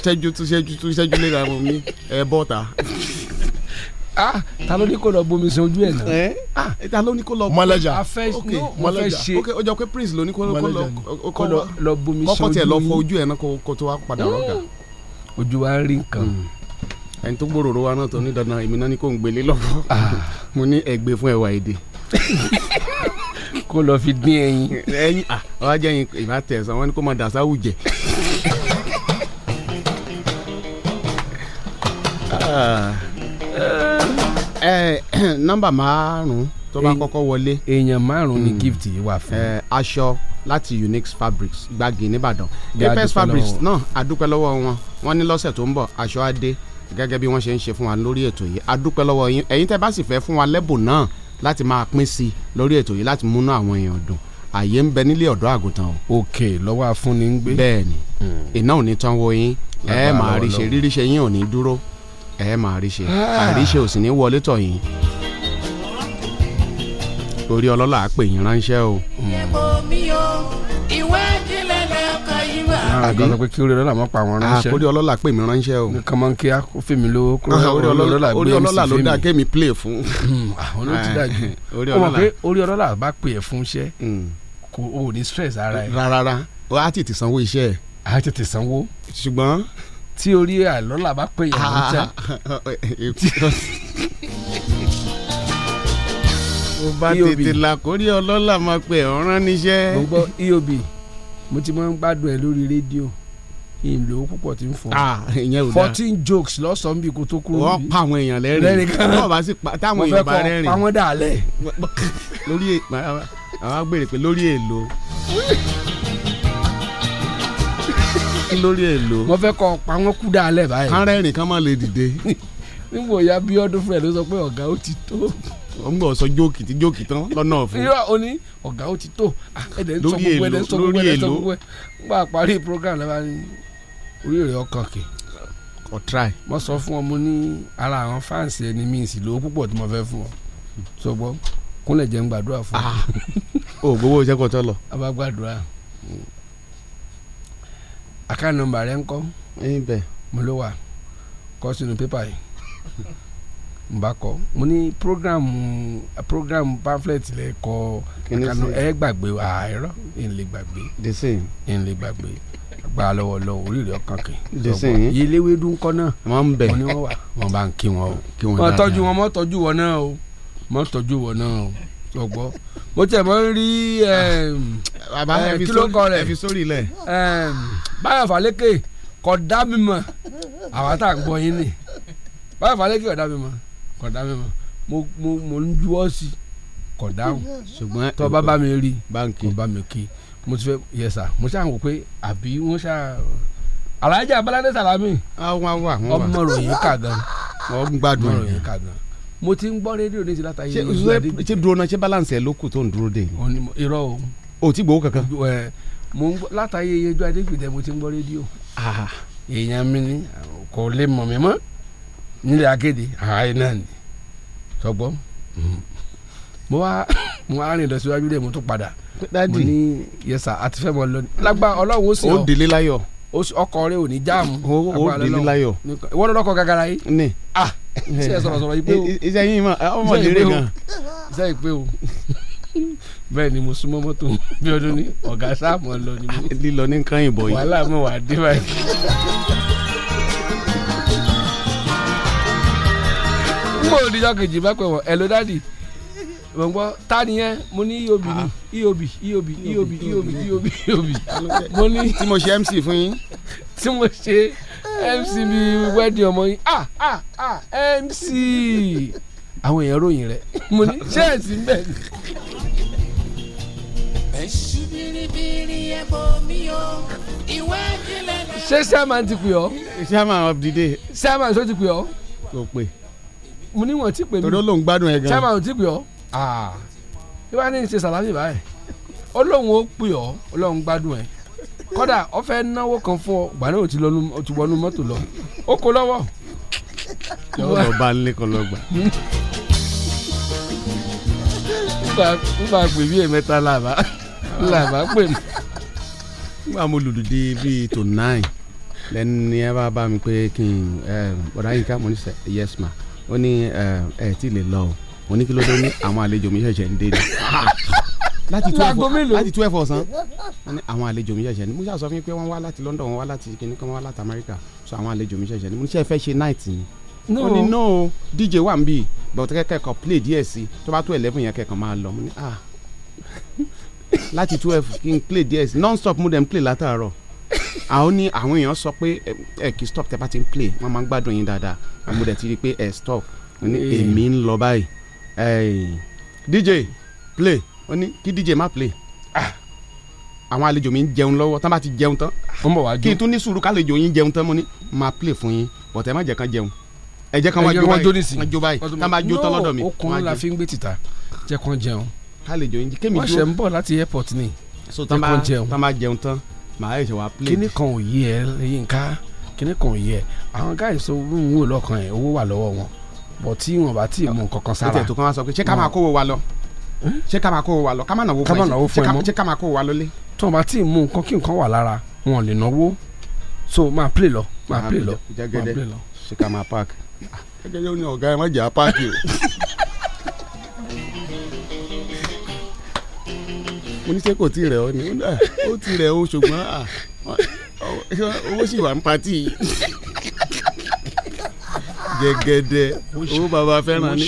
ṣẹ́jú tún ṣẹ́jú tún ṣẹ́jú lé ra mo ní ẹ bọ́ta. ah ta ló ní kó lọ bomi sun ojú ẹ̀ náà. ah ta ló ní kó lọ. mọlẹjà ok mọlẹjà ok ó jọ pé prince ló ní kó lọ lọ bomi sun ojú yín kọ́kọ́ tiẹ̀ lọ fọ ojú ẹ̀ náà kó tó wá padà rọ́gà. Mm. ojú wa rí nǹkan mm. ẹni tó gbòòrò wa náà tó ní dandan èmi náà ni kò ń gbélé lọ́wọ́ ah. mo ní ẹgbẹ́ fún ẹwà èdè. kó lọ fi dín ẹyin. ẹyin ah, ọ̀rọ̀ ajẹ́ yín ìbá tẹ̀ sọ wọ́n ní kó máa dà sáwù jẹ. Ah. Eh, eh, nọ́mbà márùn-ún tó bá kọ́kọ́ wọlé. èèyàn márùn-ún ni hmm. gift yìí wà fún. Eh, aṣọ láti Unix Fabrics Gbági nìbàdàn Apex Fabrics náà adúpẹ́ lọ́wọ́ wọn wọn ní lọ́sẹ̀ tó ń bọ̀ aṣọ adé gẹ́gẹ́ bí wọ́n ṣe ń ṣe fún wa lórí ètò yìí adúpẹ́ lọ́wọ́ yín ẹ̀yin tẹ́ bá sì fẹ́ fún wa lẹ́bùn náà láti máa pín sí lórí ètò yìí láti múnú àwọn èèyàn dùn àyè ń bẹ nílé ọ̀dọ́ àgùntàn o. ok lọ́wọ́ afúnni ń gbé. bẹ́ẹ̀ni hmm. iná ò ní tán wo yín ẹ máa rí ṣe rírí ṣe yín ò ní dúró ẹ máa rí ṣe ah. àríṣe ò sì ní wọlé tọ̀ yín orí ọlọ́lá àpè yín ránṣẹ́ o. ìwé mi o ìwé mi àbí àgbàgbé kí orí ọlọ́lá mọ́ pa wọn ah, ránṣẹ́ àkórí ọlọ́lá pè mí ránṣẹ́ o nǹkan mọ́ kí á fi mi lówó kó orí ah, ọlọ́lá gbé mi sí fèmí hmm, ah, orí ọlọ́lá ló dáa kémi play fún. orí ọlọ́lá bá pè é fún iṣẹ́ hmm. kò o ò ní stress ara ẹ̀. rárá o á tètè sanwó iṣẹ́ ẹ̀. a tètè sanwó. ṣùgbọ́n. tí orí àlọ́lá bá pè é fún iṣẹ́ bá e tètè la kórè ọlọ́lá máa pè ọ̀ràn níṣẹ́. mo gbọ́ eob mo ti máa ń gbádùn ẹ lórí rédíò ìlò púpọ̀ tí ń fọ ah, fourteen jokes lọ́sàn-án bí kò tó kúrò níbi. wọ́n pa àwọn èèyàn lẹ́rìn wọ́n bá sì pa táwọn èèyàn bá rẹ́rìn. wọ́n fẹ́ kọ́ pamọ́ dàlẹ́. lórí àwọn agbèrè pé lórí èlò. lórí èlò. wọ́n fẹ́ kọ́ pamọ́ kú dàlẹ́ báyìí. kárẹ́rìn kan máa lè dìde. níbo ya bí ọdún fúnra ló sọ pé ọ̀gá ó ti tó ó ń gbọ́ sọ jókì tí jókì tán lọ́nà fún. irọ́ o ní ọ̀gá ó ti tó ah, ẹ̀dẹ̀ ń sọ gbogbo ẹ̀dẹ̀ ń sọ gbogbo ẹ̀dẹ̀ ń sọ gbogbo ẹ̀ nígbà parí program lẹ́wọ̀n ni orí rẹ̀ ọkàn kì. kò try. mo sọ fún ọ mo ní ara àwọn fáǹsì ẹni mi sì lówó púpọ̀ tí mo fẹ́ fún ọ sọgbọ́n kúnlẹ̀ jẹ́ ń gbàdúrà fún ọ. Ah, o gbowó iṣẹ́ kọ́tọ́ lọ. a bá gbàdúrà àkáǹtì nọ́mbà rẹ ńkọ́ mo ló wà kọ́ sínú pépà yìí mo bá kọ mo ní program program pamphlet lè kọ àkànú ẹ gbàgbé àìrọ ah, ẹ lè gbàgbé ẹ lè gbàgbé gba lọ́wọ́ lọ́wọ́ orí rẹ ọkàn kì í yẹlẹwẹdù ńkọ náà wọn bẹ wọn ni wọn wà wọn bá ń kí wọn o kí wọn dáadáa tọ́jú wọn mọ tọ́jú wọn náà o mọ tọ́jú wọn náà o ọgbọ mo tẹ mọ rí kílókọ rẹ báyọ̀ falẹ́kẹ̀ kọ̀ dá mi mọ̀ àwọn àtàgbọ̀ yín ni báyọ̀ falẹ́kẹ̀ kọ̀ dá mi mọ̀ kò dáhùn mo mo mo ń juwọ́ sí kò dáhùn ṣùgbọ́n tó bá bá mi rí kò bá mi kí mo ti fẹ́ yẹ sà mo ṣáà wò pé àbí wọ́n ṣáà alhaji abalade salami ah, ọmọ ròyìn kà gan ọmọ ròyìn kà gan mo ti ń gbọ́ rédíò ní ti látàyè ní ìlú adé. ṣé dúró náà ṣé balance ẹ ló tó ń dúró dé. irọ́ o. o ti gbowó kankan. ẹ mo ń gbọ́ látàyè yẹjọ́ adégbèdé mo ti ń gbọ́ rédíò. Ah. èèyàn mi ni kò lè mọ̀ mi mọ́ nílẹ̀ akéde ààyè náà ni sọgbọ́n hmm. mo wá mo wá rìn lọ síwájú rẹ̀ mo tún padà mo ní yẹsà àti fẹ́ mọ lọ ní. lágbá ọlọ́run ó sì ọ ó délé láyọ̀ ọkọ rẹ ò ní jáàmù ó délé láyọ̀ ìwọ́n lọ́kọ̀ gàgàrà yìí. ní ah ṣe é sọ̀rọ̀ sọ̀rọ̀ yìí pé o iṣẹ́ yìí mọ̀ ọmọ ìdílé gan. iṣẹ́ yìí pé o bẹ́ẹ̀ ni mo súnmọ́ mọ́tò bí ọdún ní ọ̀gá sáà mọ̀ lọ ni mo. lílọ ní nǹkan yìí wàhálà mo wà dé báyìí. mo ò díjọ́ bá pẹ̀ wọ́n ẹ̀ ló dádì mo ń gbọ́ ta ni yẹn mo ní iobi e ni iobi ah. e iobi e iobi iobi iobi iobi mo ní. tí mo ṣe mc fún yín. tí mo ṣe mc bí wedding ọmọ yín ah ah ah mc àwọn èèyàn ròyìn rẹ mo ní ṣẹ́ẹ̀sì bẹ́ẹ̀ ni. ṣé sẹ́ẹ̀mà ti pè ọ́. sẹ́ẹ̀mà of the day. sẹ́ẹ̀mà tó ti pè ọ́. kò pè mo ní wọn ti pè mí torí ó lóun gbádùn ẹ gan chairman ò ti pè ọ bí wàá ní ṣe sàlámì báyìí ó lóun ó pè ọ ó lóun gbádùn ẹ kódà ó fẹ́ náwó kan fún ọ gbà náà ó ti wọnú mọ́tò lọ ó kó lọ́wọ́. yọ̀wọ́ lọ bá ń lékan lọ́gbà nígbà pè bí ẹ̀mẹ́ta làbá làbá pè mí. nígbà mo lùlù di bíi tó nine lẹ́nu ẹ bá bá mi pé kí n ọ̀dà yìí ká mo ní sẹ́ yes ma ó ní ẹ tí lè lọ o mo ní kí ló dé ní àwọn àlejò mi ṣẹ̀ṣẹ̀ ń dé ni láti twelve láti twelve ọ̀sán ní àwọn àlejò mi ṣẹ̀ṣẹ̀ ni mo ṣàṣọ fún yín pé wọ́n wá láti London wọ́n wá láti kíní kan wọ́n wá láti America so àwọn àlejò mi ṣẹ̀ṣẹ̀ ni mo ṣe fẹ́ ṣe night ni no ó ní no DJ wà ń bì bọ̀tẹ́ kẹ́kọ̀ọ́ play díẹ̀ sí tó bá tó eleven yẹn kẹ́kọ̀ọ́ máa lọ mo ní ah láti twelve kí n play díẹ̀ sí non stop mo dẹ̀ ń play látàárọ̀ àwọn ní àwọn èèyàn sọ pé ẹ kì í stop tẹ bá ti ń play wọn máa ń gbádùn yín dáadáa àmọ́ dẹ̀ ti rí pé ẹ stop ó ní eh. èmi ń lọ báyìí DJ play ó ní kí DJ má play ah, àwọn àlejò mi ń jẹun lọ́wọ́ tán bá ti jẹun tán kí n tún ní sùúrù kálejò yín jẹun tán mo ní máa play fún yín bọ̀tẹ́ má jẹ́ kán jẹun ẹ jẹ́ kán wá jó báyìí wọ́n jó báyìí tán bá jó tán lọ́dọ̀ mi. ọkùnrin la fi ń gbé tìta jẹ́ kán jẹun. kálejò yín kémi jó wọ́n ṣẹ̀ ń bọ̀ láti airport ni. so tán jẹun màá ṣe wá plane. kíní kan ò yé ẹ yínká kíní kan ò yé ẹ àwọn gáyìí sọ wọ́n ń wò lọ́kàn ẹ̀ owó wà lọ́wọ́ wọn bọ̀ tí wọn bá tí ì mú nǹkan kan sára. ètò kan wá sọ pé ṣé ká máa kówó wa lọ hmm? ṣé ká máa kówó wa lọ ká máa náwó fún ẹ ṣé ká máa kówó wa lọlé. tí wọn bá tí ì mú nǹkan kí nǹkan wà lára wọn lè náwó so máa play lọ máa play lọ máa play lọ. ṣé ká máa park. gẹ́gẹ́ bí ní ọ̀gá ẹ má jẹ́ àpáàkì o. mo ní ṣé kò tí rẹ̀ ọ́ ni ó ti rẹ̀ ó ṣùgbọ́n owó sì wà ń patí gẹ́gẹ́dẹ́ owó bàbá fẹ́ràn ni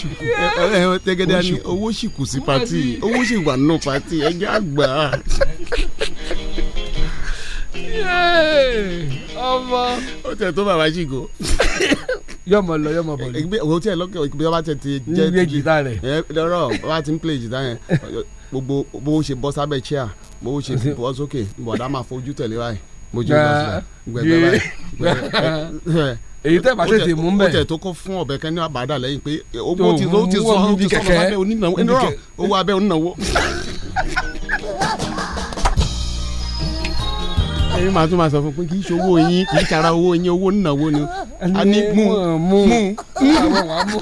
gẹ́gẹ́dẹ́ ni owó sì kù sí patí owó sì wà nù patí ẹjẹ́ àgbà. ọmọ. ó tẹ̀ tó bàbá ṣìgò yọmọ lọ yọmọ bọ ni. ìgbé òun tí ẹ lọkẹ ìgbé ọba tẹ ti jẹ. ní ilé jìtá ẹ lọrọ ọba ti ń play jìtá yẹn gbogbo bó ṣe bọ́ sábẹ́ chair bó ṣe bọ́ sókè bọ̀dá máa fojú tẹ̀lé báyìí mo jẹ́ ìgbà sílẹ̀ gbẹ̀gbẹ̀ báyìí èyí tẹ́ pàṣẹ ti mú bẹ́ẹ̀. ó tẹ̀ tó kọ́ fún ọ̀bẹ kan àbádà lẹ́yìn pé owó ti sọ ó ti sọ ó ti sọ ọmọ abẹ́ onínáwó owó abẹ́ onínáwó. èyí màá tún máa sọ fún pé kì ṣe owó yín kì í ṣara owó yín owó onínáwó ni a ní mú mú mú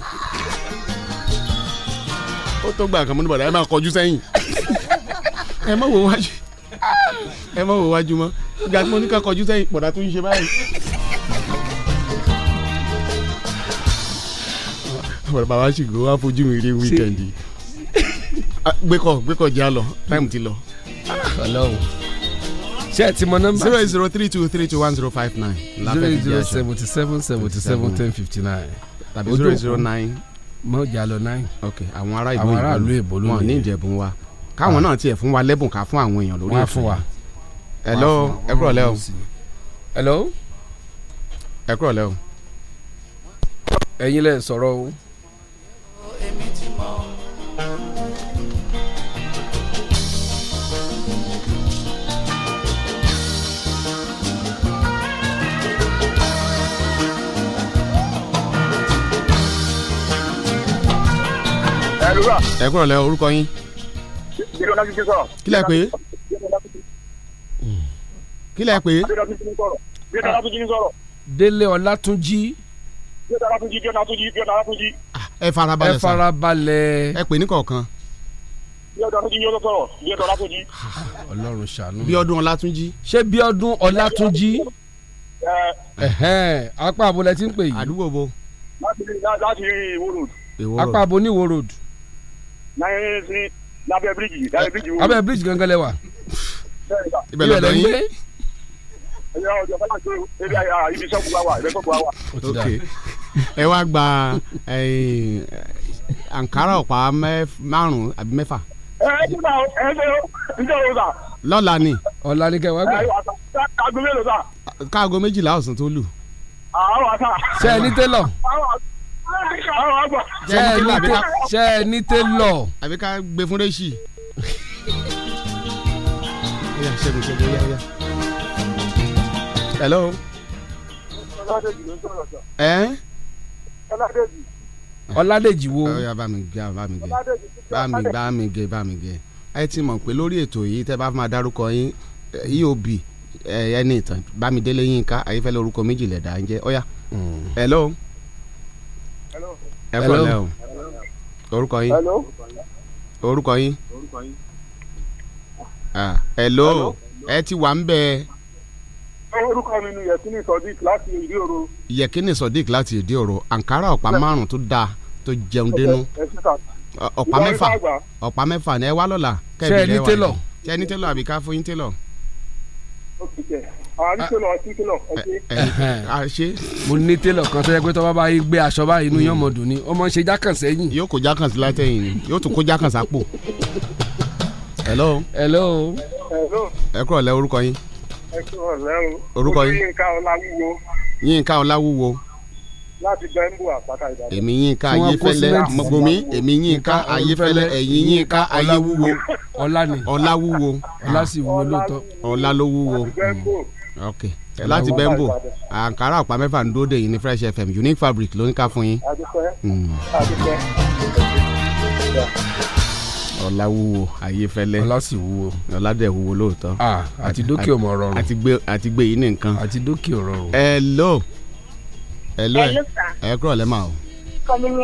ó tó gbà kan mọ́ ní bọ̀dá ẹ máa kọjú sẹ́yìn ẹ má wò wájú ẹ má wò wájú mọ́ ìgbà tí mo ní ká kọjú sẹ́yìn bọ̀dá tó ń ṣe báyìí. bọ̀dá bàbá ṣìgò wá fojú mi rí wíkẹ́ndì gbẹ́kọ̀ gbẹ́kọ̀ jẹ́ àlọ́ táìmù ti lọ. ọlọ́run ṣé ẹ ti mọ nọ́mbà. zero zero three two three two one zero five nine. zero eight zero seventy seven seventy seven ten fifty nine. tàbí zero zero nine mọ lọ nine. ok àwọn ará ìbò ìlú èbó ló ní ìjẹ̀bù wa káwọn ah. náà tiẹ̀ fún wa lẹ́bùn ká fún àwọn èèyàn lórí ìfún wa. hello ẹ kúrọ̀ lẹ́ o hello ẹ lẹ́ sọ̀rọ̀ o. ẹ lóra. ẹ kúrò lẹ orúkọ yín. bílò náà kìkì sọ̀rọ̀. kí lẹ pé. kí lẹ pé. bílò náà kìkì sọ̀rọ̀. délé ọlátúnjí. bílò náà kìkì bílò náà kìkì bílò náà kìkì. ẹ farabalẹ̀ sa ẹ farabalẹ̀. ẹ pè ní kọ̀ọ̀kan. Ah, Ọlọ́run ṣàánú. Bíọ́dún Ọlátúnjí. ṣé Bíọ́dún Ọlátúnjí. Eh. apá àbò lẹ ti ń pè yìí. àdúgbò bo. láti rí ìwó road. apá àbò ní ìwó road n'an ye labɛn biriji labɛn biriji. abẹ biriji gangan lẹ wa. ibẹ lọdọ yín. ẹ wá gba ankara ọ̀pá márùn-ún àbí mẹ́fà. ẹ ẹ ti sàn ẹ ṣe o n ṣe o sàn. lọ́la ni. ọ̀la ni kẹ wá gbà. káago méjìlá ọ̀sán tó lù. àwọn àṣà. ṣe é ní télọ̀. àwọn àṣà ṣe ẹ ní télọ̀. àbí ká gbé fún rẹ́sì. hello. ọládèjì ọládèjì. wo. bá mi gé bá mi gé bá mi bá mi gé bá mi gé ẹ ti mọ̀ pé lórí ètò yìí tẹ́ bá máa dárúkọ yín eob eh, e eh, ẹni ìtàn bámidélé yínká ayífẹ́lẹ́ orúkọ méjìlélẹ́dá ń jẹ́ ọ̀ya. Mm. hello. hello? ẹ kọ́ lẹ́ o orúkọ yín orúkọ yín hello ẹ ti wà ń bẹ. orúkọ mi ni yẹkini sodiq láti èdè òro. yẹkini sodiq láti èdè òro ankara ọ̀pá márùn-ún tó dáa tó jẹun dénú ọ̀pá mẹ́fà ọ̀pá mẹ́fà ni ẹ wá lọ́la kẹ́ẹ̀bí lẹ́wà yìí tẹ́ni télọ̀ àbí ká fún yín télọ̀. ó ti tẹ̀ àṣe eh, eh, eh, mo ní télọ̀ kan tó yẹ pé tọ́ba bá yí gbé aṣọ báyìí inú yọ̀mọ̀ dùn ni ọmọ ń ṣe jákàn sẹ́yìn. yóò kó jákàn sí látẹ̀yìn ni yóò tún kó jákàn sápò. hello. hello. ẹ kúrọ̀ lẹ́ orúkọ yín. ẹ kúrọ̀ lẹ́ o. orúkọ yín. Yínká Ọláwúwo. Yínká Ọláwúwo. láti bẹ́ńbù àpáta Ìbàdàn. èmi Yínká Ayéfẹ́lẹ́ mọ̀gbọ́mí èmi Yínká Ayéfẹ́lẹ́ ẹ̀yìn Yínká Ayéwúwo. ọlá ni ọlá wúwo. ọlá sì wúwo lóòótọ́. ọlá ló wúwo. láti bẹ́ńbù ok láti bẹ́ńbò àǹkárá ọ̀pá mẹ́fà ń dóde yìí ní fresh fm unique fabric ló ń ká fún yín. Hmm. ọlá wúwo ayé fẹ́lẹ́ ọlá sì wúwo ọlá dẹ̀ wúwo lóòótọ́. àti dókè ò mọ rọrùn àti gbé yìí nìkan. àti dókè ò rọrùn. ẹ ló ẹ ló ẹ ẹ kúrò lẹ́mà o. kọ̀mí ni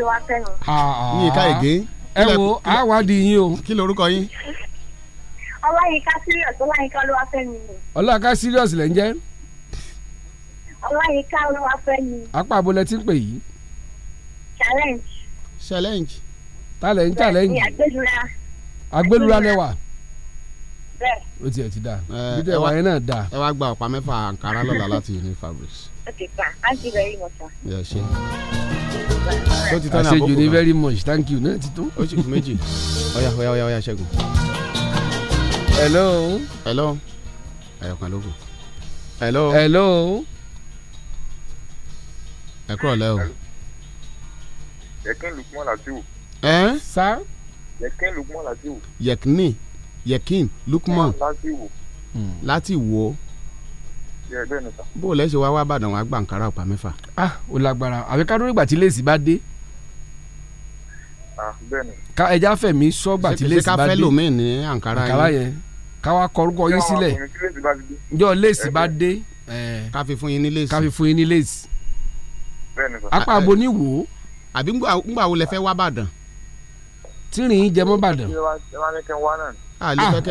ló wá fẹ́ràn. yínká ègé. ẹ wo àwádìí yín o. kí lorúkọ yín ọláyínká serious ọláyínká ló wá fẹ́ mi. ọláyínká serious lẹ́ ń jẹ́. ọláyínká ló wá fẹ́ mi. apá abolẹ ti ń pè yìí. challenge. challenge. talent challenge. àgbélura. àgbélura lẹ́wà. bẹ́ẹ̀. o tiẹ̀ ti da. ẹ ẹ wa yẹn náà da. ẹ wá gba ọ̀pá mẹ́fà àǹkárá lọ́la láti ní fabric. ok pa thank very much. yẹ ṣe. tó ni very much thank you náà ti tó. méjì ọ̀yà ọ̀yà ọ̀yà ṣẹ́gun hello. hello. ẹ̀yọ̀kan ló kù. hello. hello. ẹ kúrọ̀ lẹ́ o. yẹkin lukman latiu. ẹ. sa. yẹkin lukman latiu. yẹkini yẹkin lukman. latiu. Hmm. láti wo. bó o lẹ́ ṣe wá wá bàdàn wá gbàǹkárà ọ̀pá mẹ́fà. ah ó lágbára àbíkádúró ìgbà tí lèsì bá dé. Ah, ká ẹja fẹ̀mí sọ́gbà tí lẹ́sì bá dé ṣé ká fẹ́ lòmíì ní àǹkárá yẹn ká wá kọrúkọ yín sílẹ̀ njọ́ lẹ́sì bá dé ká fi fún yín ní lẹ́sì ká fi fún yín ní lẹ́sì apá abo ní wò ó. àbí ngbà wo lẹ fẹ́ wá bàdàn. tírin yín jẹmọ́ bàdàn.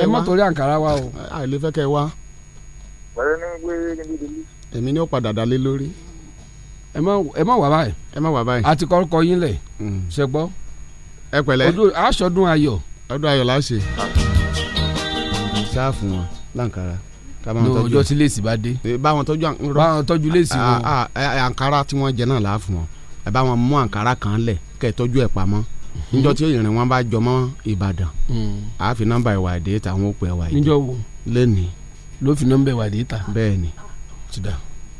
ẹ mọ̀ torí àǹkárá wa o. àìlè fẹ́ kẹ́ èmi ni ó padà dalé lórí. ẹ má wà báyìí. ẹ kọ́ kọ́ yín lẹ̀ mm. ṣe gbọ́ ẹ pẹ̀lẹ́. ọdún aṣọdún ayọ̀. ọdún ayọ̀ la ṣe. sáàfù wọn lankara kábàwọn tọ́jú ọjọ́ tí lèsì bá dé. báwọn tọ́jú àǹkárá báwọn tọ́jú lèsì wọn. àǹkárá tí wọ́n jẹ náà là á fún wọn ẹ bá wọn mú àǹkárá kan lẹ̀ kẹ́ ẹ tọ́jú ẹ̀ pamọ́ mhm. níjọ tí ìrìn wọn bá jọmọ́ Ìbàdàn àáfi mm. nọ́mbà ìwádìí ètà àwọn òpè ìwádìí. níjọ wo lẹ́nìí. ló fi nọ́mbà ìwádìí ètà. bẹ́ẹ̀ni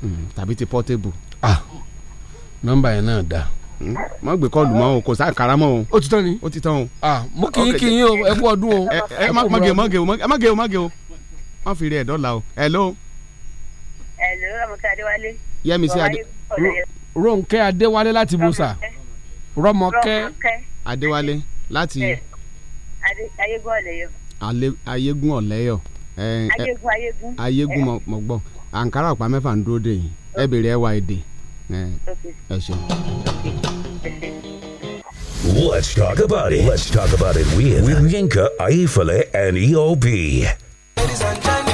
mm, tàbí ti portable. ah nọ́mbà yẹn náà dáa mọ hmm? gbé kọlù mọ o kò sá kàrà o. o ti tán ni. o ti tán o. mo kì í kì í o ẹ kú ọdún o. ẹ má gé o má gé o má gé o má gé o má fi rí ẹ dọ́là o. hello. hello Rọ́mọkẹ́ Adéwálé. Yẹ́misí Adé Rónkẹ́ Adéwálé láti busa Rọ́mọkẹ́ Adéwálé láti. ayégún ọ̀lẹ́yọ̀. ayégún ọ̀lẹ́yọ̀. ayégún ayégún. ayégún mọ̀ gbọ́ àǹkárá ọ̀pá mẹ́fà ń dúró dè yín ẹ bèrè ẹwà èdè ẹ Let's talk about it. Let's talk about it with, with Yinka Aifale and EOB. Ladies and gentlemen.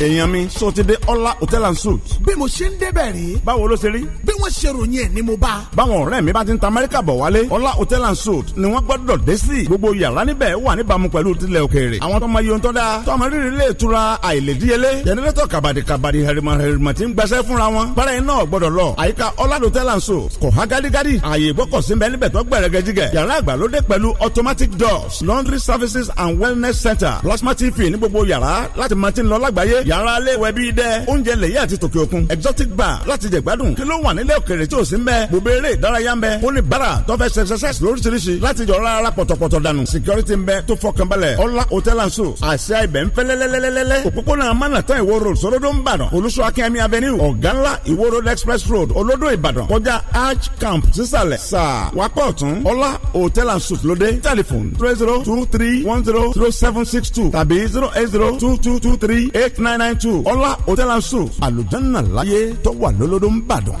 èèyàn mi sọ ti dé ọlá hotel and suites. bí mo ṣe ń débẹ̀ rí. báwo ló ṣe rí. bí wọ́n ṣe ròyìn ẹ̀ ni mo bá. báwọn ọ̀rẹ́ mi bá ti ń ta amẹ́ríkà bọ̀ wálé ọlá hotel and suit ni wọ́n gbọ́dọ̀ dé sí. gbogbo yàrá níbẹ̀ wà níbàámu pẹ̀lú tilẹ̀ òkèèrè. àwọn tó ma yọ ntọ́ da tó ma rírì lè tura àìlèdíyelé. jẹnẹrétọ̀ kàbàdì kàbàdì hẹrìmọ̀hẹrìmọ̀ ti ń gbẹsẹ̀ fúnra wọn. bára iná gbọ́dọ̀ lọ àyíká ọlá hotel and suit kò há gádígádí. àyè ìgbọ́kọ̀sí bẹ níbẹ̀ tó gbẹ̀rẹ̀gẹ̀jigẹ̀. yàrá àgbàlódé pẹ̀lú automatic doors laundry services and wellness center plasma tv ní gbogbo yàrá láti máa ti ń lọ lágbàáyé. yàrá alẹ́ wẹ̀ bí dẹ́ oúnjẹ lẹ́yìn àti tòkè òkun exotic bar láti jẹ̀gbádùn kí ló wà nílẹ̀ ẹgbẹ́ òkèrè tí ò sí mbẹ́ bùbá eré ìdárayá mbẹ́ ó ní bara tó fẹ́ sẹ́sẹ́sẹ́sì lóríṣiríṣi láti jọ rárá pọ̀tọ̀pọ̀tọ̀ dànù security mbẹ́ tó fọkànbalẹ̀ ọlá hotel and so àṣà ibẹ̀ ń fẹ́lẹ́lẹ́lẹ́lẹ́lẹ́ òpópónà amánàtàn ìwó road sorodo nìbàdàn olùsọ akẹ́mi avenue ọ̀gá ńlá ìwó road express road olódò ìbàdàn kọjá arch camp sísàlẹ̀ sáà wákọ̀ ọ̀tún ọlá hotel and so lóde telephone three zero two three one zero zero seven six two tàbí zero eight zero two two two three eight nine nine two ọlá hotel and so àlùjáná láyé tó wà lólódó ń bàdàn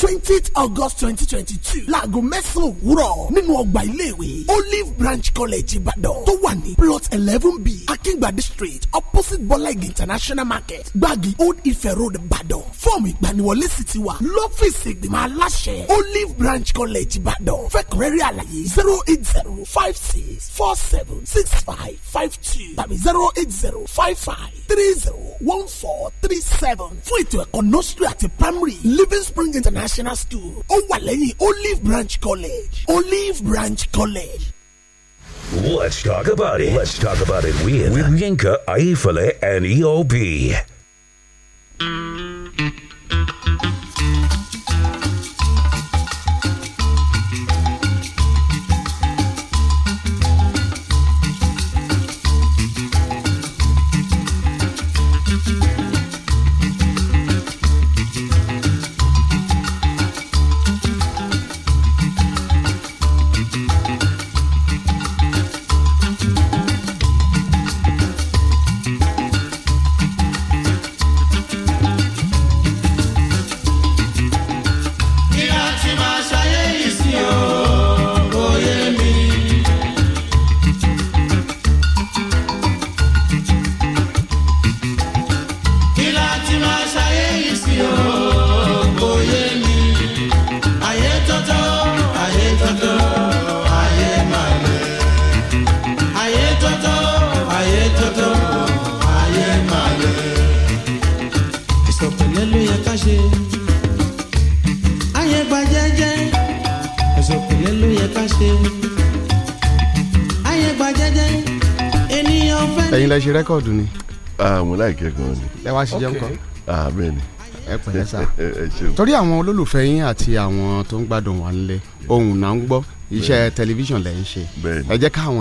twentieth august twenty twenty two láago mẹ́sàn-án òwúrọ̀ nínú ọgbà iléèwé olive branch college ìbàdàn tó wà ní plot eleven b akíngbadé street opposite bọ́láìgì international market gbági old ife road ìbàdàn fọ́ọ̀mù ìgbaniwọlé sì ti wà lọ́fíìsì ìgbìmọ̀ aláṣẹ olive branch college ìbàdàn fẹ́kùnrẹ́rẹ́ àlàyé zero eight zero five six four seven six five five two tàbí zero eight zero five five three zero one four three seven fún ètò ẹ̀kọ́ nursery àti primary living spring international. international school ó wà lẹ́yìn olive branch college olive branch college. Let's talk about it. Let's talk about it with, with Yinka, Aifale, and EOB. ẹ̀yin lẹ ṣe rẹ́kọ̀dù ni. àwọn ah, láìkẹ́ gan ni. ẹ wá ṣiṣẹ́ ńkọ́. àmín ni. ẹ pẹ̀lẹ́ sà. torí àwọn olólùfẹ́ yín àti àwọn tó ń gbádùn wa nílé ohùn náà ń gbọ́ iṣẹ́ tẹlifíṣàn lẹ ń ṣe. bẹ́ẹ̀ni ẹ jẹ́ káwọn